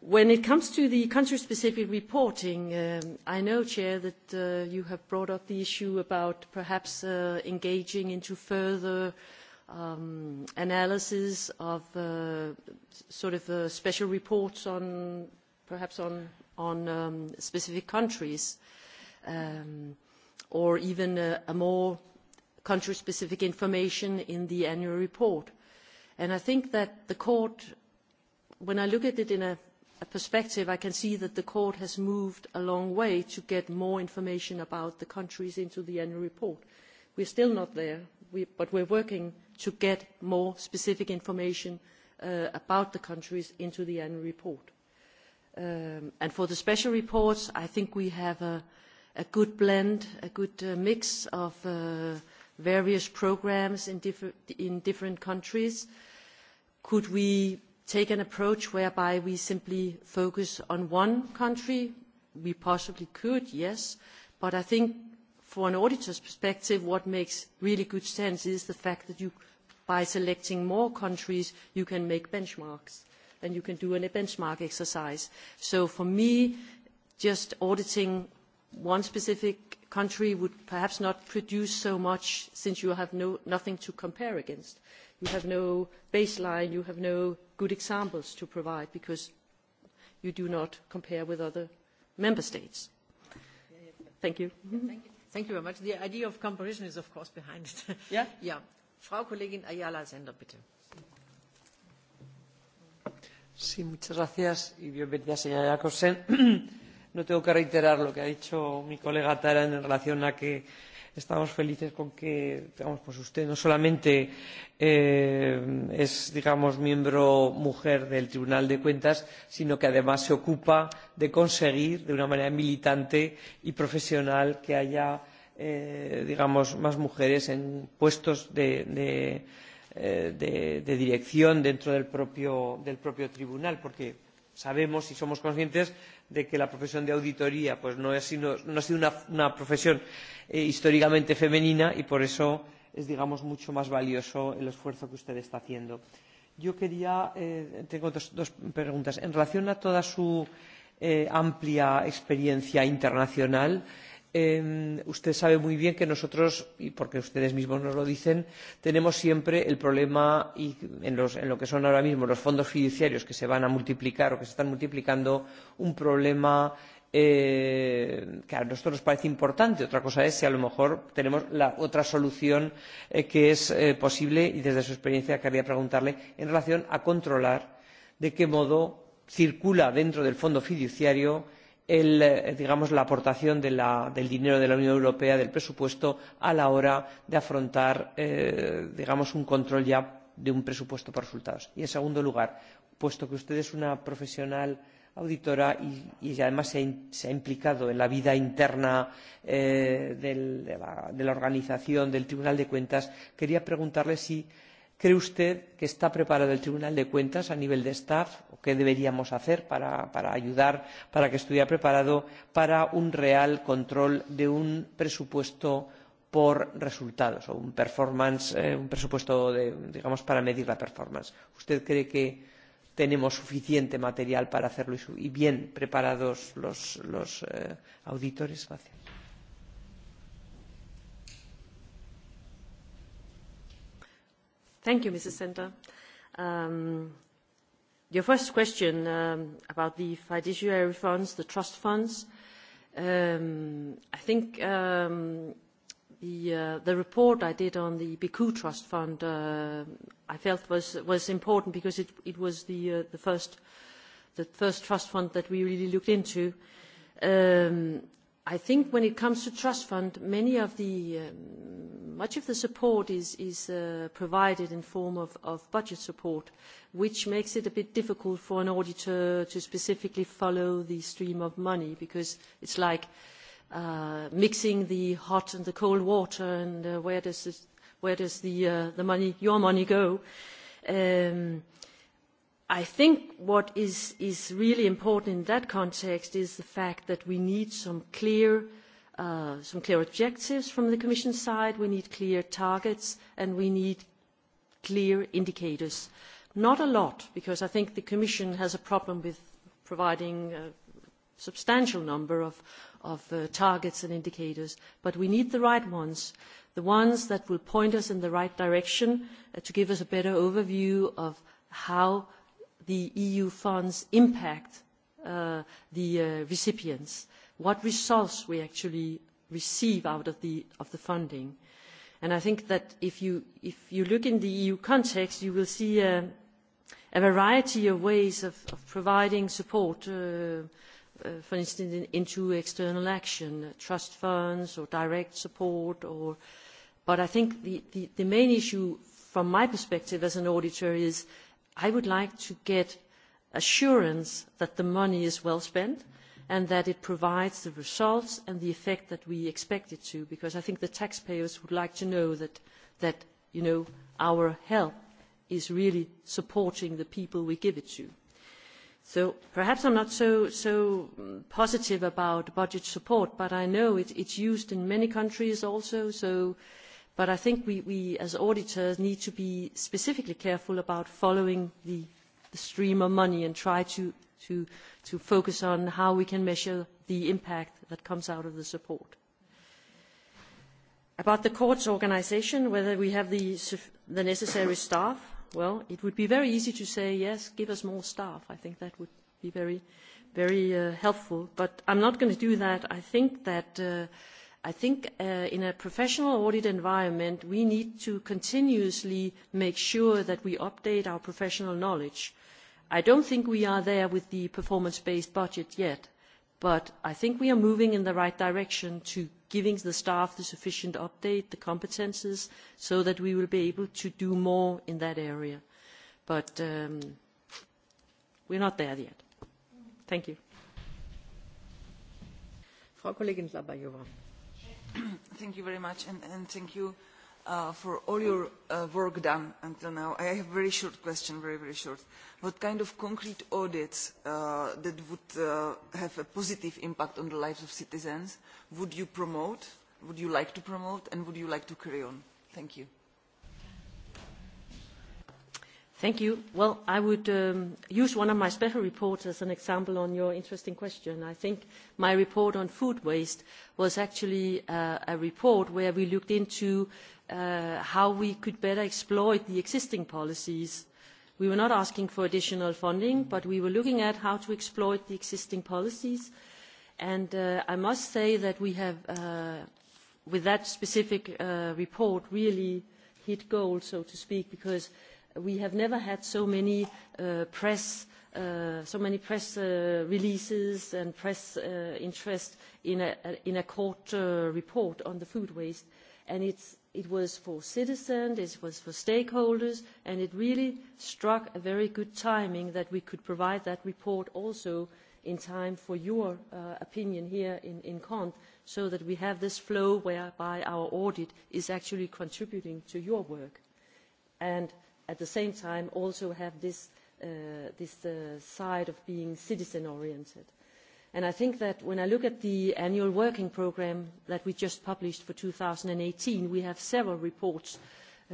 [SPEAKER 12] When it comes to the country specific reporting, um, I know, Chair, that uh, you have brought up the issue about perhaps uh, engaging into further um, analysis of uh, sort of uh, special reports on perhaps on, on um, specific countries um, or even a, a more country specific information in the annual report. And I think that the court, when I look at it in a, a perspective, I can see that the court has moved a long way to get more information about the countries into the annual report. We're still not there, we, but we're working to get more specific information uh, about the countries into the annual report. Um, and for the special reports, I think we have a, a good blend, a good uh, mix of uh, various programmes in, differ in different countries. Could we take an approach whereby we simply focus on one country? We possibly could, yes. But I think for an auditor's perspective, what makes really good sense is the fact that you, by selecting more countries, you can make benchmarks and you can do a benchmark exercise. So for me, just auditing one specific country would perhaps not produce so much since you have no, nothing to compare against. You have no baseline, you have no good examples to provide because you do not compare with other member states. Thank you.
[SPEAKER 1] Thank you very much. The idea of comparison is of course behind it. Yeah? yeah. Frau Kollegin Ayala Sender, bitte.
[SPEAKER 4] Sí, muchas gracias y bienvenida, señora Jacobsen. no tengo que reiterar lo que ha dicho mi colega tarand en relación con que estamos felices con que usted no solamente eh, es digamos miembro mujer del tribunal de cuentas sino que además se ocupa de conseguir de una manera militante y profesional que haya eh, digamos más mujeres en puestos de de eh, dirección dentro del propio tribunal porque sabemos y somos conscientes de que la profesión de auditoría no, no ha sido una profesión eh, históricamente femenina y por eso es digamos mucho más valioso el esfuerzo que usted está haciendo. Yo quería eh, tengo dos, dos preguntas en relación con toda su eh, amplia experiencia internacional. Eh, usted sabe muy bien que nosotros y porque ustedes mismos nos lo dicen tenemos siempre el problema y en, los, en lo que son ahora mismo los fondos fiduciarios que se van a multiplicar o que se están multiplicando un problema eh, que a nosotros nos parece importante. Otra cosa es si a lo mejor tenemos la otra solución eh, que es eh, posible y desde su experiencia querría preguntarle en relación a controlar de qué modo circula dentro del fondo fiduciario digamos, la aportación de la, del dinero de la Unión Europea, del presupuesto, a la hora de afrontar eh, digamos, un control ya de un presupuesto por resultados. Y, en segundo lugar, puesto que usted es una profesional auditora y, y además se ha, se ha implicado en la vida interna eh, del, de, la, de la organización del Tribunal de Cuentas, quería preguntarle si cree usted que está preparado el tribunal de cuentas a nivel de staff o qué deberíamos hacer para ayudar para que estuviera preparado para un real control de un presupuesto por resultados o un eh, presupuesto digamos para medir la performance? usted cree que tenemos suficiente material para hacerlo y bien preparados los eh, auditores? gracias.
[SPEAKER 12] Thank you, Mrs. Center. Um, your first question um, about the fiduciary funds, the trust funds, um, I think um, the, uh, the report I did on the Biku Trust Fund uh, I felt was, was important because it, it was the, uh, the, first, the first trust fund that we really looked into. Um, I think when it comes to trust fund, many of the, uh, much of the support is, is uh, provided in form of, of budget support, which makes it a bit difficult for an auditor to specifically follow the stream of money because it's like uh, mixing the hot and the cold water and uh, where does, this, where does the, uh, the money, your money go. Um, I think what is, is really important in that context is the fact that we need some clear, uh, some clear objectives from the Commission side, we need clear targets, and we need clear indicators. Not a lot, because I think the Commission has a problem with providing a substantial number of, of uh, targets and indicators, but we need the right ones, the ones that will point us in the right direction uh, to give us a better overview of how the EU funds impact uh, the uh, recipients, what results we actually receive out of the, of the funding. And I think that if you, if you look in the EU context, you will see a, a variety of ways of, of providing support, uh, uh, for instance, in, into external action, uh, trust funds or direct support. Or, but I think the, the, the main issue from my perspective as an auditor is I would like to get assurance that the money is well spent and that it provides the results and the effect that we expect it to, because I think the taxpayers would like to know that, that you know, our help is really supporting the people we give it to. So perhaps I'm not so, so positive about budget support, but I know it, it's used in many countries also. So but I think we, we as auditors need to be specifically careful about following the, the stream of money and try to, to, to focus on how we can measure the impact that comes out of the support. About the court's organization, whether we have the, the necessary staff, well, it would be very easy to say, yes, give us more staff. I think that would be very, very uh, helpful. But I'm not going to do that. I think that uh, I think uh, in a professional audit environment, we need to continuously make sure that we update our professional knowledge. I don't think we are there with the performance-based budget yet, but I think we are moving in the right direction to giving the staff the sufficient update, the competences, so that we will be able to do more in that area. But um, we're not there
[SPEAKER 1] yet. Thank you. Frau Kollegin Labajova.
[SPEAKER 10] thank you very much, and, and thank you uh, for all your uh, work done until now. I have a very short question, very, very short. What kind of concrete audits uh, that would uh, have a positive impact on the lives of citizens would you promote, would you like to promote, and would you like to carry on? Thank you.
[SPEAKER 12] Thank you. Well, I would um, use one of my special reports as an example on your interesting question. I think my report on food waste was actually uh, a report where we looked into uh, how we could better exploit the existing policies. We were not asking for additional funding, but we were looking at how to exploit the existing policies. And uh, I must say that we have, uh, with that specific uh, report, really hit gold, so to speak, because we have never had so many uh, press uh, so many press uh, releases and press uh, interest in a, a in a court uh, report on the food waste and it's it was for citizens, it was for stakeholders, and it really struck a very good timing that we could provide that report also in time for your uh, opinion here in, in CONT, so that we have this flow whereby our audit is actually contributing to your work. And at the same time also have this, uh, this uh, side of being citizen-oriented. And I think that when I look at the annual working program that we just published for 2018, we have several reports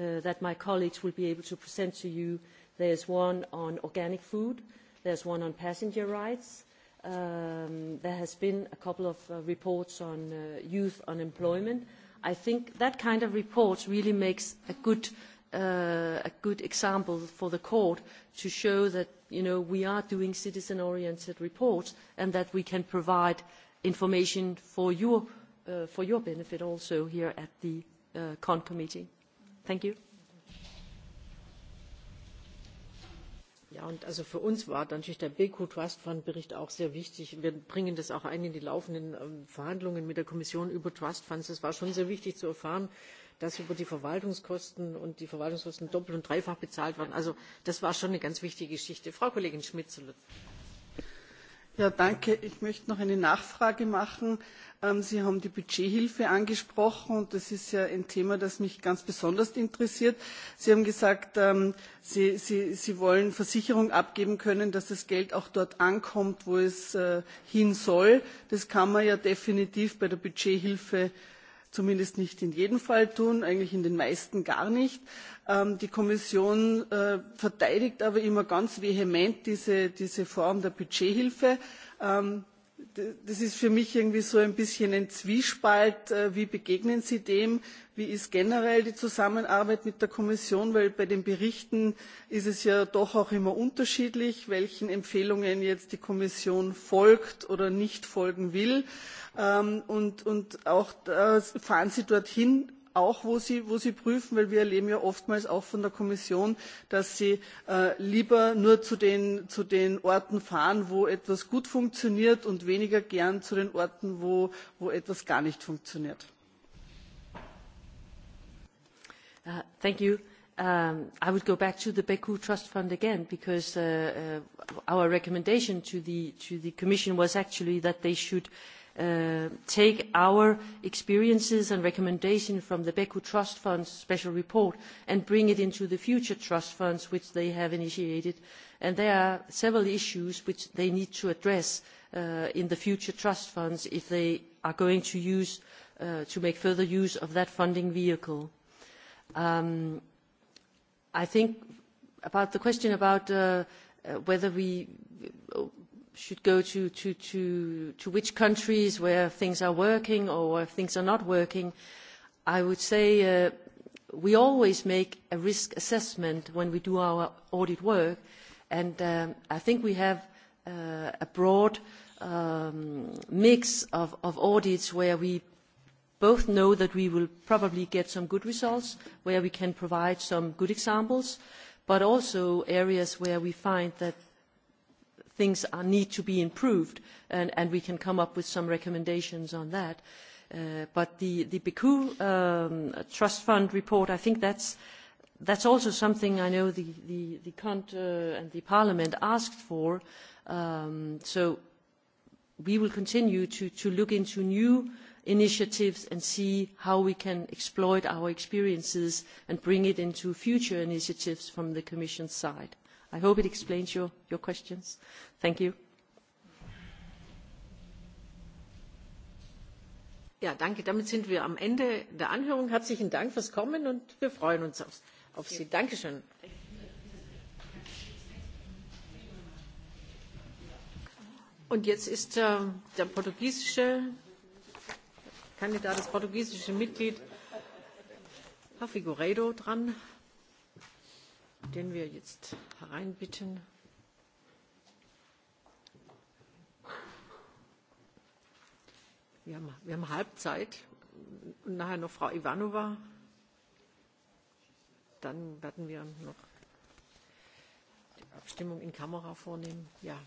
[SPEAKER 12] uh, that my colleagues will be able to present to you. There's one on organic food. There's one on passenger rights. Um, there has been a couple of uh, reports on uh, youth unemployment. I think that kind of report really makes a good Uh, a good example for the court to show that we are doing citizen oriented reports and that we can provide information for your, uh, for your benefit also here at the uh, CON committee. Thank you.
[SPEAKER 1] Ja, und also für uns war natürlich der Beko Trust Fund Bericht auch sehr wichtig. Wir bringen das auch ein in die laufenden ähm, Verhandlungen mit der Kommission über Trust Funds. Es war schon sehr wichtig zu erfahren, äh, dass über die Verwaltungskosten und die Verwaltungskosten doppelt und dreifach bezahlt werden. Also das war schon eine ganz wichtige Geschichte. Frau Kollegin Schmitzel.
[SPEAKER 13] Ja, danke. Ich möchte noch eine Nachfrage machen. Ähm, Sie haben die Budgethilfe angesprochen und das ist ja ein Thema, das mich ganz besonders interessiert. Sie haben gesagt, ähm, Sie, Sie, Sie wollen Versicherung abgeben können, dass das Geld auch dort ankommt, wo es äh, hin soll. Das kann man ja definitiv bei der Budgethilfe zumindest nicht in jedem Fall tun, eigentlich in den meisten gar nicht. Ähm, die Kommission äh, verteidigt aber immer ganz vehement diese, diese Form der Budgethilfe. Ähm, Das ist für mich irgendwie so ein bisschen ein Zwiespalt. Äh, wie begegnen Sie dem? Wie ist generell die Zusammenarbeit mit der Kommission? Weil bei den Berichten ist es ja doch auch immer unterschiedlich, welchen Empfehlungen jetzt die Kommission folgt oder nicht folgen will. Ähm, und, und auch äh, fahren Sie dorthin, auch wo sie, wo sie prüfen, weil wir erleben ja oftmals auch von der Kommission, dass sie äh, lieber nur zu den, zu den Orten fahren, wo etwas gut funktioniert und weniger gern zu den Orten, wo, wo etwas gar nicht funktioniert. Uh, thank you.
[SPEAKER 12] Um, I would go back to the Beku Trust Fund again because uh, uh, our recommendation to the, to the Commission was actually that they should uh, uh, take our experiences and recommendations from the Beku Trust Fund's special report and bring it into the future trust funds which they have initiated. And there are several issues which they need to address uh, in the future trust funds if they are going to use uh, to make further use of that funding vehicle. Um, I think about the question about uh, uh whether we should go to, to, to, to which countries where things are working or where things are not working, I would say uh, we always make a risk assessment when we do our audit work. And um, I think we have uh, a broad um, mix of, of audits where we both know that we will probably get some good results, where we can provide some good examples, but also areas where we find that things need to be improved and, and we can come up with some recommendations on that. Uh, but the, the Bikku um, Trust Fund report, I think that's, that's also something I know the, the, the Kant uh, and the Parliament asked for. Um, so we will continue to, to look into new initiatives and see how we can exploit our experiences and bring it into future initiatives from the Commission's side i hope it explains your questions. thank
[SPEAKER 1] you. Ja, damit sind wir am ende der anhörung. herzlichen dank fürs kommen und wir freuen uns auf sie. danke schön! jetzt ist äh, der portugiesische kandidat das portugiesische mitglied herr figueiredo dran den wir jetzt hereinbitten. Wir haben, wir haben Halbzeit und nachher noch Frau Ivanova. Dann werden wir noch die Abstimmung in Kamera vornehmen. Ja,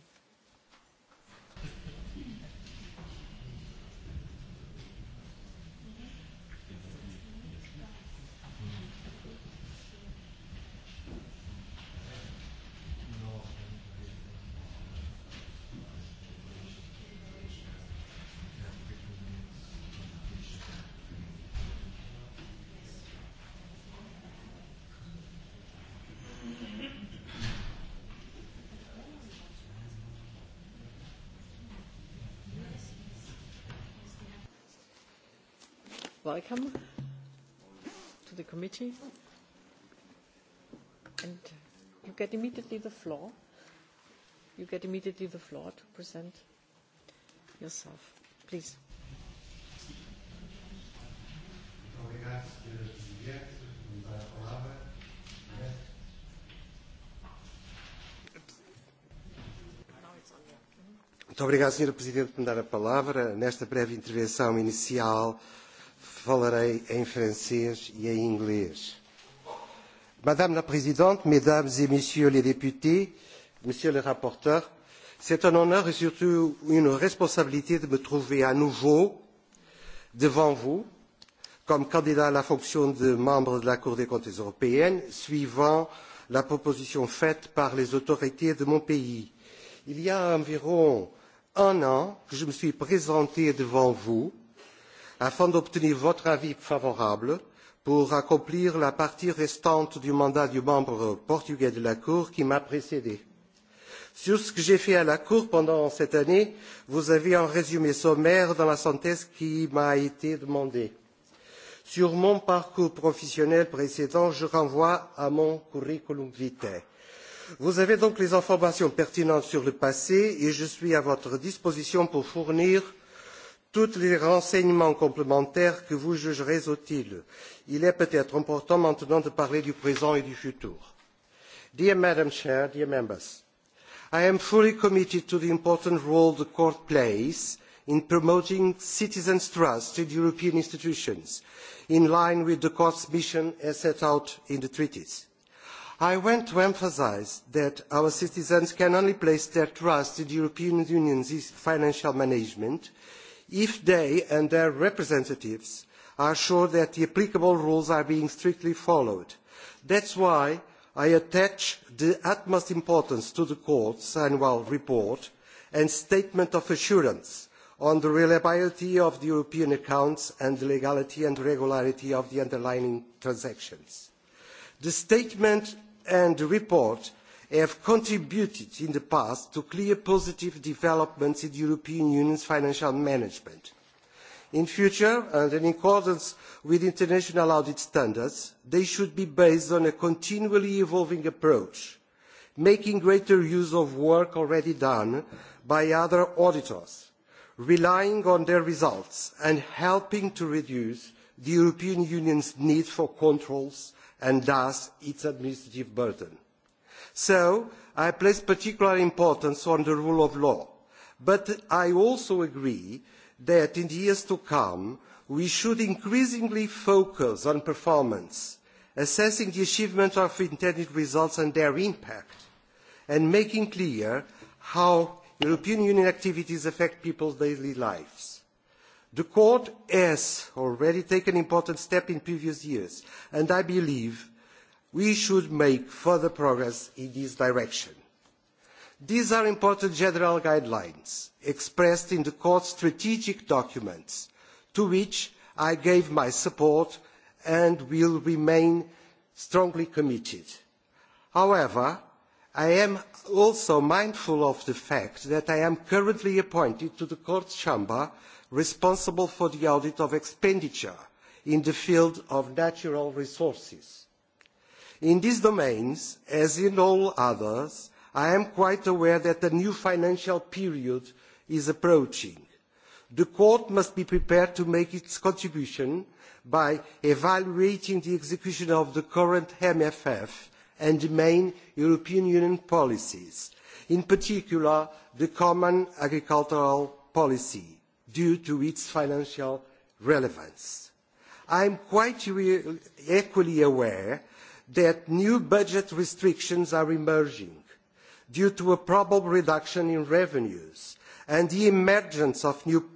[SPEAKER 1] welcome to the committee and you get immediately the floor you get immediately the floor to present yourself please
[SPEAKER 14] Muito obrigado, Sr. Presidente, por me dar a palavra nesta breve intervenção inicial uh, falarei em francês e em inglês. Madame la Présidente, Mesdames et Messieurs les députés, Monsieur le rapporteur, c'est un honneur et surtout une responsabilité de me trouver à nouveau devant vous comme candidat à la fonction de membre de la Cour des comptes européenne, suivant la proposition faite par les autorités de mon pays. Il y a environ un an que je me suis présenté devant vous afin d'obtenir votre avis favorable pour accomplir la partie restante du mandat du membre portugais de la cour qui m'a précédé. sur ce que j'ai fait à la cour pendant cette année vous avez un résumé sommaire dans la synthèse qui m'a été demandée. sur mon parcours professionnel précédent je renvoie à mon curriculum vitae. vous avez donc les informations pertinentes sur le passé et je suis à votre disposition pour fournir tous les renseignements complémentaires que vous jugerez utiles. il est peut être important maintenant de parler du présent et du futur. madam president i am fully committed to the important role the court plays in promoting citizens' trust in european institutions in line with the court's mission as set out in the treaties. i want to emphasise that our citizens can only place their trust in the european union's financial management if if they and their representatives are sure that the applicable rules are being strictly followed. that is why i attach the utmost importance to the court's annual report and statement of assurance on the reliability of the european accounts and the legality and regularity of the underlying transactions. the statement and the report have contributed in the past to clear positive developments in the european union's financial management. in future and in accordance with international audit standards they should be based on a continually evolving approach making greater use of work already done by other auditors relying on their results and helping to reduce the european union's need for controls and thus its administrative burden so i place particular importance on the rule of law but i also agree that in the years to come we should increasingly focus on performance assessing the achievement of intended results and their impact and making clear how european union activities affect people's daily lives the court has already taken important steps in previous years and i believe we should make further progress in this direction. These are important general guidelines expressed in the Court's strategic documents, to which I gave my support and will remain strongly committed. However, I am also mindful of the fact that I am currently appointed to the Court's Chamber responsible for the audit of expenditure in the field of natural resources. In these domains, as in all others, I am quite aware that a new financial period is approaching. The Court must be prepared to make its contribution by evaluating the execution of the current MFF and the main European Union policies, in particular the Common Agricultural Policy, due to its financial relevance. I am quite equally aware that new budget restrictions are emerging due to a probable reduction in revenues and the emergence of new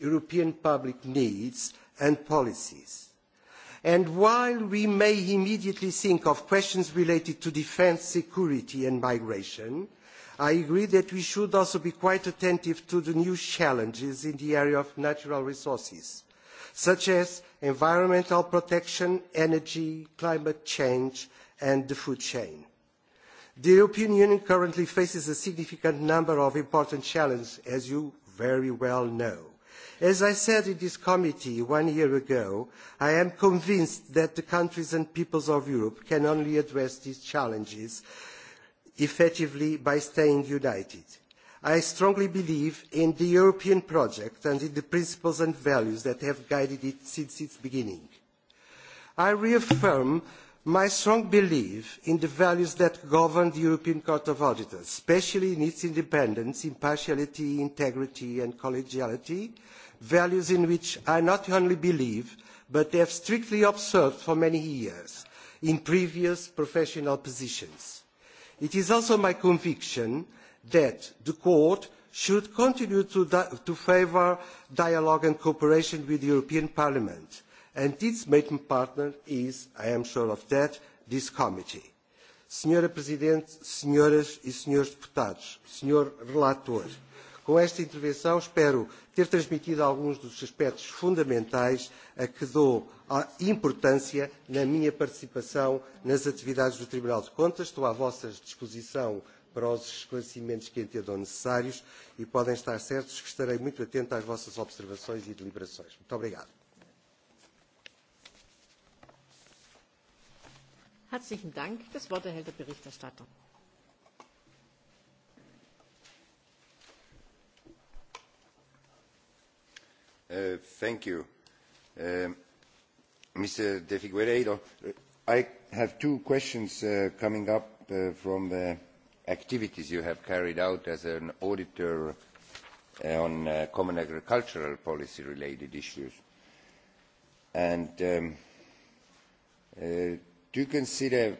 [SPEAKER 14] European public needs and policies. And while we may immediately think of questions related to defence, security and migration, I agree that we should also be quite attentive to the new challenges in the area of natural resources such as environmental protection, energy, climate change and the food chain. The European Union currently faces a significant number of important challenges, as you very well know. As I said in this committee one year ago, I am convinced that the countries and peoples of Europe can only address these challenges effectively by staying united. I strongly believe in the European project and in the principles and values that have guided it since its beginning. I reaffirm my strong belief in the values that govern the European Court of Auditors, especially in its independence, impartiality, integrity and collegiality, values in which I not only believe but have strictly observed for many years in previous professional positions. It is also my conviction that the court should continue to, to favour dialogue and cooperation with the European Parliament, and its main partner is, I am sure of that, this committee. Senhora Presidente, Senhoras e Senhores Deputados, Senhor Relator, com esta intervenção espero ter transmitido alguns dos aspectos fundamentais a que dou a importância na minha participação nas atividades do Tribunal de Contas. Estou à vossa disposição para os esclarecimentos que entendam necessários e podem estar certos que estarei muito atento às vossas observações e deliberações. Muito obrigado.
[SPEAKER 1] Herzlichen Dank. Das Wort erhält der Berichterstatter.
[SPEAKER 7] Uh, thank you. Uh, um, Mr. De Figueiredo, I have two questions uh, coming up uh, from the uh, activities you have carried out as an auditor uh, on uh, common agricultural policy related issues. And, um, uh, do you consider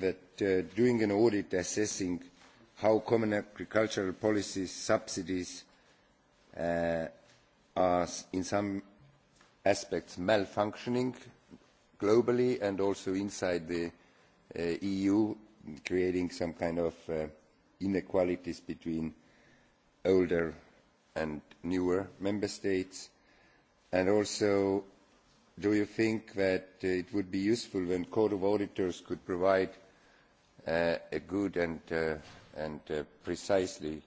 [SPEAKER 7] that uh, doing an audit assessing how common agricultural policies, subsidies uh, are in some aspects malfunctioning globally and also inside the uh, EU creating some kind of uh, inequalities between older and newer member states? And also, do you think that uh, it would be useful when Court of Auditors could provide uh, a good and, uh, and uh, precisely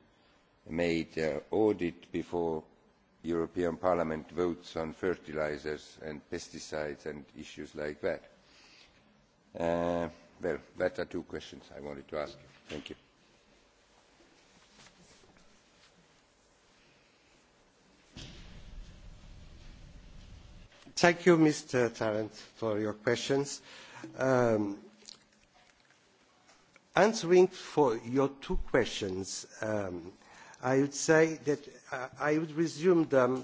[SPEAKER 7] made uh, audit before European Parliament votes on fertilizers and pesticides and issues like that? Uh, well that are two questions i wanted to ask you. thank you
[SPEAKER 14] thank you mr tarrant for your questions um, answering for your two questions um, i would say that uh, i would resume them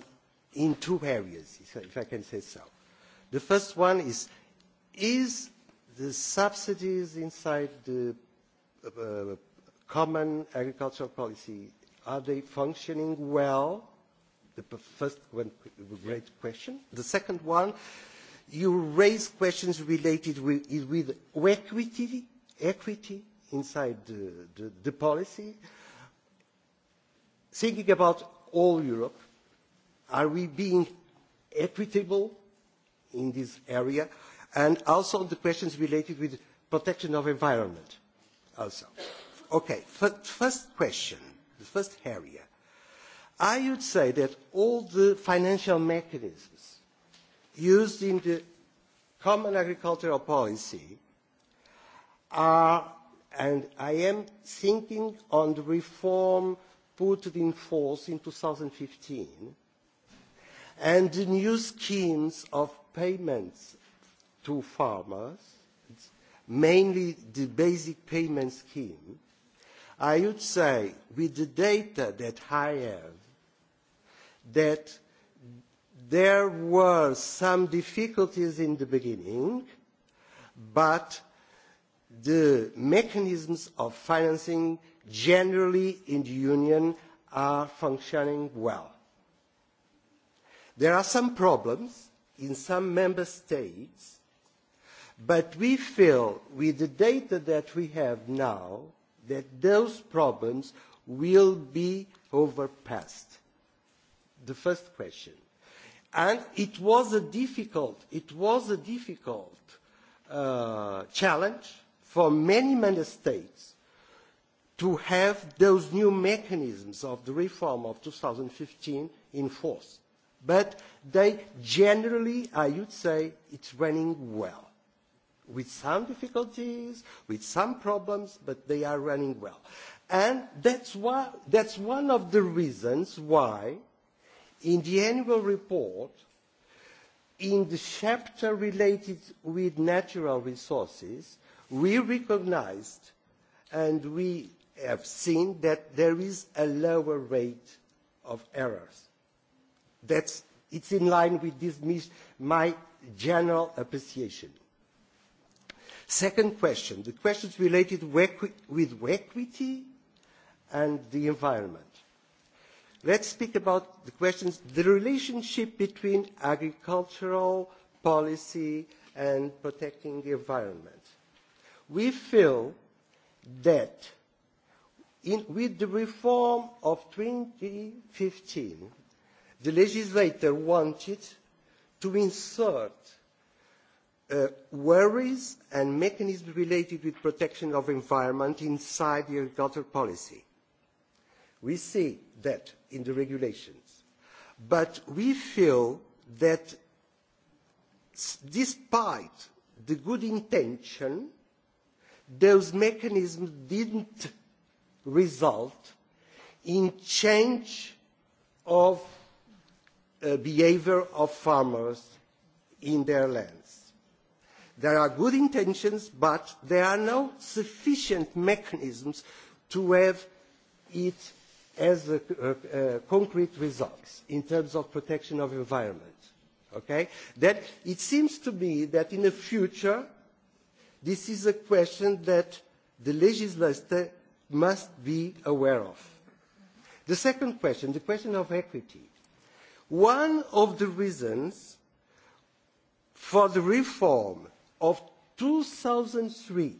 [SPEAKER 14] in two areas if i can say so the first one is is the subsidies inside the uh, common agricultural policy, are they functioning well? The first one, great question. The second one, you raise questions related with, with equity, equity inside the, the, the policy. Thinking about all Europe, are we being equitable in this area? and also on the questions related with protection of environment also. Okay, first, first question, the first area. I would say that all the financial mechanisms used in the common agricultural policy are, and I am thinking on the reform put in force in 2015, and the new schemes of payments to farmers, mainly the basic payment scheme, I would say, with the data that I have, that there were some difficulties in the beginning, but the mechanisms of financing generally in the Union are functioning well. There are some problems in some member states, But we feel with the data that we have now that those problems will be overpassed. The first question. And it was a difficult, it was a difficult uh, challenge for many member states to have those new mechanisms of the reform of 2015 in force. But they generally, I would say, it's running well with some difficulties, with some problems, but they are running well. And that's, why, that's one of the reasons why, in the annual report, in the chapter related with natural resources, we recognized and we have seen that there is a lower rate of errors. That's, it's in line with this, my general appreciation. Second question, the question's related with equity and the environment. Let's speak about the questions, the relationship between agricultural policy and protecting the environment. We feel that with the reform of 2015, the legislator wanted to insert Uh, worries and mechanisms related with protection of environment inside the agriculture policy. We see that in the regulations. But we feel that despite the good intention, those mechanisms didn't result in change of uh, behavior of farmers in their land. There are good intentions, but there are no sufficient mechanisms to have it as a, a, a concrete results in terms of protection of environment. Okay? That it seems to me that in the future, this is a question that the legislator must be aware of. The second question, the question of equity. One of the reasons for the reform of 2003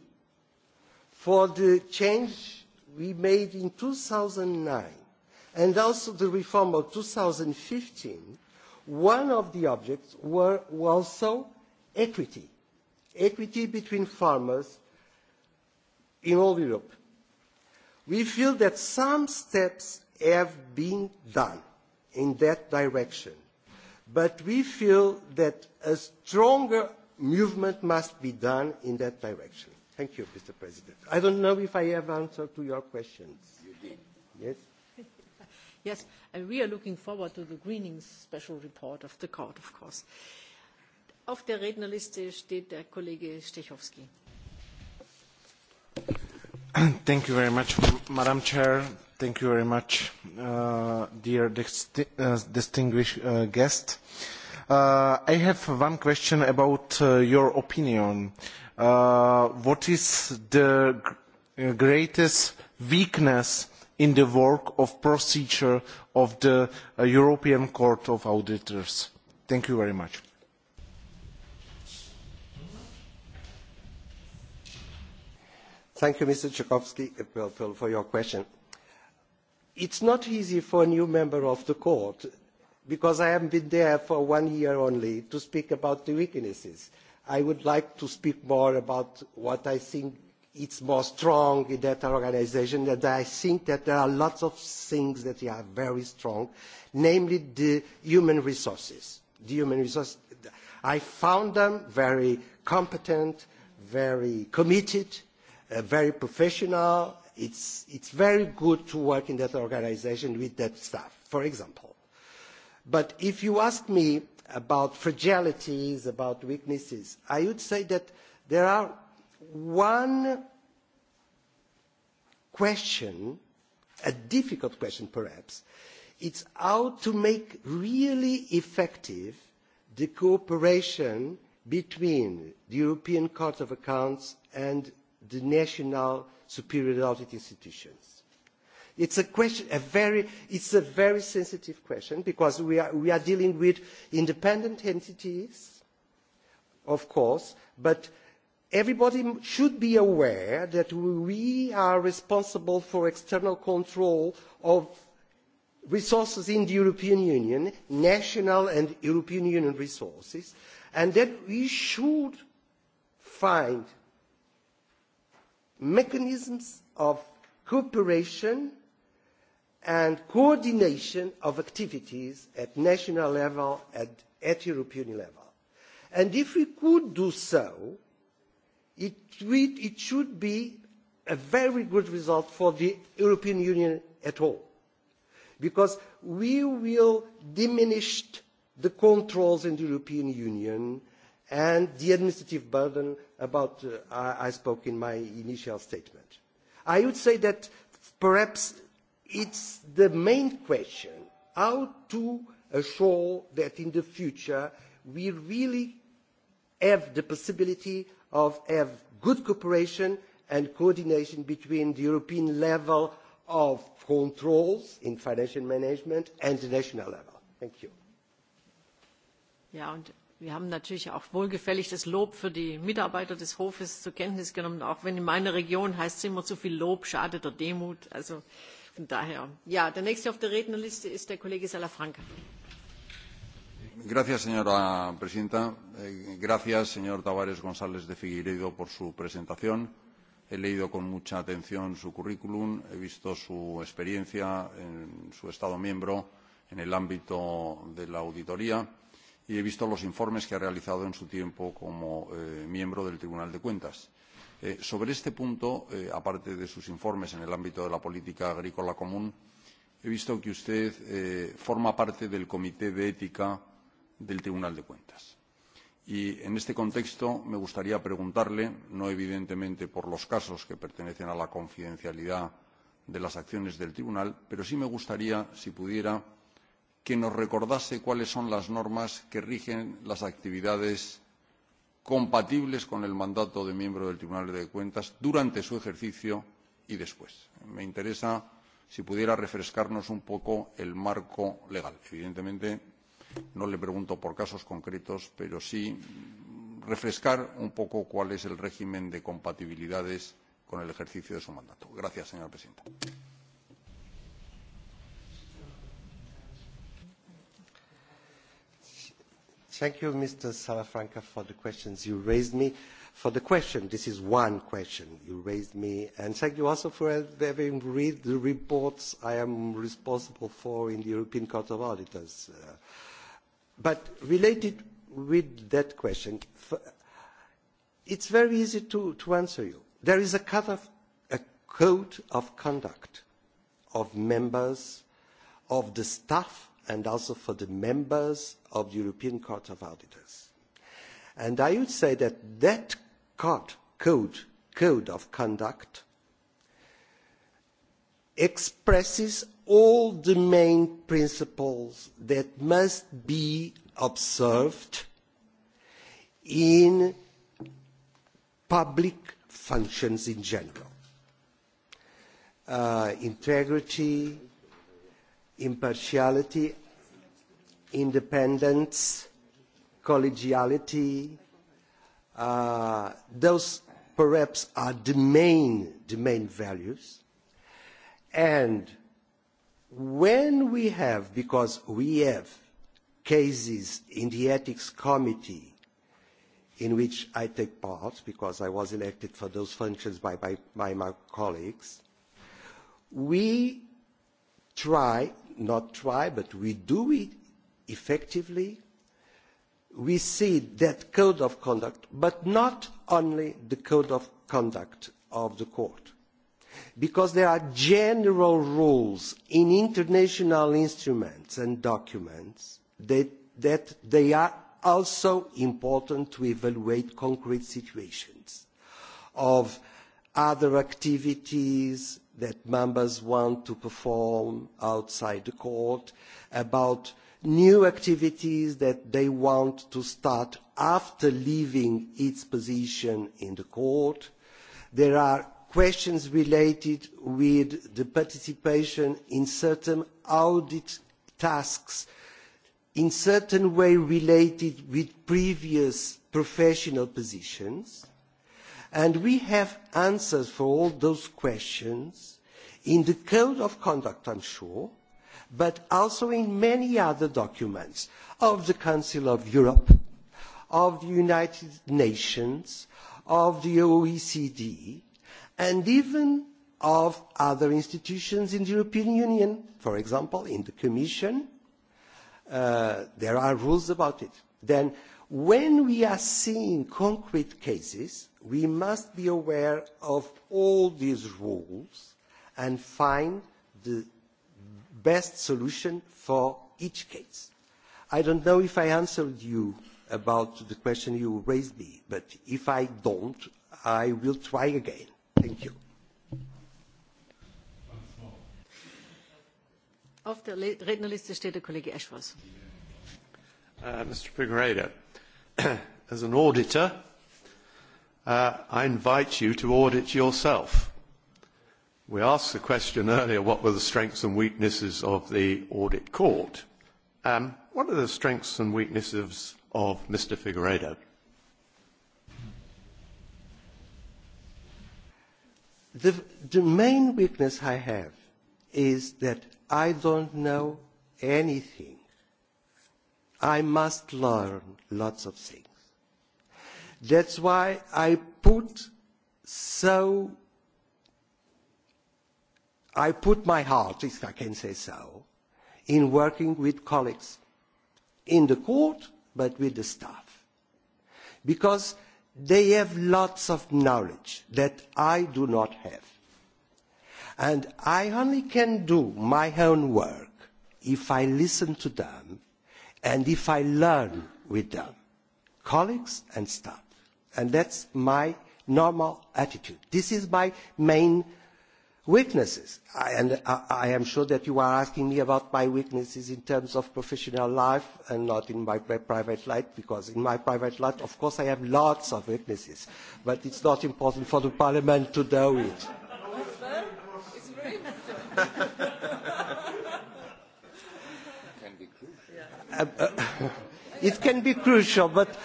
[SPEAKER 14] for the change we made in 2009 and also the reform of 2015, one of the objects were also equity, equity between farmers in all Europe. We feel that some steps have been done in that direction, but we feel that a stronger movement must be done in that direction. Thank you, Mr. President. I don't know if I have answered to your questions. You did. Yes?
[SPEAKER 1] yes, and we are looking forward to the Greening's special report of the court, of course. Auf der Rednerliste steht der Kollege Stechowski.
[SPEAKER 9] Thank you very much, Madam Chair. Thank you very much, uh, dear dis uh, distinguished uh, guests. Uh, i have one question about uh, your opinion uh, what is the greatest weakness in the work of procedure of the european court of auditors thank you very much
[SPEAKER 14] thank you mr ciolkowski for your question it is not easy for a new member of the court because I haven't been there for one year only to speak about the weaknesses. I would like to speak more about what I think it's more strong in that organization that I think that there are lots of things that are very strong, namely the human resources. The human resources, I found them very competent, very committed, uh, very professional. It's, it's very good to work in that organization with that staff, for example. But if you ask me about fragilities, about weaknesses, I would say that there are one question, a difficult question perhaps, it's how to make really effective the cooperation between the European Court of Accounts and the national superior audit institutions. It's a question, a very, it's a very sensitive question because we are, we are dealing with independent entities, of course, but everybody should be aware that we are responsible for external control of resources in the European Union, national and European Union resources, and that we should find mechanisms of cooperation and coordination of activities at national level and at European level. And if we could do so, it, it should be a very good result for the European Union at all, because we will diminish the controls in the European Union and the administrative burden about uh, I, I spoke in my initial statement. I would say that perhaps it's the main question how to assure that in the future we really have the possibility of have good cooperation and coordination between the European level of controls in financial management and the national level. Thank you.
[SPEAKER 1] Ja, und wir haben natürlich auch wohlgefällig das Lob für die Mitarbeiter des Hofes zur Kenntnis genommen, auch wenn in meiner Region heißt es immer, zu viel Lob schadet der Demut. Also, Ja, señora presidenta quiero
[SPEAKER 11] felicitar a la señora tarabella por su presentación. he leído con mucha atención su currículum he visto su currículum en su experiencia en su estado miembro y creo que es un currículum que puede ayudar a la comisión a que se proponga en su estado miembro en el ámbito de la auditoría y he visto los informes que ha realizado en su tiempo como eh, miembro del tribunal de cuentas. Eh, sobre este punto, eh, aparte de sus informes en el ámbito de la política agrícola común, he visto que usted eh, forma parte del Comité de Ética del Tribunal de Cuentas. Y en este contexto me gustaría preguntarle, no evidentemente por los casos que pertenecen a la confidencialidad de las acciones del Tribunal, pero sí me gustaría, si pudiera, que nos recordase cuáles son las normas que rigen las actividades compatibles con el mandato de miembro del tribunal de cuentas durante su ejercicio y después. me interesaría si pudiera refrescarnos un poco el marco legal. evidentemente no le pregunto por casos concretos pero sí refrescar un poco cuál es el régimen de compatibilidades con el ejercicio de su mandato. gracias señora presidenta.
[SPEAKER 14] thank you, Mr. Salafranca, for the questions you raised me. For the question, this is one question you raised me. And thank you also for having read the reports I am responsible for in the European Court of Auditors. Uh, but related with that question, it's very easy to, to answer you. There is a, cut of, a code of conduct of members, of the staff, and also for the members of the European Court of Auditors. And I would say that that court code, code of conduct expresses all the main principles that must be observed in public functions in general. Uh, integrity, impartiality, independence, collegiality, uh, those perhaps are the main, the main values. And when we have, because we have cases in the ethics committee in which I take part because I was elected for those functions by, by, by my colleagues, we try, not try, but we do it effectively. We see that code of conduct, but not only the code of conduct of the court, because there are general rules in international instruments and documents that, that they are also important to evaluate concrete situations of other activities that members want to perform outside the court, about uh, new activities that they want to start after leaving its position in the court. There are questions related with the participation in certain audit tasks in certain way related with previous professional positions. And we have answers for all those questions in the code of conduct, I'm sure, but also in many other documents of the Council of Europe, of the United Nations, of the OECD, and even of other institutions in the European Union, for example, in the Commission. Uh, there are rules about it. Then, when we are seeing concrete cases, we must be aware of all these rules and find the best solution for each case. I don't know if I answered you about the question you raised me, but if I don't, I will try again.
[SPEAKER 3] Thank you.
[SPEAKER 9] Auf
[SPEAKER 1] der Rednerliste steht der Kollege Eschwas.
[SPEAKER 3] Uh, Mr. Figueredo, as an auditor, uh, I invite you to audit yourself. We asked the question earlier, what were the strengths and weaknesses of the audit court? Um, what are the strengths and weaknesses of Mr. Figueredo?
[SPEAKER 14] The, the main weakness I have is that I don't know anything. I must learn lots of things. That's why I put so I put my heart, if I can say so, in working with colleagues in the court, but with the staff. Because they have lots of knowledge that I do not have. And I only can do my own work if I listen to them and if I learn with them, colleagues and staff. And that's my normal attitude. This is my main weaknesses. I, and I, I am sure that you are asking me about my weaknesses in terms of professional life and not in my private life, because in my private life, of course, I have lots of weaknesses, but it's not important for the parliament to know it. it can be crucial, but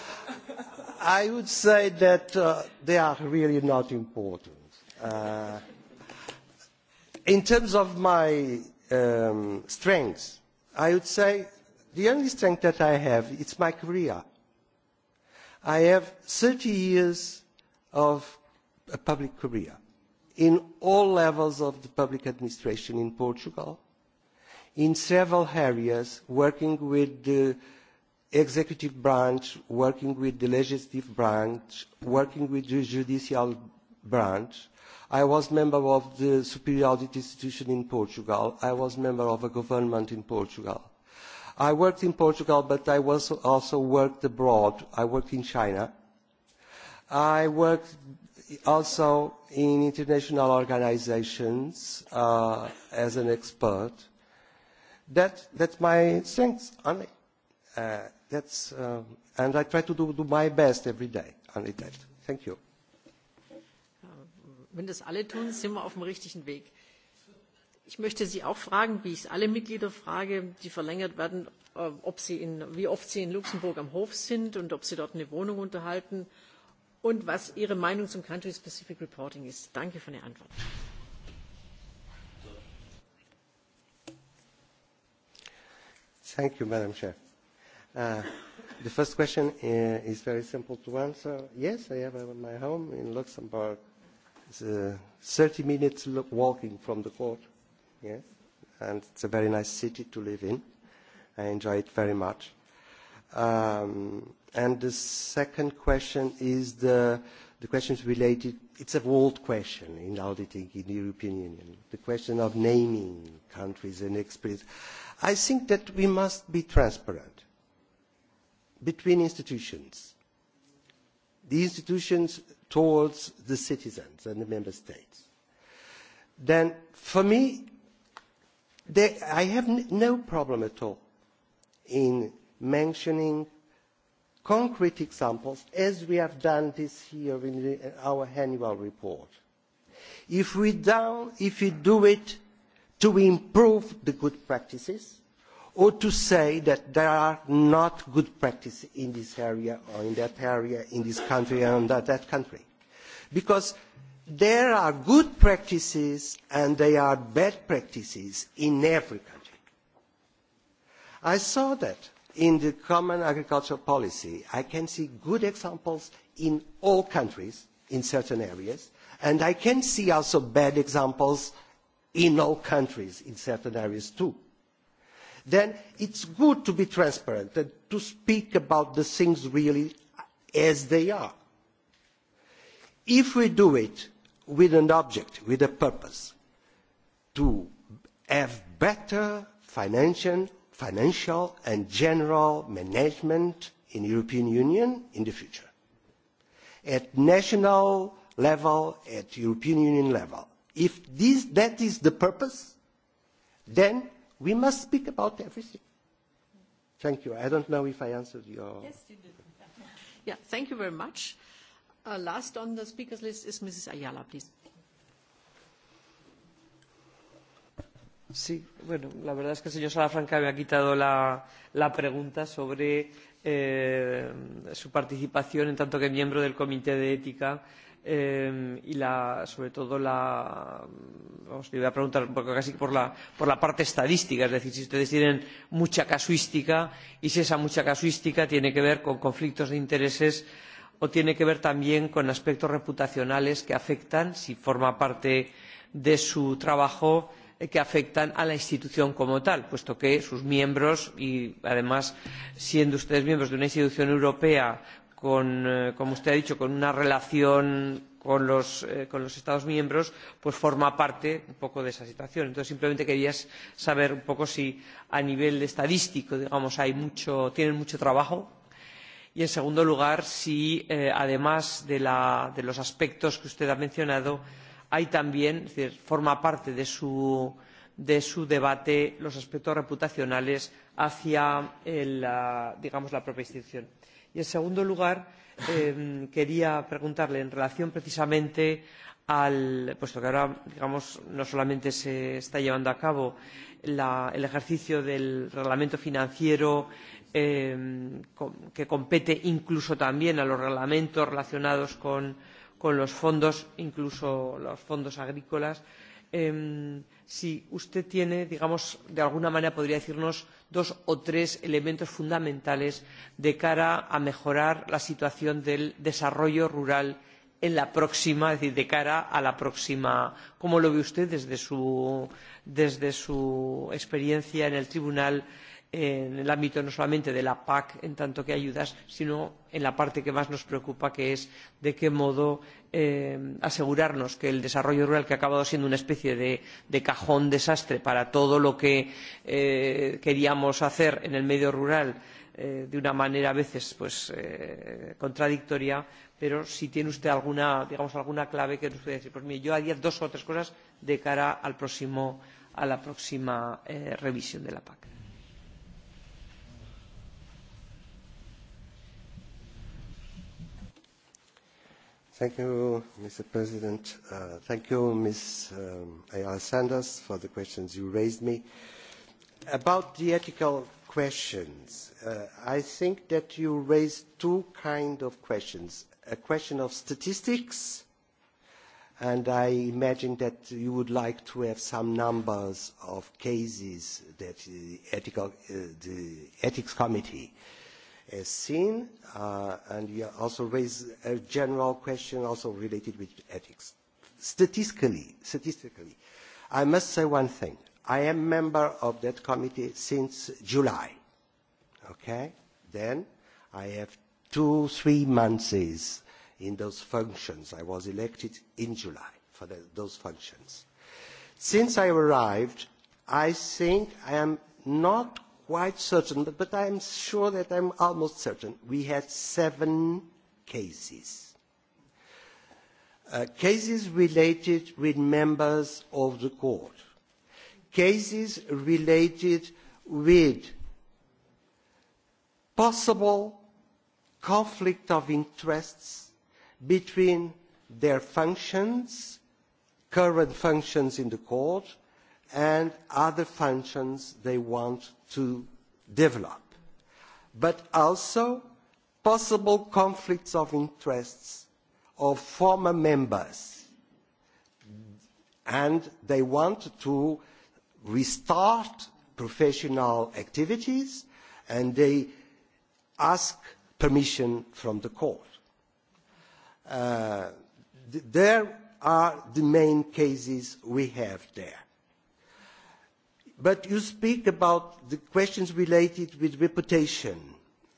[SPEAKER 14] I would say that uh, they are really not important. Uh, in terms of my um, strengths, I would say the only strength that I have is my career. I have 30 years of a public career in all levels of the public administration in Portugal, in several areas, working with the executive branch, working with the legislative branch, working with the judicial branch, I was member of the superior audit institution in Portugal. I was member of a government in Portugal. I worked in Portugal, but I was also worked abroad. I worked in China. I worked also in international organizations uh, as an expert. That, that's my strength, uh, that's, uh, and I try to do, do my best every day, only that. Thank you. Wenn
[SPEAKER 1] das alle tun, sind wir auf dem richtigen Weg. Ich möchte Sie auch fragen, wie ich alle Mitglieder frage, die verlängert werden, äh, ob Sie in, wie oft Sie in Luxemburg am Hof sind und ob Sie dort eine Wohnung unterhalten und was Ihre Meinung zum Country-Specific Reporting ist. Danke für Ihre Antwort.
[SPEAKER 14] Thank you, Madam Chair. Uh, the first question uh, is very simple to answer. Yes, I have my home in Luxembourg uh, 30 minutes walking from the court. Yeah? And it's a very nice city to live in. I enjoy it very much. Um, and the second question is the, the question is related, it's a world question in auditing in the European Union, the question of naming countries and experience. I think that we must be transparent between institutions. The institutions towards the citizens and the member states, then for me, they, I have n- no problem at all in mentioning concrete examples as we have done this year in the, uh, our annual report. If we, down, if we do it to improve the good practices, or to say that there are not good practices in this area or in that area, in this country or in that, that country. Because there are good practices and there are bad practices in every country. I saw that in the common agricultural policy. I can see good examples in all countries in certain areas. And I can see also bad examples in all countries in certain areas too then it is good to be transparent and to speak about the things really as they are. If we do it with an object, with a purpose, to have better financial, financial and general management in the European Union in the future, at national level, at European Union level, if this, that is the purpose, then We must speak about everything. Thank you. I don't know if I answered
[SPEAKER 6] your. Yes, you did.
[SPEAKER 1] yeah, thank you very much. Uh, last on the speaker's list is Mrs. Ayala, please.
[SPEAKER 4] Sí, bueno, la verdad es que el señor Salafranca me ha quitado la, la pregunta sobre eh, su participación en tanto que miembro del Comité de Ética eh, y la, sobre todo la vamos, le voy a preguntar casi por la, por la parte estadística, es decir, si ustedes tienen mucha casuística y si esa mucha casuística tiene que ver con conflictos de intereses o tiene que ver también con aspectos reputacionales que afectan, si forma parte de su trabajo, eh, que afectan a la institución como tal, puesto que sus miembros y, además, siendo ustedes miembros de una institución europea con eh, como usted ha dicho con una relación con los, eh, con los Estados miembros, pues forma parte un poco de esa situación. Entonces, simplemente quería saber un poco si a nivel estadístico, digamos, hay mucho, tienen mucho trabajo. Y, en segundo lugar, si, eh, además de, la, de los aspectos que usted ha mencionado, hay también, es decir, forma parte de su, de su debate los aspectos reputacionales hacia el, la, digamos, la propia institución. Eh, y en segundo lugar quería preguntarle en relación precisamente puesto que ahora no solamente se está llevando a cabo el ejercicio del reglamento financiero que compete incluso también a los reglamentos relacionados con los fondos incluso los fondos agrícolas si usted tiene de alguna manera podría decirnos dos o tres elementos fundamentales de cara a mejorar la situación del desarrollo rural en la próxima es decir de cara a la próxima cómo lo ve usted desde su experiencia en el tribunal de en el ámbito no solamente de la pac en tanto que ayudas sino en la parte que más nos preocupa que es de qué modo eh, asegurarnos que el desarrollo rural que ha acabado siendo una especie de cajón desastre para todo lo que eh, queríamos hacer en el medio rural eh, de una manera a veces contradictoria pero si tiene usted alguna digamos alguna clave que nos pueda decir pues mire yo haría dos o tres cosas de cara al próximo a la próxima revisión de la pac
[SPEAKER 14] Thank you, Mr. President. Uh, thank you, Ms. Um, A.R. Sanders, for the questions you raised me. About the ethical questions, uh, I think that you raised two kind of questions. A question of statistics, and I imagine that you would like to have some numbers of cases that the, ethical, uh, the Ethics Committee uh, as uh, seen, uh, and you also raise a general question also related with ethics. Statistically, statistically, I must say one thing. I am member of that committee since July. Okay? Then I have two, three months in those functions. I was elected in July for the, those functions. Since I arrived, I think I am not quite certain, but, but I'm sure that I'm almost certain, we had seven cases. Uh, cases related with members of the court. Cases related with possible conflict of interests between their functions, current functions in the court, and other functions they want to develop, but also possible conflicts of interests of former members. And they want to restart professional activities and they ask permission from the court. Uh, th- there are the main cases we have there. But you speak about the questions related with reputation.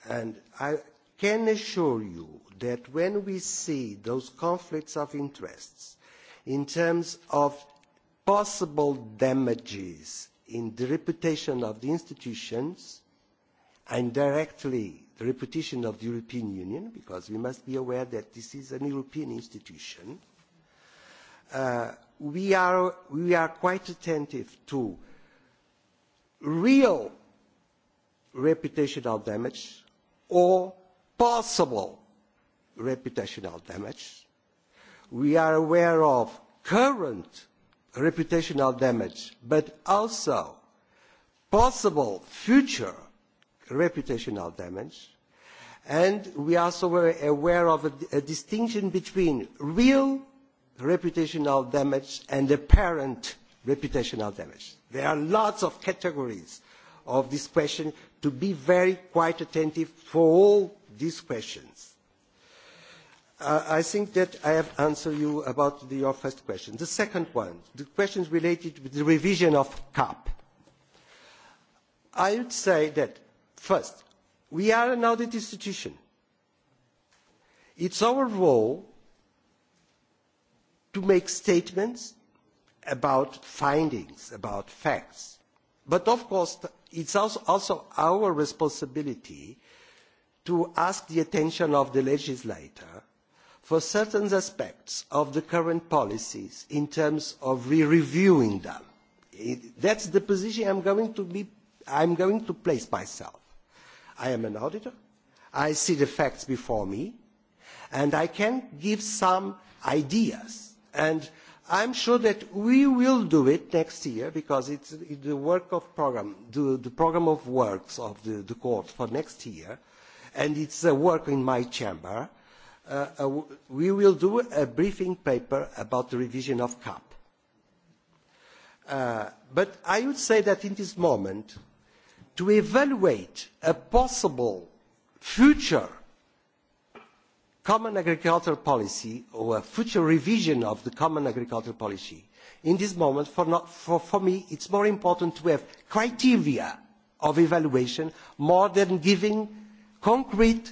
[SPEAKER 14] And I can assure you that when we see those conflicts of interests in terms of possible damages in the reputation of the institutions and directly the reputation of the European Union, because we must be aware that this is an European institution, uh, we, are, we are quite attentive to real reputational damage or possible reputational damage. We are aware of current reputational damage, but also possible future reputational damage. And we are also aware of a, a distinction between real reputational damage and apparent reputational damage. There are lots of categories of this question to be very quite attentive for all these questions. Uh, I think that I have answered you about the, your first question. The second one, the question is related with the revision of CAP. I would say that, first, we are an audit institution. It's our role to make statements about findings, about facts. But of course, it's also our responsibility to ask the attention of the legislator for certain aspects of the current policies in terms of re-reviewing them. It, that's the position I'm going, to be, I'm going to place myself. I am an auditor. I see the facts before me. And I can give some ideas and I'm sure that we will do it next year because it's the work of program, the, the program of works of the, the court for next year, and it's a work in my chamber. Uh, uh, we will do a briefing paper about the revision of CAP. Uh, but I would say that in this moment, to evaluate a possible future common agricultural policy or a future revision of the common agricultural policy, in this moment, for, not, for, for me, it's more important to have criteria of evaluation more than giving concrete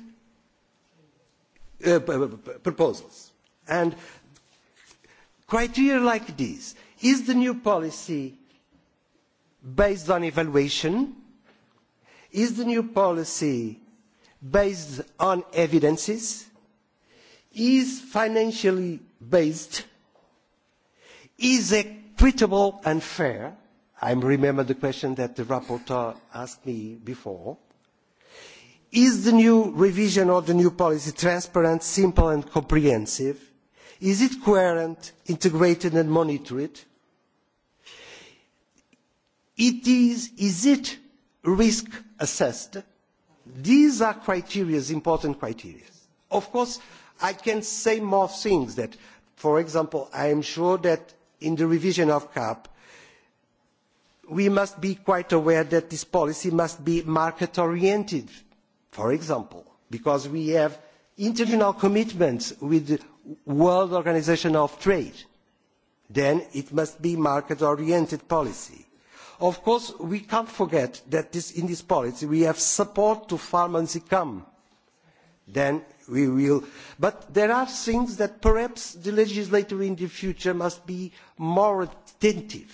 [SPEAKER 14] uh, proposals. And criteria like this, is the new policy based on evaluation? Is the new policy based on evidences? is financially based, is equitable and fair. I remember the question that the rapporteur asked me before. Is the new revision or the new policy transparent, simple and comprehensive? Is it coherent, integrated and monitored? It is, is it risk assessed? These are criteria, important criteria. Of course, I can say more things that, for example, I am sure that in the revision of CAP, we must be quite aware that this policy must be market-oriented, for example, because we have international commitments with the World Organization of Trade. Then it must be market-oriented policy. Of course, we can't forget that this, in this policy we have support to farmers income. Then we will. But there are things that perhaps the legislator in the future must be more attentive.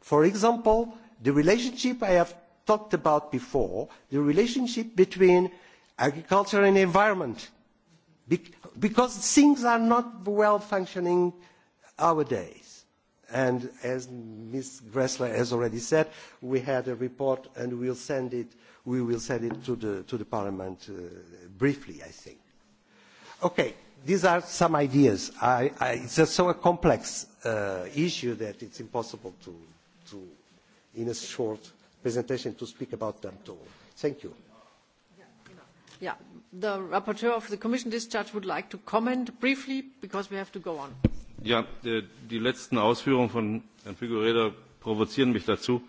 [SPEAKER 14] For example, the relationship I have talked about before, the relationship between agriculture and environment, because things are not well functioning nowadays. And as Ms. Gressler has already said, we had a report and we'll send it, we will send it to the, to the Parliament uh, briefly, I think. Okay, these are some ideas. I, I, it's a, so a complex uh, issue that it's impossible to, to, in a short presentation, to speak about them at all. Thank you.
[SPEAKER 1] Yeah, the rapporteur of the Commission discharge would like to comment briefly, because we have to go on.
[SPEAKER 5] Ja, äh, die letzten Ausführungen von Herrn Figueredo provozieren mich dazu,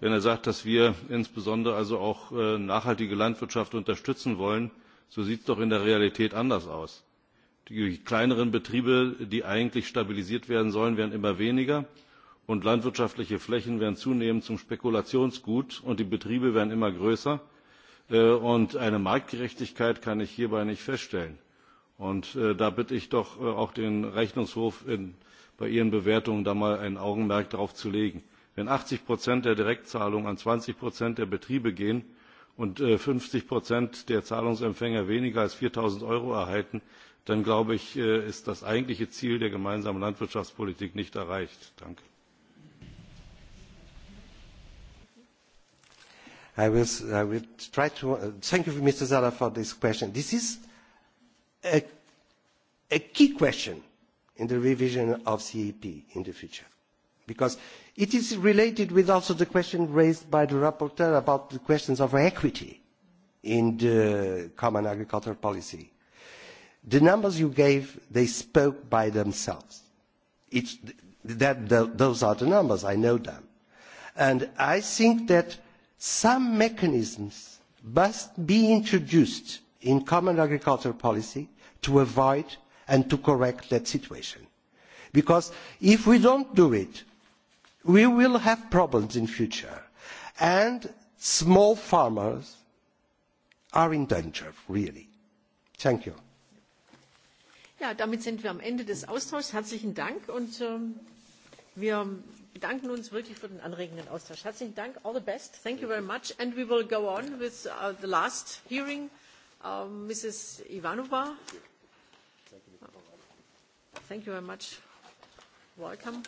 [SPEAKER 5] wenn er sagt, dass wir insbesondere also auch äh, nachhaltige Landwirtschaft unterstützen wollen so sieht es doch in der Realität anders aus. Die kleineren Betriebe, die eigentlich stabilisiert werden sollen, werden immer weniger und landwirtschaftliche Flächen werden zunehmend zum Spekulationsgut und die Betriebe werden immer größer. Äh, und eine Marktgerechtigkeit kann ich hierbei nicht feststellen. Und äh, da bitte ich doch äh, auch den Rechnungshof in, bei Ihren Bewertungen da mal ein Augenmerk darauf zu legen. Wenn 80 Prozent der Direktzahlungen an 20 Prozent der Betriebe gehen, und äh, fünfzig der zahlungsempfänger weniger als vier null euro erhalten dann glaube ich äh, ist das eigentliche ziel der gemeinsamen landwirtschaftspolitik nicht erreicht. danke.
[SPEAKER 14] I will, I will try to, uh, thank you, Mr. Zala, for this question. This is a, a key question in the revision of CEP in the future. Because It is related with also the question raised by the rapporteur about the questions of equity in the common agricultural policy. The numbers you gave, they spoke by themselves. It's that, those are the numbers, I know them. And I think that some mechanisms must be introduced in common agricultural policy to avoid and to correct that situation. Because if we don't do it, we will have problems in future and small farmers are in danger really thank you
[SPEAKER 1] ja damit sind wir am ende des austauschs herzlichen dank und ähm, wir bedanken uns wirklich für den anregenden austausch herzlichen dank all the best thank you very much and we will go on with uh, the last hearing uh, mrs ivanova thank you very much welcome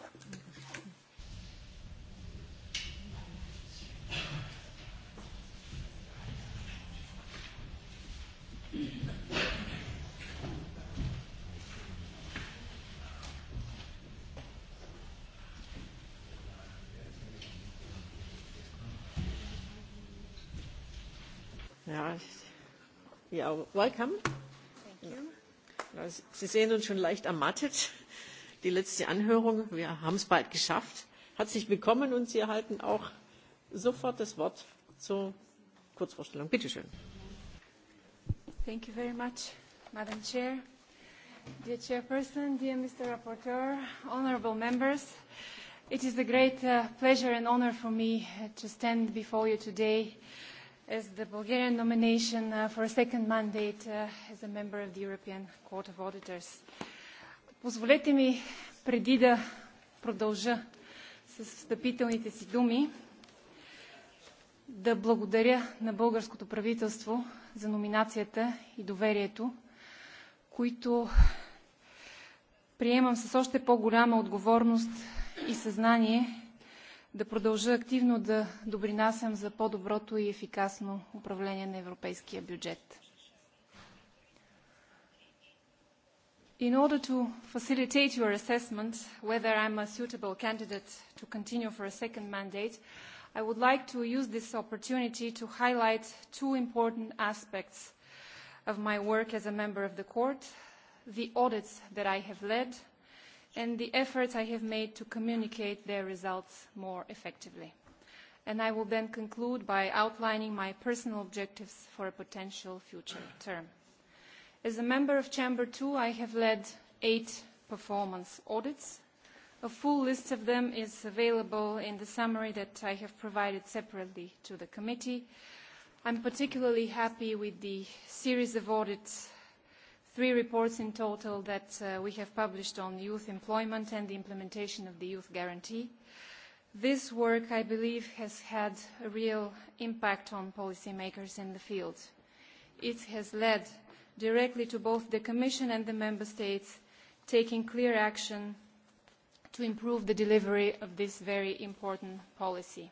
[SPEAKER 1] Ja, ja, welcome. Thank you. Ja, Sie sehen uns schon leicht ermattet. Die letzte Anhörung, wir haben es bald geschafft. Herzlich willkommen und Sie erhalten auch sofort das Wort zur Kurzvorstellung. Bitte schön.
[SPEAKER 15] Thank you very much, Madam Chair. Dear Chairperson, dear Mr. Rapporteur, honorable members, it is a great uh, pleasure and honor for me uh, to stand before you today as the Bulgarian nomination uh, for a second mandate uh, as a member of the European Court of Auditors. Позволете ми преди да продължа с встъпителните си думи, да благодаря на българското правителство за номинацията и доверието, които приемам с още по-голяма отговорност и съзнание да продължа активно да добринасям за по-доброто и ефикасно управление на европейския бюджет. In order to facilitate your assessment whether I'm a suitable candidate to continue for a second mandate, I would like to use this opportunity to highlight two important aspects of my work as a member of the court, the audits that I have led, and the efforts I have made to communicate their results more effectively. And I will then conclude by outlining my personal objectives for a potential future term. As a member of Chamber 2, I have led eight performance audits A full list of them is available in the summary that I have provided separately to the committee. I'm particularly happy with the series of audits, three reports in total that uh, we have published on youth employment and the implementation of the youth guarantee. This work, I believe, has had a real impact on policymakers in the field. It has led directly to both the Commission and the Member States taking clear action to improve the delivery of this very important policy.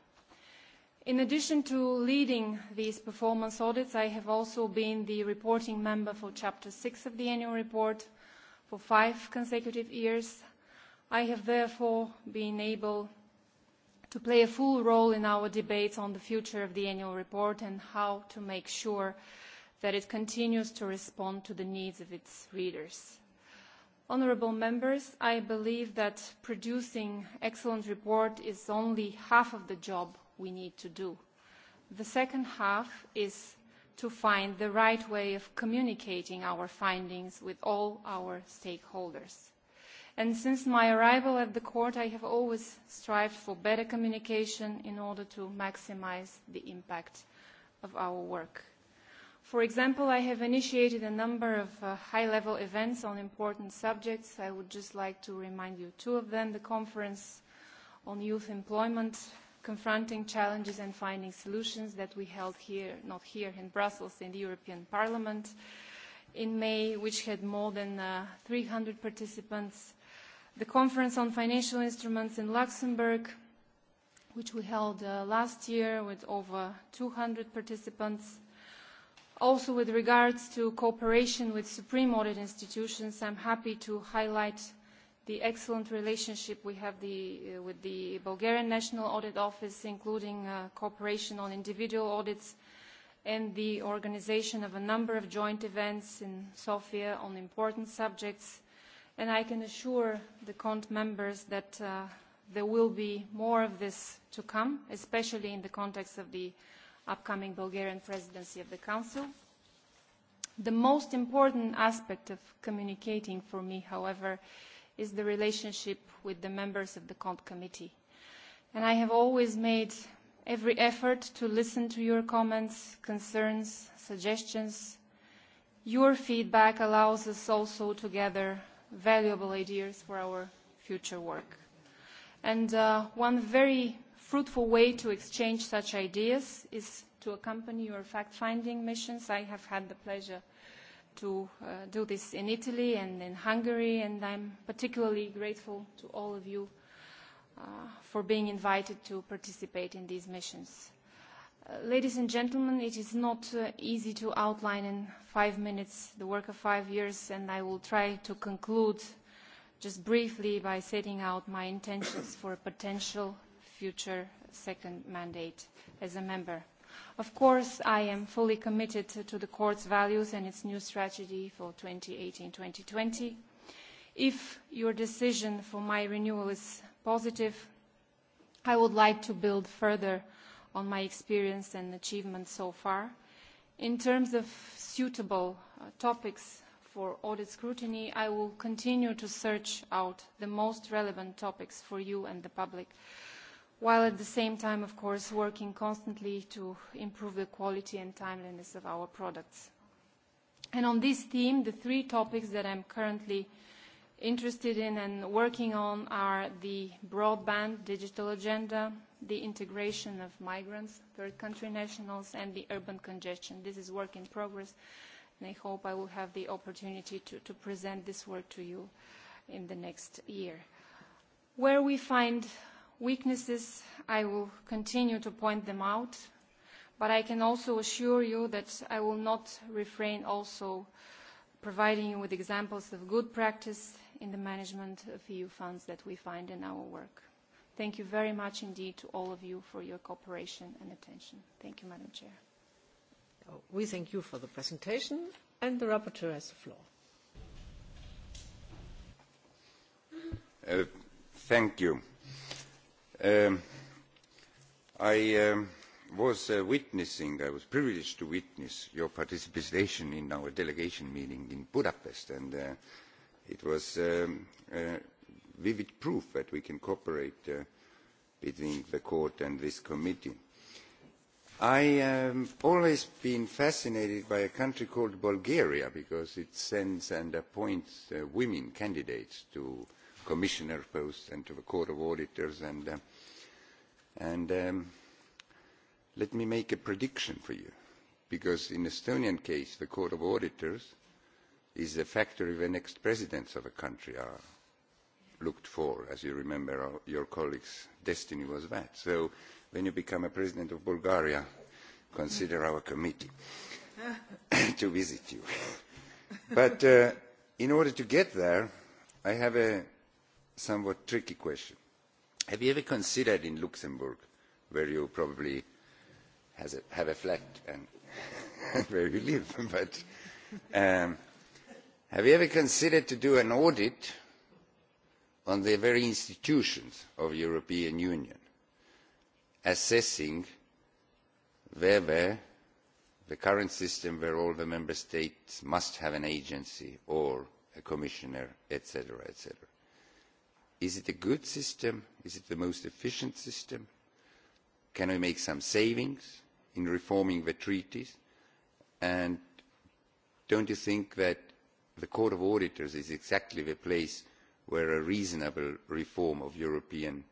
[SPEAKER 15] In addition to leading these performance audits, I have also been the reporting member for Chapter 6 of the annual report for five consecutive years. I have therefore been able to play a full role in our debates on the future of the annual report and how to make sure that it continues to respond to the needs of its readers. Honorable members, I believe that producing excellent report is only half of the job we need to do. The second half is to find the right way of communicating our findings with all our stakeholders. And since my arrival at the court, I have always strived for better communication in order to maximize the impact of our work. For example, I have initiated a number of uh, high-level events on important subjects. I would just like to remind you two of them, the conference on youth employment, confronting challenges and finding solutions that we held here, not here in Brussels, in the European Parliament in May, which had more than uh, 300 participants. The conference on financial instruments in Luxembourg, which we held uh, last year with over 200 participants. Also, with regards to cooperation with supreme audit institutions, I'm happy to highlight the excellent relationship we have the, uh, with the Bulgarian National Audit Office, including uh, cooperation on individual audits and the organization of a number of joint events in Sofia on important subjects. And I can assure the CONT members that uh, there will be more of this to come, especially in the context of the uh, upcoming Bulgarian presidency of the Council. The most important aspect of communicating for me, however, is the relationship with the members of the COMP committee. And I have always made every effort to listen to your comments, concerns, suggestions. Your feedback allows us also to gather valuable ideas for our future work. And uh, one very fruitful way to exchange such ideas is to accompany your fact-finding missions. I have had the pleasure to uh, do this in Italy and in Hungary, and I'm particularly grateful to all of you uh, for being invited to participate in these missions. Uh, ladies and gentlemen, it is not uh, easy to outline in five minutes the work of five years, and I will try to conclude just briefly by setting out my intentions for a potential future second mandate as a member. Of course, I am fully committed to the Court's values and its new strategy for 2018-2020. If your decision for my renewal is positive, I would like to build further on my experience and achievements so far. In terms of suitable uh, topics for audit scrutiny, I will continue to search out the most relevant topics for you and the public while at the same time, of course, working constantly to improve the quality and timeliness of our products. And on this theme, the three topics that I'm currently interested in and working on are the broadband digital agenda, the integration of migrants, third country nationals, and the urban congestion. This is work in progress, and I hope I will have the opportunity to, to present this work to you in the next year. Where we find weaknesses, I will continue to point them out, but I can also assure you that I will not refrain also providing you with examples of good practice in the management of EU funds that we find in our work. Thank you very much indeed to all of you for your cooperation and attention. Thank you, Madam Chair.
[SPEAKER 1] Oh, we thank you for the presentation, and the rapporteur has the floor.
[SPEAKER 7] Uh, thank you. Um, i um, was uh, witnessing i was privileged to witness your participation in our delegation meeting in budapest and uh, it was um, vivid proof that we can cooperate uh, between the court and this committee. i have always been fascinated by a country called bulgaria because it sends and appoints women candidates to commissioner posts and to the court of auditors and And um, let me make a prediction for you, because in Estonian case, the Court of Auditors is the factory where next presidents of a country are looked for. As you remember, your colleague's destiny was that. So when you become a president of Bulgaria, consider our committee to visit you. but uh, in order to get there, I have a somewhat tricky question have you ever considered in luxembourg where you probably has a, have a flat and where you live but um, have you ever considered to do an audit on the very institutions of european union assessing where, where the current system where all the member states must have an agency or a commissioner etc etc is it a good system? Is it the most efficient system? Can we make some savings in reforming the treaties? And don't you think that the Court of Auditors is exactly the place where a reasonable reform of European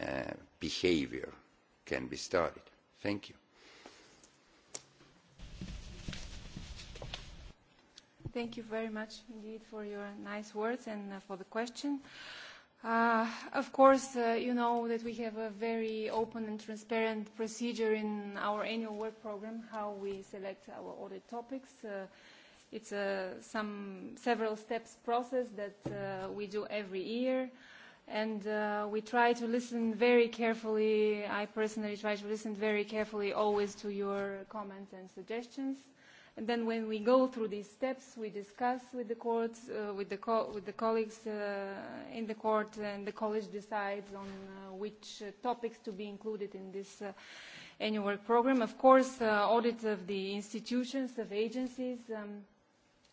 [SPEAKER 7] uh, behavior can be started? Thank you.
[SPEAKER 15] Thank you very much indeed for your nice words and uh, for the question. Uh, Uh, of course, uh, you know that we have a very open and transparent procedure in our annual work program, how we select our audit topics. Uh, it's a uh, some several steps process that uh, we do every year. And uh, we try to listen very carefully. I personally try to listen very carefully always to your comments and suggestions. And then when we go through these steps, we discuss with the court, uh, with, the co with the colleagues uh, in the court, and the college decides on uh, which uh, topics to be included in this uh, annual work program. Of course, uh, audit of the institutions, of agencies, um,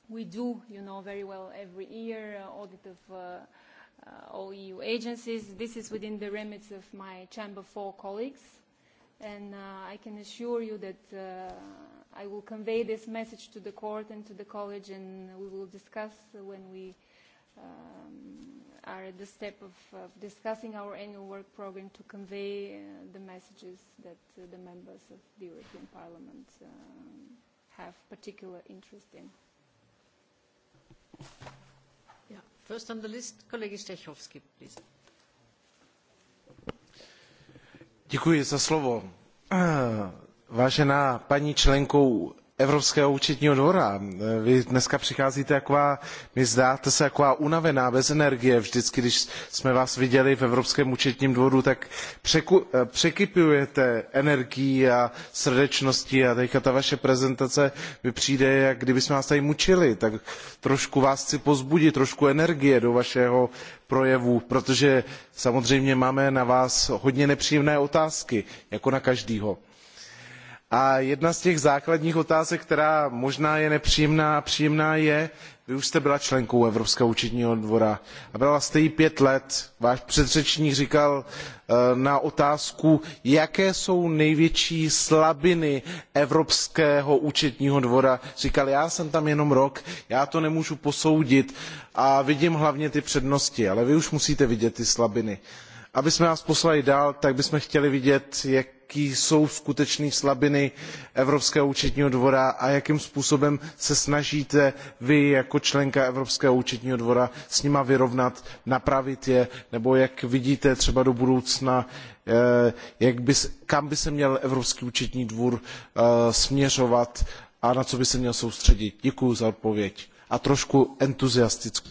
[SPEAKER 15] we do, you know, very well every year, uh, audit of uh, uh, all EU agencies. This is within the remits of my Chamber 4 colleagues. And uh, I can assure you that uh, I will convey this message to the court and to the college, and we will discuss when we um, are at the step of, of discussing our annual work program to convey uh, the messages that uh, the members of the European Parliament um, have particular interest in. Yeah. Ja,
[SPEAKER 1] first on the list, colleague Stechowski, please.
[SPEAKER 9] Děkuji za slovo vážená paní členko evropského účetního dvora vy dnes přicházíte taková mi zdáte se taková unavená bez energie vždycky když jsme vás viděli v evropském účetním dvoru tak překypujete energií a srdečností a teď ta vaše prezentace mi přijde jak kdybychom vás tady mučili tak trošku vás chci pozbudit trošku energie do vašeho projevu protože samozřejmě máme na vás hodně nepříjemné otázky jako na každého. A jedna z těch základních otázek, která možná je nepříjemná a příjemná je, vy už jste byla členkou Evropského účetního dvora a byla jste jí pět let. Váš předřečník říkal eh, na otázku, jaké jsou největší slabiny Evropského účetního dvora. Říkal, já jsem tam jenom rok, já to nemůžu posoudit a vidím hlavně ty přednosti, ale vy už musíte vidět ty slabiny abychom vás poslali dál tak bychom chtěli vidět jaké jsou skutečné slabiny evropského účetního dvora a jakým způsobem se snažíte vy jako členka evropského účetního dvora s nima vyrovnat napravit je nebo jak vidíte třeba do budoucna eh, jak by, kam by se měl evropský účetní dvůr eh, směřovat a na co by se měl soustředit. Děkuji za odpověď a trošku entuziastickou.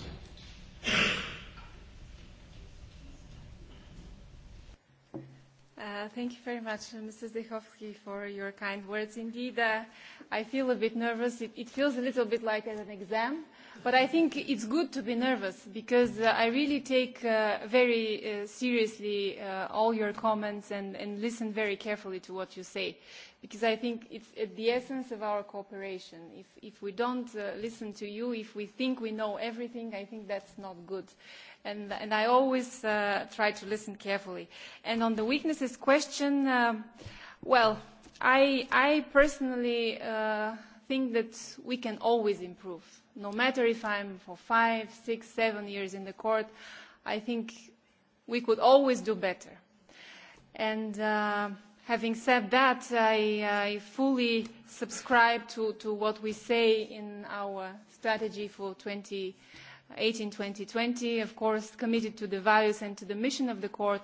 [SPEAKER 15] thank you very much, Mrs. Dechovsky, for your kind words. Indeed, uh, I feel a bit nervous. It, it feels a little bit like an exam, but I think it's good to be nervous because uh, I really take uh, very uh, seriously uh, all your comments and, and listen very carefully to what you say because I think it's at the essence of our cooperation. If, if we don't uh, listen to you, if we think we know everything, I think that's not good. Uh, and, and I always uh, try to listen carefully. And on the weaknesses question, uh, well, I, I personally uh, think that we can always improve. No matter if I'm for five, six, seven years in the court, I think we could always do better. And uh, having said that, I, I fully subscribe to, to what we say in our strategy for 2020. 2018-2020, of course, committed to the values and to the mission of the court.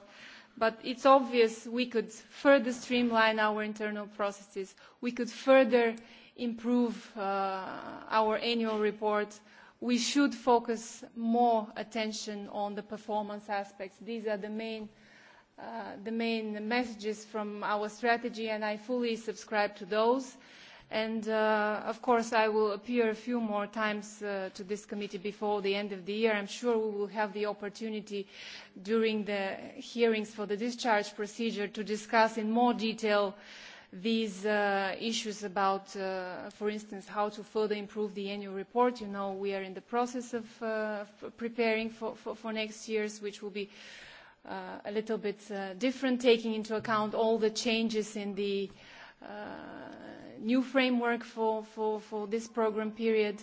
[SPEAKER 15] But it's obvious we could further streamline our internal processes. We could further improve uh, our annual report. We should focus more attention on the performance aspects. These are the main, uh, the main messages from our strategy, and I fully subscribe to those. And uh, of course, I will appear a few more times uh, to this committee before the end of the year. I'm sure we will have the opportunity during the hearings for the discharge procedure to discuss in more detail these uh, issues about, uh, for instance, how to further improve the annual report. You know, we are in the process of uh, preparing for, for, for next year's, which will be uh, a little bit uh, different, taking into account all the changes in the uh, new framework for, for, for this program period.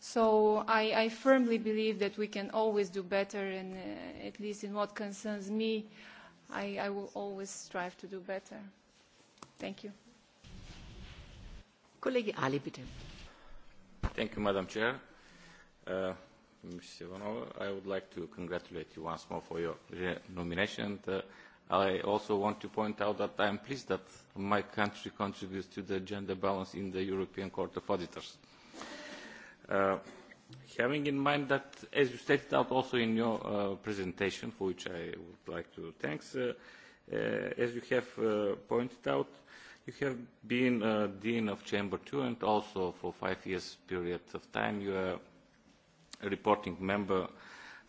[SPEAKER 15] So I, I firmly believe that we can always do better, and uh, at least in what concerns me, I, I will always strive to do better. Thank you. Colleague
[SPEAKER 16] Ali, bitte. Thank you, Madam Chair. Uh, Mr. Ivanova, I would like to congratulate you once more for your nomination. And, uh, i also want to point out that i am pleased that my country contributes to the gender balance in the european court of auditors. Uh, having in mind that as you stated also in your uh, presentation for which i would like to thank uh, as you have pointed out you have been dean of chamber two and also for a five year period of time you are a reporting member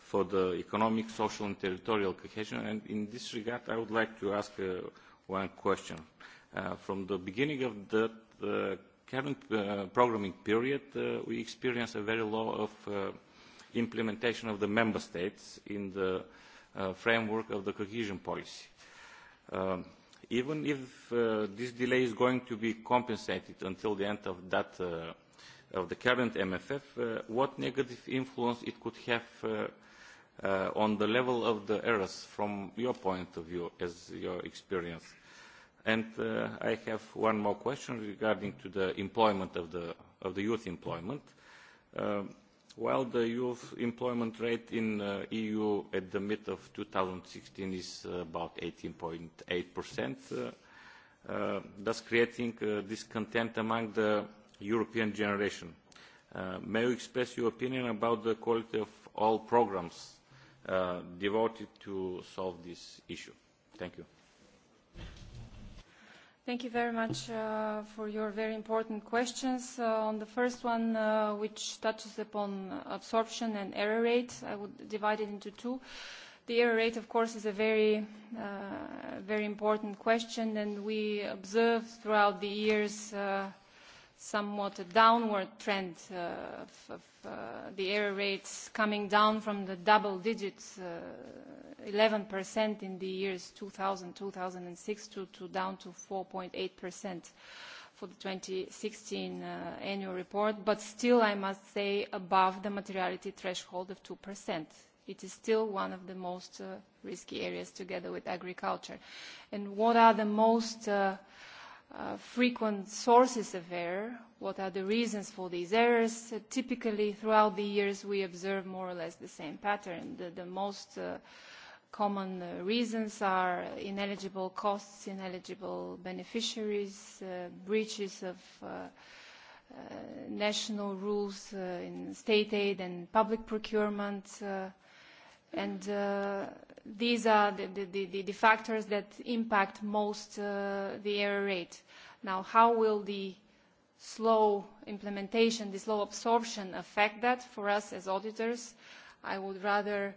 [SPEAKER 16] for economic social and territorial cohesion. in this regard i would like to ask uh, one question. Uh, from the beginning of the uh, current programming period we experience a very low of implementation of the member states in the framework of the cohesion policy. Um, even if this delay is going to be compensated until the end of that of the current MFF, uh, what negative influence it could have uh, uh, on the level of the errors from your point of view as your experience. And uh, I have one more question regarding to the employment of the, of the youth employment. Um, while the youth employment rate in uh, EU at the mid of 2016 is uh, about 18.8%, uh, uh, thus creating uh, discontent among the European generation. Uh, may you express your opinion about the quality of all programs Uh, devoted to solve this
[SPEAKER 15] issue. Thank you. Thank you very much uh, for your very important questions. Uh, on the first one, uh, which touches upon absorption and error rate, I would divide it into two. The error rate, of course, is a very, uh, very important question, and we observe throughout the years uh, somewhat a downward trend uh, of uh, the error rates coming down from the double digits, 11% uh, in the years 2000, 2006, to down to 4.8% for the 2016 annual report. But still, I must say, above the materiality threshold of 2%. It is still one of the most risky areas together with agriculture. And what are the most Uh, frequent sources of error. What are the reasons for these errors? Uh, typically, throughout the years, we observe more or less the same pattern. The, the most uh, common uh, reasons are ineligible costs, ineligible beneficiaries, uh, breaches of uh, uh, national rules uh, in state aid and public procurement, uh, and uh, these are the, the, the, the factors that impact most uh, the error rate. Now, how will the slow implementation, the slow absorption affect that for us as auditors? I would rather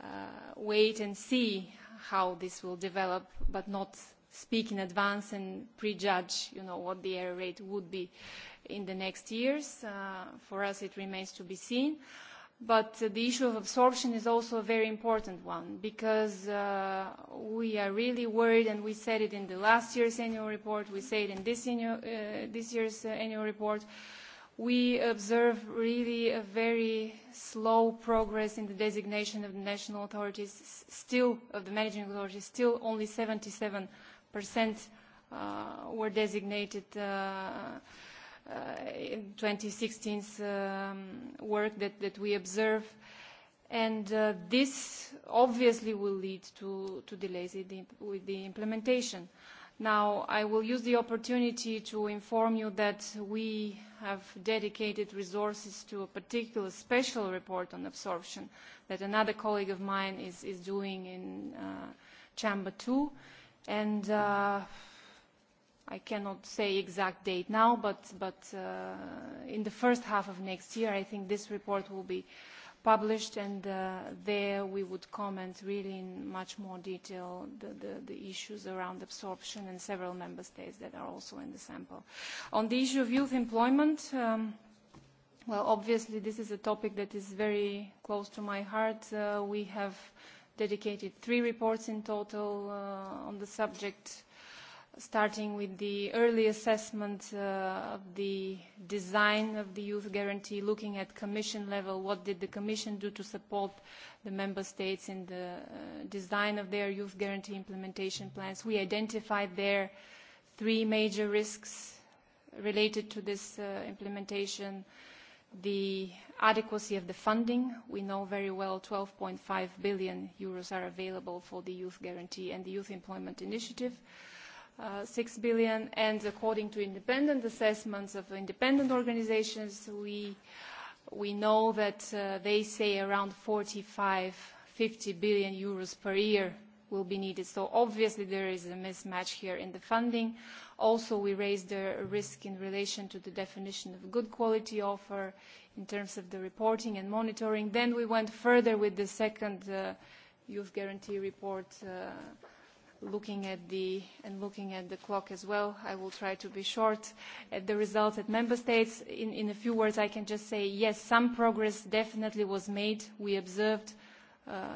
[SPEAKER 15] uh, wait and see how this will develop, but not speak in advance and prejudge you know, what the error rate would be in the next years. Uh, for us, it remains to be seen. Uh, but uh, the issue of absorption is also a very important one because uh, we are really worried and we said it in the last year's annual report, we say it in this, annual, uh, this year's uh, annual report, we observe really a very slow progress in the designation of the national authorities, still of the managing authorities, still only 77% uh, were designated uh, 2016's uh, um, work that, that we observe. And uh, this obviously will lead to, to delays in the, with the implementation. Now, I will use the opportunity to inform you that we have dedicated resources to a particular special report on absorption that another colleague of mine is, is doing in uh, Chamber 2. And uh, I cannot say exact date now, but uh, in the first half of next year, I think this report will be published, and uh, there we would comment really in much more detail the issues around absorption in several member states that are also in the sample. On the issue of youth employment, um, well, obviously, this is a topic that is very close to my heart. Uh, we have dedicated three reports in total on the subject starting with the early assessment uh, of the design of the youth guarantee, looking at commission level, what did the commission do to support the member states in the uh, design of their youth guarantee implementation plans. We identified there three major risks related to this uh, implementation. The adequacy of the funding, we know very well 12.5 billion euros are available for the youth guarantee and the youth employment initiative. Uh, 6 uh, billion, and according to independent assessments of independent organizations, we, we know that uh, they say around 45, 50 billion euros per year will be needed. So obviously there is a mismatch here in the funding. Also, we raised the risk in relation to the definition of a good quality offer in terms of the reporting and monitoring. Then we went further with the second uh, youth guarantee report uh, looking at the and looking at the clock as well i will try to be short at the results at member states in in a few words i can just say yes some progress definitely was made we observed uh,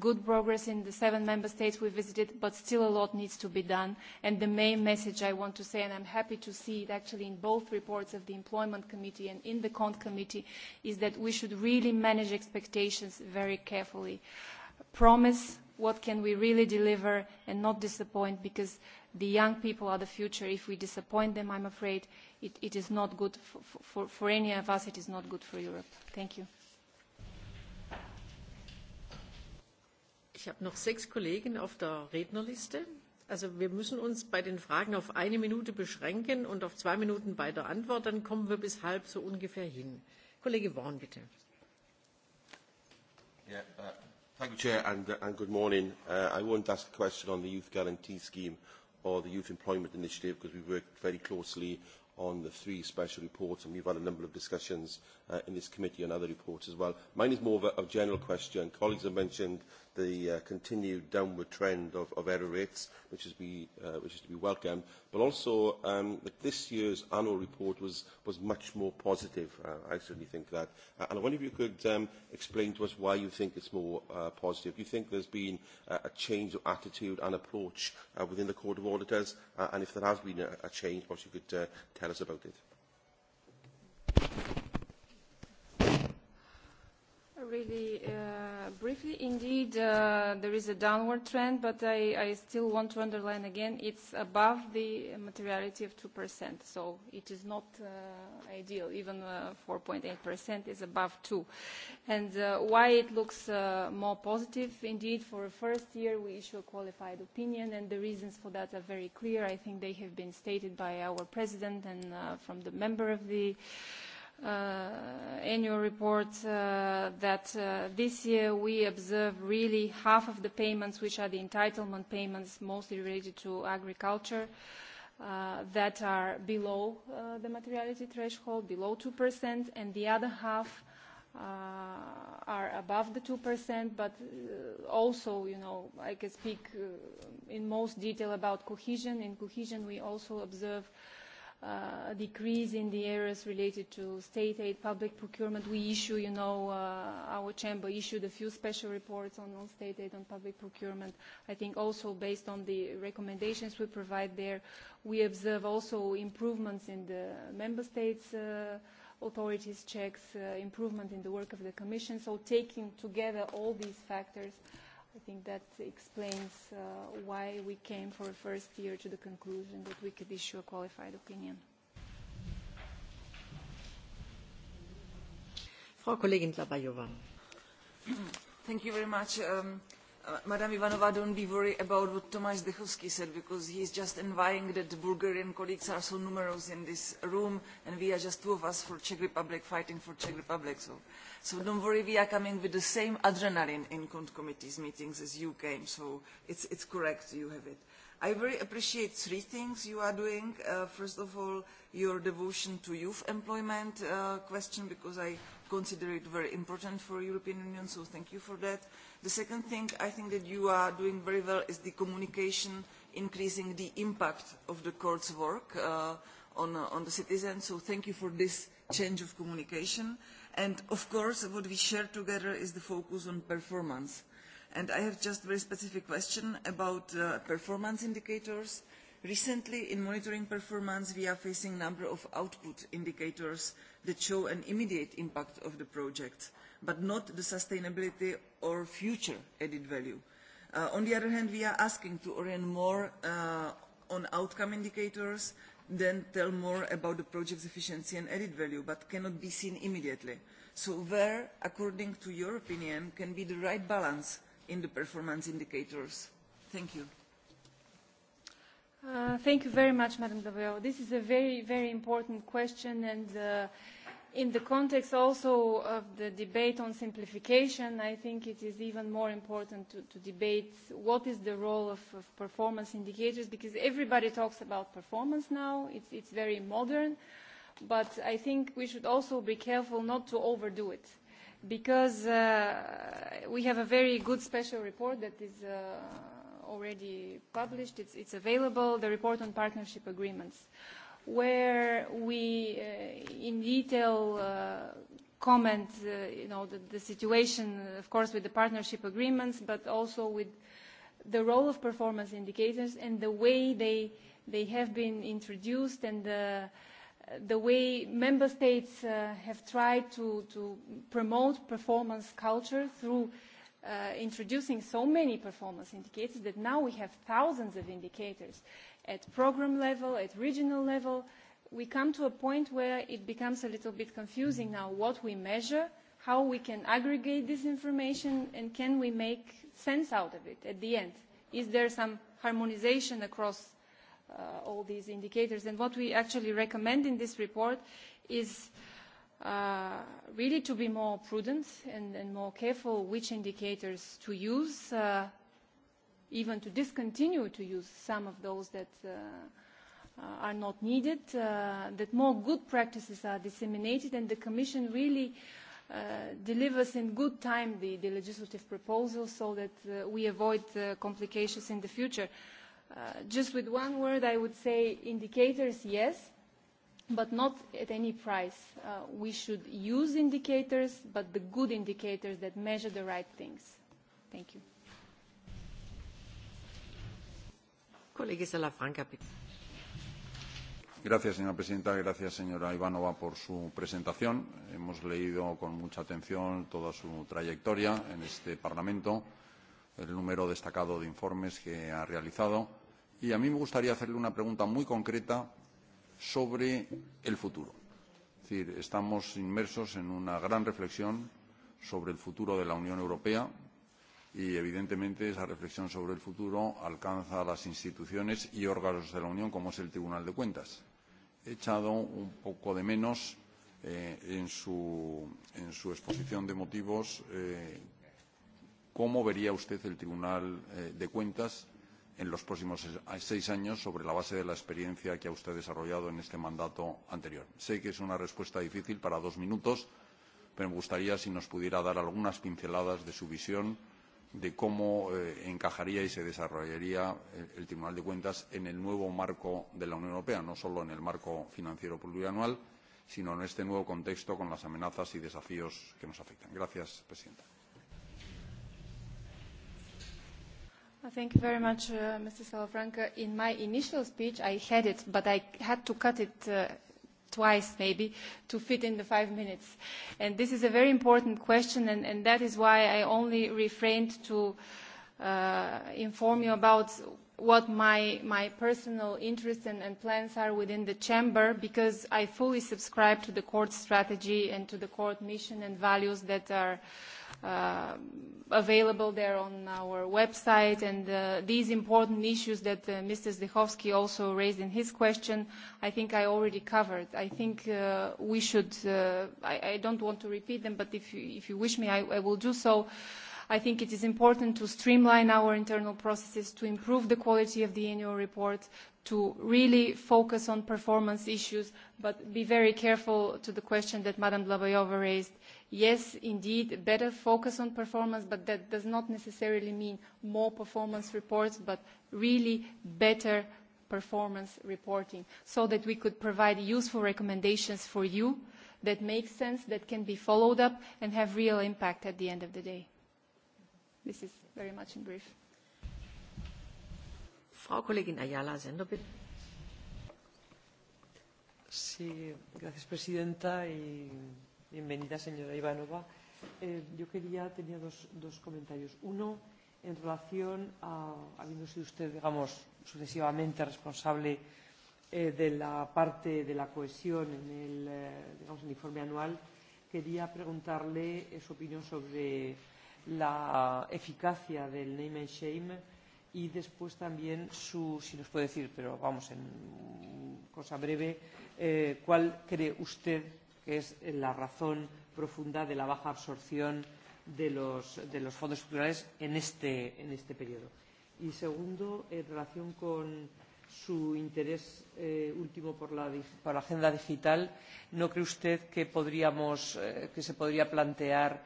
[SPEAKER 15] good progress in the seven member states we visited, but still a lot needs to be done. And the main message I want to say, and I'm happy to see it actually in both reports of the Employment Committee and in the CONT Committee, is that we should really manage expectations very carefully. Promise what can we really deliver and not disappoint because the young people are the future. If we disappoint them, I'm afraid it, it is not good for, for, for any of us. It is not good for Europe. Thank you. Ich habe noch sechs Kollegen auf der
[SPEAKER 1] Rednerliste. Also wir müssen uns bei den Fragen auf eine Minute beschränken und auf zwei Minuten bei der Antwort. Dann kommen wir bis halb so ungefähr hin. Kollege Born, bitte.
[SPEAKER 5] Yeah, ja, äh, uh Thank you, Chair, and, uh, and good morning. Uh, I won't ask a question on the Youth Guarantee Scheme or the Youth Employment Initiative because we've worked very closely on the three special reports and we've had a number of discussions uh, in this committee and other reports as well. Mine is more of a, a general question. Colleagues have mentioned the uh, continued downward trend of, of error rates, which is, be, uh, which is to be welcomed, but also um, that this year's annual report was, was much more positive. Uh, I certainly think that. Uh, and I wonder if you could um, explain to us why you think it's more uh, positive. Do you think there's been uh, a change of attitude and approach uh, within the Court of Auditors? Uh, and if there has been a, a change, perhaps you could uh, tell us about it.
[SPEAKER 15] really uh, briefly. Indeed, uh, there is a downward trend, but I still want to underline again, it's above the materiality of 2%, so it is not uh, ideal. Even 4.8% is above 2. And why it looks more positive? Indeed, for a first year, we issue a qualified opinion, and the reasons for that are very clear. I think they have been stated by our president and from the member of the Uh, annual report uh, that uh, this year we observe really half of the payments, which are the entitlement payments, mostly related to agriculture, that are below the materiality threshold, below 2%, and the other half are above the 2%. But also, you know, I can speak in most detail about cohesion. In cohesion, we also observe uh, decrease in the areas related to state aid, public procurement. We issue, you know, uh, our chamber issued a few special reports on, on state aid and public procurement. I think also based on the recommendations we provide there, we observe also improvements in the member states' uh, authorities' checks, uh, improvement in the work of the Commission. So taking together all these factors, uh, I think that explains uh, why we came for a first year to the conclusion that we could issue a qualified opinion.
[SPEAKER 1] Frau Kollegin
[SPEAKER 10] Thank you very much. Um, Uh, Madam Ivanova, don't be worried about what Tomáš Zdechovský said, because he's just inviting that the Bulgarian colleagues are so numerous in this room, and we are just two of us for Czech Republic, fighting for Czech Republic. So, so don't worry, we are coming with the same adrenaline in Kunt committee's meetings as you came, so it's, it's correct, you have it. I very appreciate three things you are doing. Uh, first of all, your devotion to youth employment uh, question, because I consider it very important for European Union, so thank you for that. The second thing I think that you are doing very well is the communication, increasing the impact of the court's work uh, on, uh, on the citizens, so thank you for this change of communication. And of course, what we share together is the focus on performance. And I have just a very specific question about uh, performance indicators. Uh, Recently, in monitoring performance, we are facing a number of output indicators that show an immediate impact of the project, but not the sustainability or future added value. Uh, on the other hand, we are asking to orient more uh, on outcome indicators than tell more about the project's efficiency and added value, but cannot be seen immediately. So where, according to your opinion, can be the right balance in the performance indicators? Thank you.
[SPEAKER 15] Uh, thank you very much, Madam Gabriel. This is a very, very important question, and uh, in the context also of the debate on simplification, I think it is even more important to, to debate what is the role of, of performance indicators, because everybody talks about performance now. It's, it's very modern, but I think we should also be careful not to overdo it because uh, we have a very good special report that is uh, already published. It's, it's available, the report on partnership agreements, where we, uh, in detail, uh, comment, uh, you know, the, the situation, of course, with the partnership agreements, but also with the role of performance indicators and the way they, they have been introduced and the, the way member states uh, have tried to, to promote performance culture through uh, uh, introducing so many performance indicators that now we have thousands of indicators at program level, at regional level. We come to a point where it becomes a little bit confusing now what we measure, how we can aggregate this information, and can we make sense out of it at the end? Is there some harmonization across uh, all these indicators? And what we actually recommend in this report is uh, Uh, really to be more prudent and, and more careful which indicators to use, uh, even to discontinue to use some of those that uh, uh, are not needed, uh, that more good practices are disseminated and the Commission really uh, delivers in good time the, the legislative proposal so that uh, we avoid uh, complications in the future. Uh, just with one word, I would say indicators, yes, uh, but not at any price. Uh, we should use indicators, but the good indicators that measure the right things. Thank you.
[SPEAKER 11] Gracias, señora presidenta. Gracias, señora Ivanova, por su presentación. Hemos leído con mucha atención toda su trayectoria en este Parlamento, el número destacado de informes que ha realizado. Y a mí me gustaría hacerle una pregunta muy concreta sobre el futuro. Es decir, estamos inmersos en una gran reflexión sobre el futuro de la Unión Europea y, evidentemente, esa reflexión sobre el futuro alcanza a las instituciones y órganos de la Unión, como es el Tribunal de Cuentas. He echado un poco de menos eh, en, su, en su exposición de motivos eh, cómo vería usted el Tribunal eh, de Cuentas en los próximos seis años sobre la base de la experiencia que ha usted desarrollado en este mandato anterior. Sé que es una respuesta difícil para dos minutos, pero me gustaría si nos pudiera dar algunas pinceladas de su visión de cómo eh, encajaría y se desarrollaría el, eh, el Tribunal de Cuentas en el nuevo marco de la Unión Europea, no solo en el marco financiero plurianual, sino en este nuevo contexto con las amenazas y desafíos que nos afectan. Gracias, Presidenta.
[SPEAKER 15] Uh, thank you very much, uh, Mr. Salafranca. In my initial speech, I had it, but I had to cut it uh, twice, maybe, to fit in the five minutes. And this is a very important question, and, and that is why I only refrained to uh, inform you about what my, my personal interests and, and plans are within the chamber because I fully subscribe to the court strategy and to the court mission and values that are uh, available there on our website and uh, these important issues that uh, Mr. Zdechowski also raised in his question, I think I already covered. I think uh, we should, uh, I, I don't want to repeat them, but if you, if you wish me, I, I will do so. Uh, I think it is important to streamline our internal processes to improve the quality of the annual report, to really focus on performance issues, but be very careful to the question that Madame Blavoyova raised. Yes, indeed, better focus on performance, but that does not necessarily mean more performance reports, but really better performance reporting, so that we could provide useful recommendations for you that make sense, that can be followed up, and have real impact at the end of the day. This is very much in brief. Frau
[SPEAKER 4] Kollegin Ayala, Sendo, bitte. Sí, gracias, Presidenta, y bienvenida, señora Ivanova. Eh, yo quería, tenía dos, dos comentarios. Uno, en relación a, habiendo sido usted, digamos, sucesivamente responsable eh, de la parte de la cohesión en el, eh, digamos, en el informe anual, quería preguntarle eh, su opinión sobre la eficacia del name and shame y después también su, si nos puede decir, pero vamos en cosa breve, eh, cuál cree usted que es la razón profunda de la baja absorción de los, de los fondos estructurales en este, en este periodo. Y segundo, en relación con su interés eh, último por la, por la agenda digital, ¿no cree usted que, podríamos, eh, que se podría plantear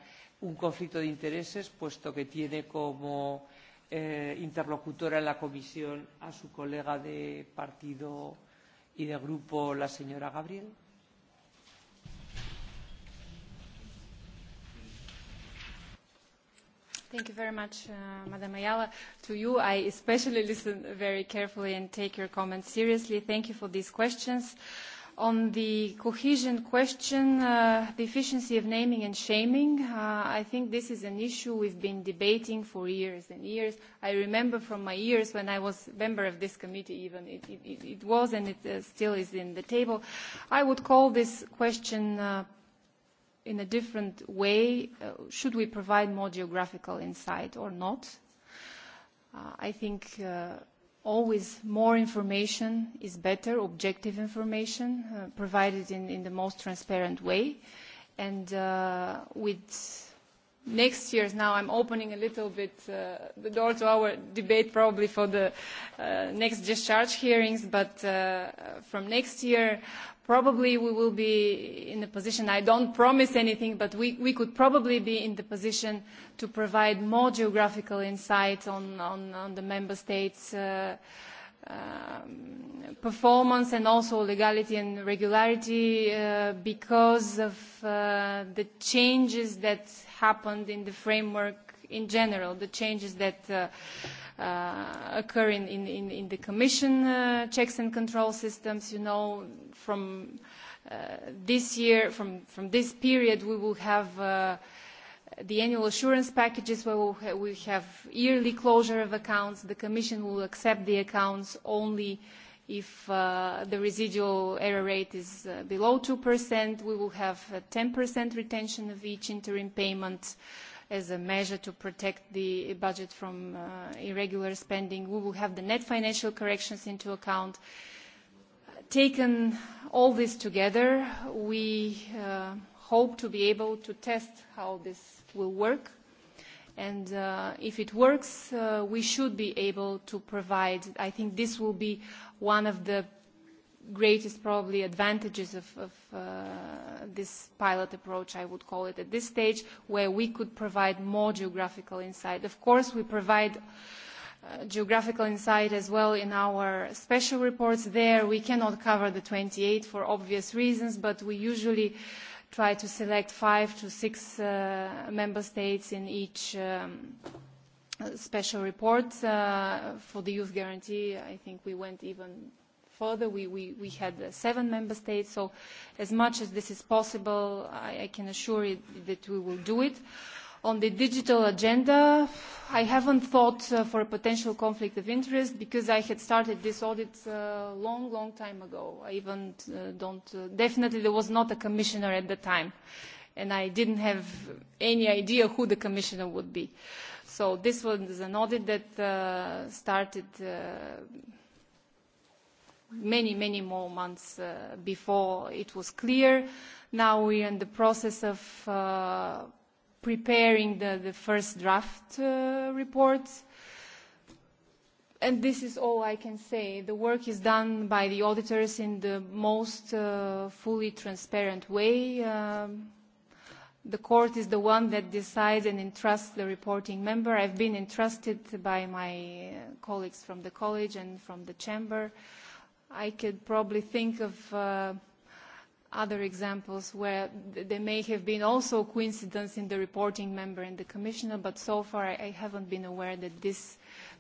[SPEAKER 4] un conflicto de intereses, puesto que tiene como eh, interlocutora en la comisión a su colega de partido y de grupo, la señora Gabriel.
[SPEAKER 15] Thank you very much, uh, Madam Ayala. To you, I especially listen very carefully and take your comments seriously. Thank you for these questions. Uh, On the cohesion question, uh, the efficiency of naming and shaming, uh, I think this is an issue we've been debating for years and years. I remember from my years when I was member of this committee even, it, it, it was and it uh, still is in the table. I would call this question uh, in a different way, uh, should we provide more geographical insight or not? Uh, I think uh, always more information is better, objective information uh, provided in, in the most transparent way. And uh, with next year's now, I'm opening a little bit uh, the door to our debate probably for the uh, next discharge hearings, but uh, from next year, probably we will be in a position, I don't promise anything, but we, we could probably be in the position to provide more geographical insight on, on, on the member states' uh, um, performance and also legality and regularity uh, because of uh, the changes that happened in the framework in general, the changes that uh, uh, occur in, in, in, in the Commission uh, checks and control systems, you know, from uh, this year, from, from this period, we will have uh, the annual assurance packages where we'll ha we have yearly closure of accounts. The Commission will accept the accounts only if uh, the residual error rate is uh, below 2%. We will have 10% retention of each interim payment. Uh, as a measure to protect the budget from uh, irregular spending. We will have the net financial corrections into account. Taken all this together, we uh, hope to be able to test how this will work. And uh, if it works, uh, we should be able to provide, I think this will be one of the greatest probably advantages of, of uh, this pilot approach, I would call it, at this stage, where we could provide more geographical insight. Of course, we provide uh, geographical insight as well in our special reports there. We cannot cover the 28 for obvious reasons, but we usually try to select five to six uh, member states in each um, special report uh, for the youth guarantee. I think we went even further. We, we, we had uh, seven member states, so as much as this is possible, I, I can assure you that we will do it. On the digital agenda, I haven't thought uh, for a potential conflict of interest because I had started this audit a uh, long, long time ago. I even uh, don't, uh, definitely there was not a commissioner at the time, and I didn't have any idea who the commissioner would be. So this was an audit that uh, started. Uh, many, many more months uh, before it was clear. Now we are in the process of uh, preparing the, the first draft uh, report. And this is all I can say. The work is done by the auditors in the most uh, fully transparent way. Um, the court is the one that decides and entrusts the reporting member. I've been entrusted by my uh, colleagues from the college and from the chamber. Uh, I could probably think of uh, other examples where th there may have been also coincidence in the reporting member and the commissioner, but so far I, I haven't been aware that this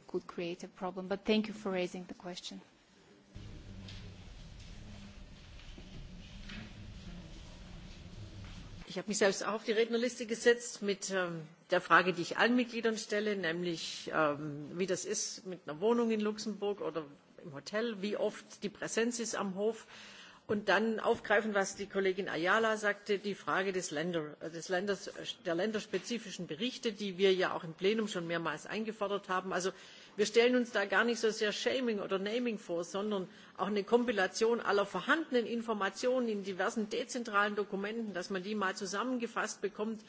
[SPEAKER 15] could create a problem. But thank you for raising the question.
[SPEAKER 1] Ich habe mich selbst auch auf die Rednerliste gesetzt mit ähm, der Frage, die ich allen Mitgliedern stelle, nämlich ähm, wie das ist mit einer Wohnung in Luxemburg oder im hotel wie oft die präsenz ist am hof und dann aufgreifend was die kollegin ayala sagte die frage äh, der länderspezifischen berichte die wir ja auch im plenum schon mehrmals eingefordert haben. also wir stellen uns da gar nicht so sehr shaming oder naming vor sondern auch eine kompilation aller vorhandenen informationen in diversen dezentralen dokumenten dass man die mal zusammengefasst bekommt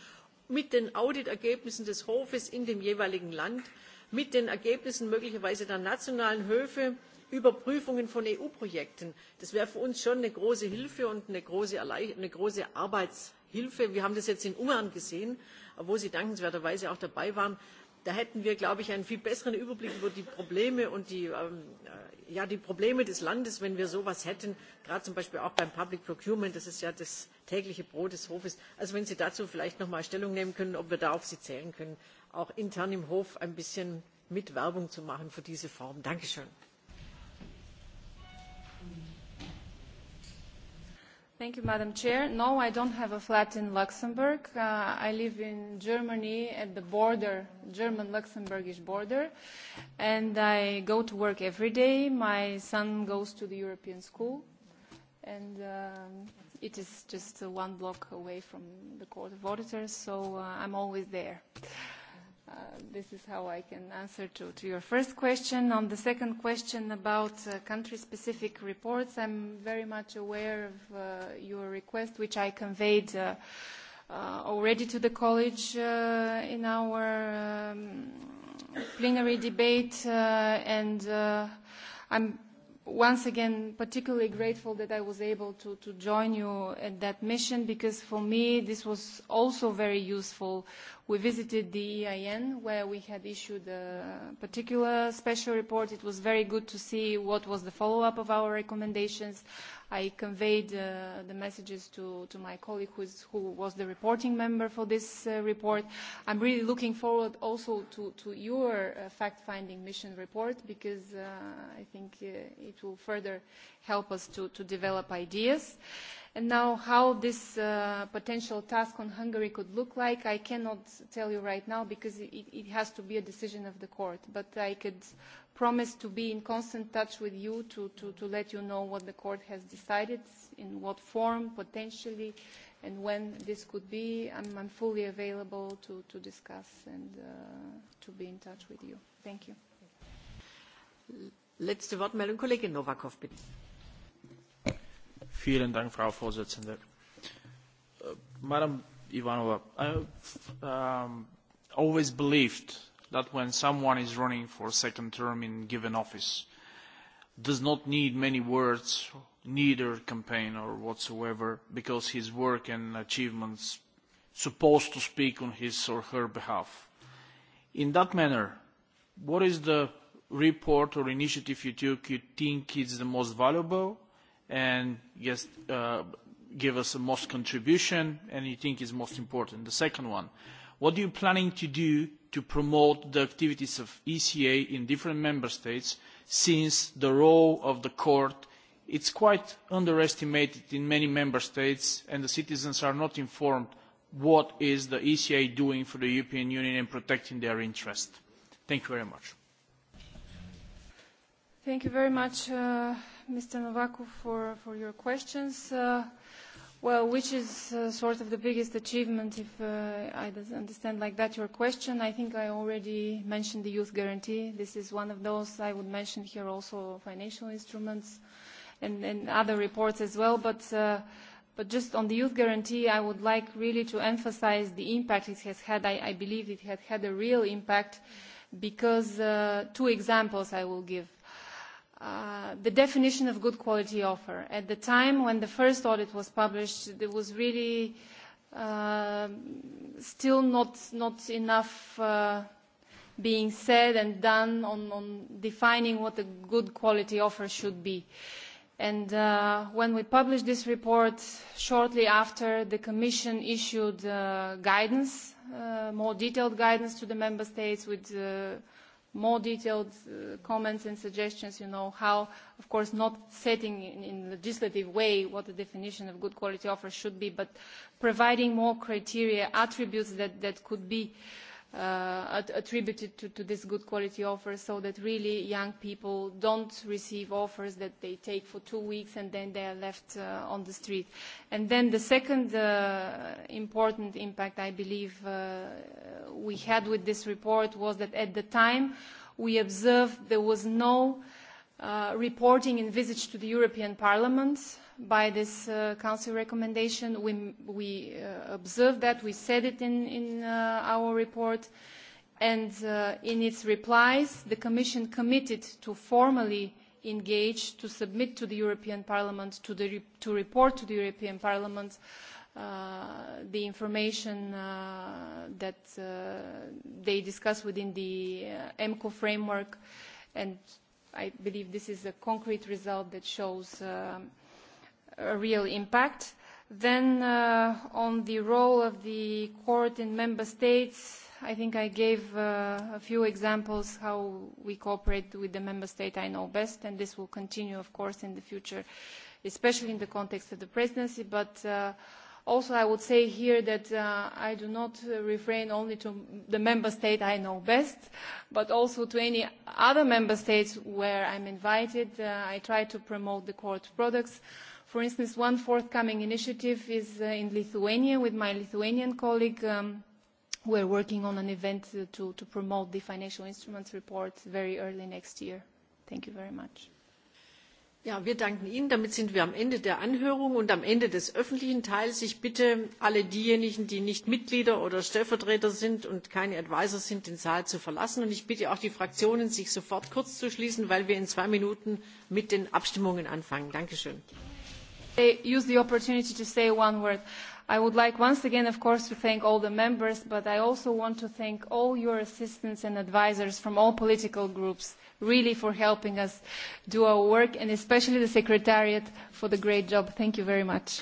[SPEAKER 1] mit den auditergebnissen des hofes in dem jeweiligen land mit den ergebnissen möglicherweise der nationalen höfe Überprüfungen von EU-Projekten. Das wäre für uns schon eine große Hilfe und eine große, eine große Arbeitshilfe. Wir haben das jetzt in Ungarn gesehen, wo Sie dankenswerterweise auch dabei waren. Da hätten wir, glaube ich, einen viel besseren Überblick über die Probleme und die, ähm, äh, ja, die Probleme des Landes, wenn wir sowas hätten, gerade zum Beispiel auch beim Public Procurement, das ist ja das tägliche Brot des Hofes. Also wenn Sie dazu vielleicht noch mal Stellung nehmen können, ob wir da auf Sie zählen können, auch intern im Hof ein bisschen mit Werbung zu machen für diese Form. Dankeschön.
[SPEAKER 15] Thank you, Madam Chair. No, I don't have a flat in Luxembourg. Uh, I live in Germany at the border, German-Luxembourgish border, and I go to work every day. My son goes to the European school, and um, it is just uh, one block away from the Court of Auditors, so uh, I'm always there. Uh, Uh, this is how I can answer to, to your first question. On the second question about uh, country-specific reports, I'm very much aware of uh, your request, which I conveyed uh, uh, already to the college uh, in our um, plenary debate, uh, and uh, I'm once again particularly grateful that I was able to, to join you at that mission because for me this was also very useful. We visited the EIN where we had issued a particular special report. It was very good to see what was the follow-up of our recommendations, I conveyed uh, the messages to, to my colleague who, is, who was the reporting member for this uh, report. I'm really looking forward also to, to your uh, fact-finding mission report because uh, I think uh, it will further help us to, to develop ideas. And now how this uh, potential task on Hungary could look like, I cannot tell you right now because it, it has to be a decision of the court. But I could promise to be in constant touch with you to, to, to let you know what the court has decided, in what form potentially, and when this could be. I'm, I'm fully available to, to discuss and uh, to be in touch with you. Thank you. Letzte Wortmeldung, Kollegin Novakov, bitte.
[SPEAKER 6] Vielen Dank, Frau
[SPEAKER 9] Vorsitzende. Uh, Madam Ivanova, I've um, always believed that when someone is running for a second term in given office, does not need many words, neither campaign or whatsoever, because his work and achievements supposed to speak on his or her behalf. In that manner, what is the report or initiative you took you think is the most valuable and yes, uh, give us the most contribution and you think is most important? The second one, uh, what are you planning to do to promote the activities of ECA in different member states, since the role of the court is quite underestimated in many member states and the citizens are not informed what is the ECA doing for the European Union in protecting their interests? Thank you very much.
[SPEAKER 15] Thank you very much, uh, Mr. Novakov, for, for your questions. Uh, Well, which is uh, sort of the biggest achievement, if uh, I understand like that your question? I think I already mentioned the youth guarantee. This is one of those I would mention here also financial instruments and, and other reports as well. But, uh, but just on the youth guarantee, I would like really to emphasize the impact it has had. I, I believe it has had a real impact because uh, two examples I will give. Uh, the definition of good quality offer. At the time when the first audit was published, there was really uh, still not, not enough uh, being said and done on, on defining what a good quality offer should be. And uh, when we published this report, shortly after, the Commission issued uh, guidance, uh, more detailed guidance to the Member States with uh, more detailed uh, comments and suggestions, you know, how, of course, not setting in, in legislative way what the definition of good quality offer should be, but providing more criteria, attributes that, that could be uh, uh, attributed to, to this good quality offer so that really young people don't receive offers that they take for two weeks and then they are left uh, on the street. And then the second uh, important impact I believe uh, we had with this report was that at the time we observed there was no uh, reporting envisaged to the European Parliament uh, by this uh, council recommendation. We, we uh, observed that, we said it in, in uh, our report, and uh, in its replies, the Commission committed to formally engage, to submit to the European Parliament, to, the re to report to the European Parliament uh, the information uh, that uh, they discuss within the uh, EMCO framework. And I believe this is a concrete result that shows uh, a real impact. Then uh, on the role of the court in member states, I think I gave uh, a few examples how we cooperate with the member state I know best, and this will continue, of course, in the future, especially in the context of the presidency. But uh, also I would say here that uh, I do not uh, refrain only to the member state I know best, but also to any other member states where I'm invited. Uh, I try to promote the court products. Uh, For instance, one forthcoming initiative is uh, in Lithuania with my Lithuanian colleague. Um, we're working on an event to, to promote the financial instruments report very early next year. Thank you very much.
[SPEAKER 1] Ja, wir danken Ihnen. Damit sind wir am Ende der Anhörung und am Ende des öffentlichen Teils. Ich bitte alle diejenigen, die nicht Mitglieder oder Stellvertreter sind und keine Advisor sind, den Saal zu verlassen. Und ich bitte auch die Fraktionen, sich sofort kurz zu schließen, weil wir in zwei Minuten mit den Abstimmungen anfangen. Dankeschön. Okay
[SPEAKER 15] use the opportunity to say one word. I would like once again, of course, to thank all the members, but I also want to thank all your assistants and advisors from all political groups, really, for helping us do our work, and especially the Secretariat for the great job. Thank you very much.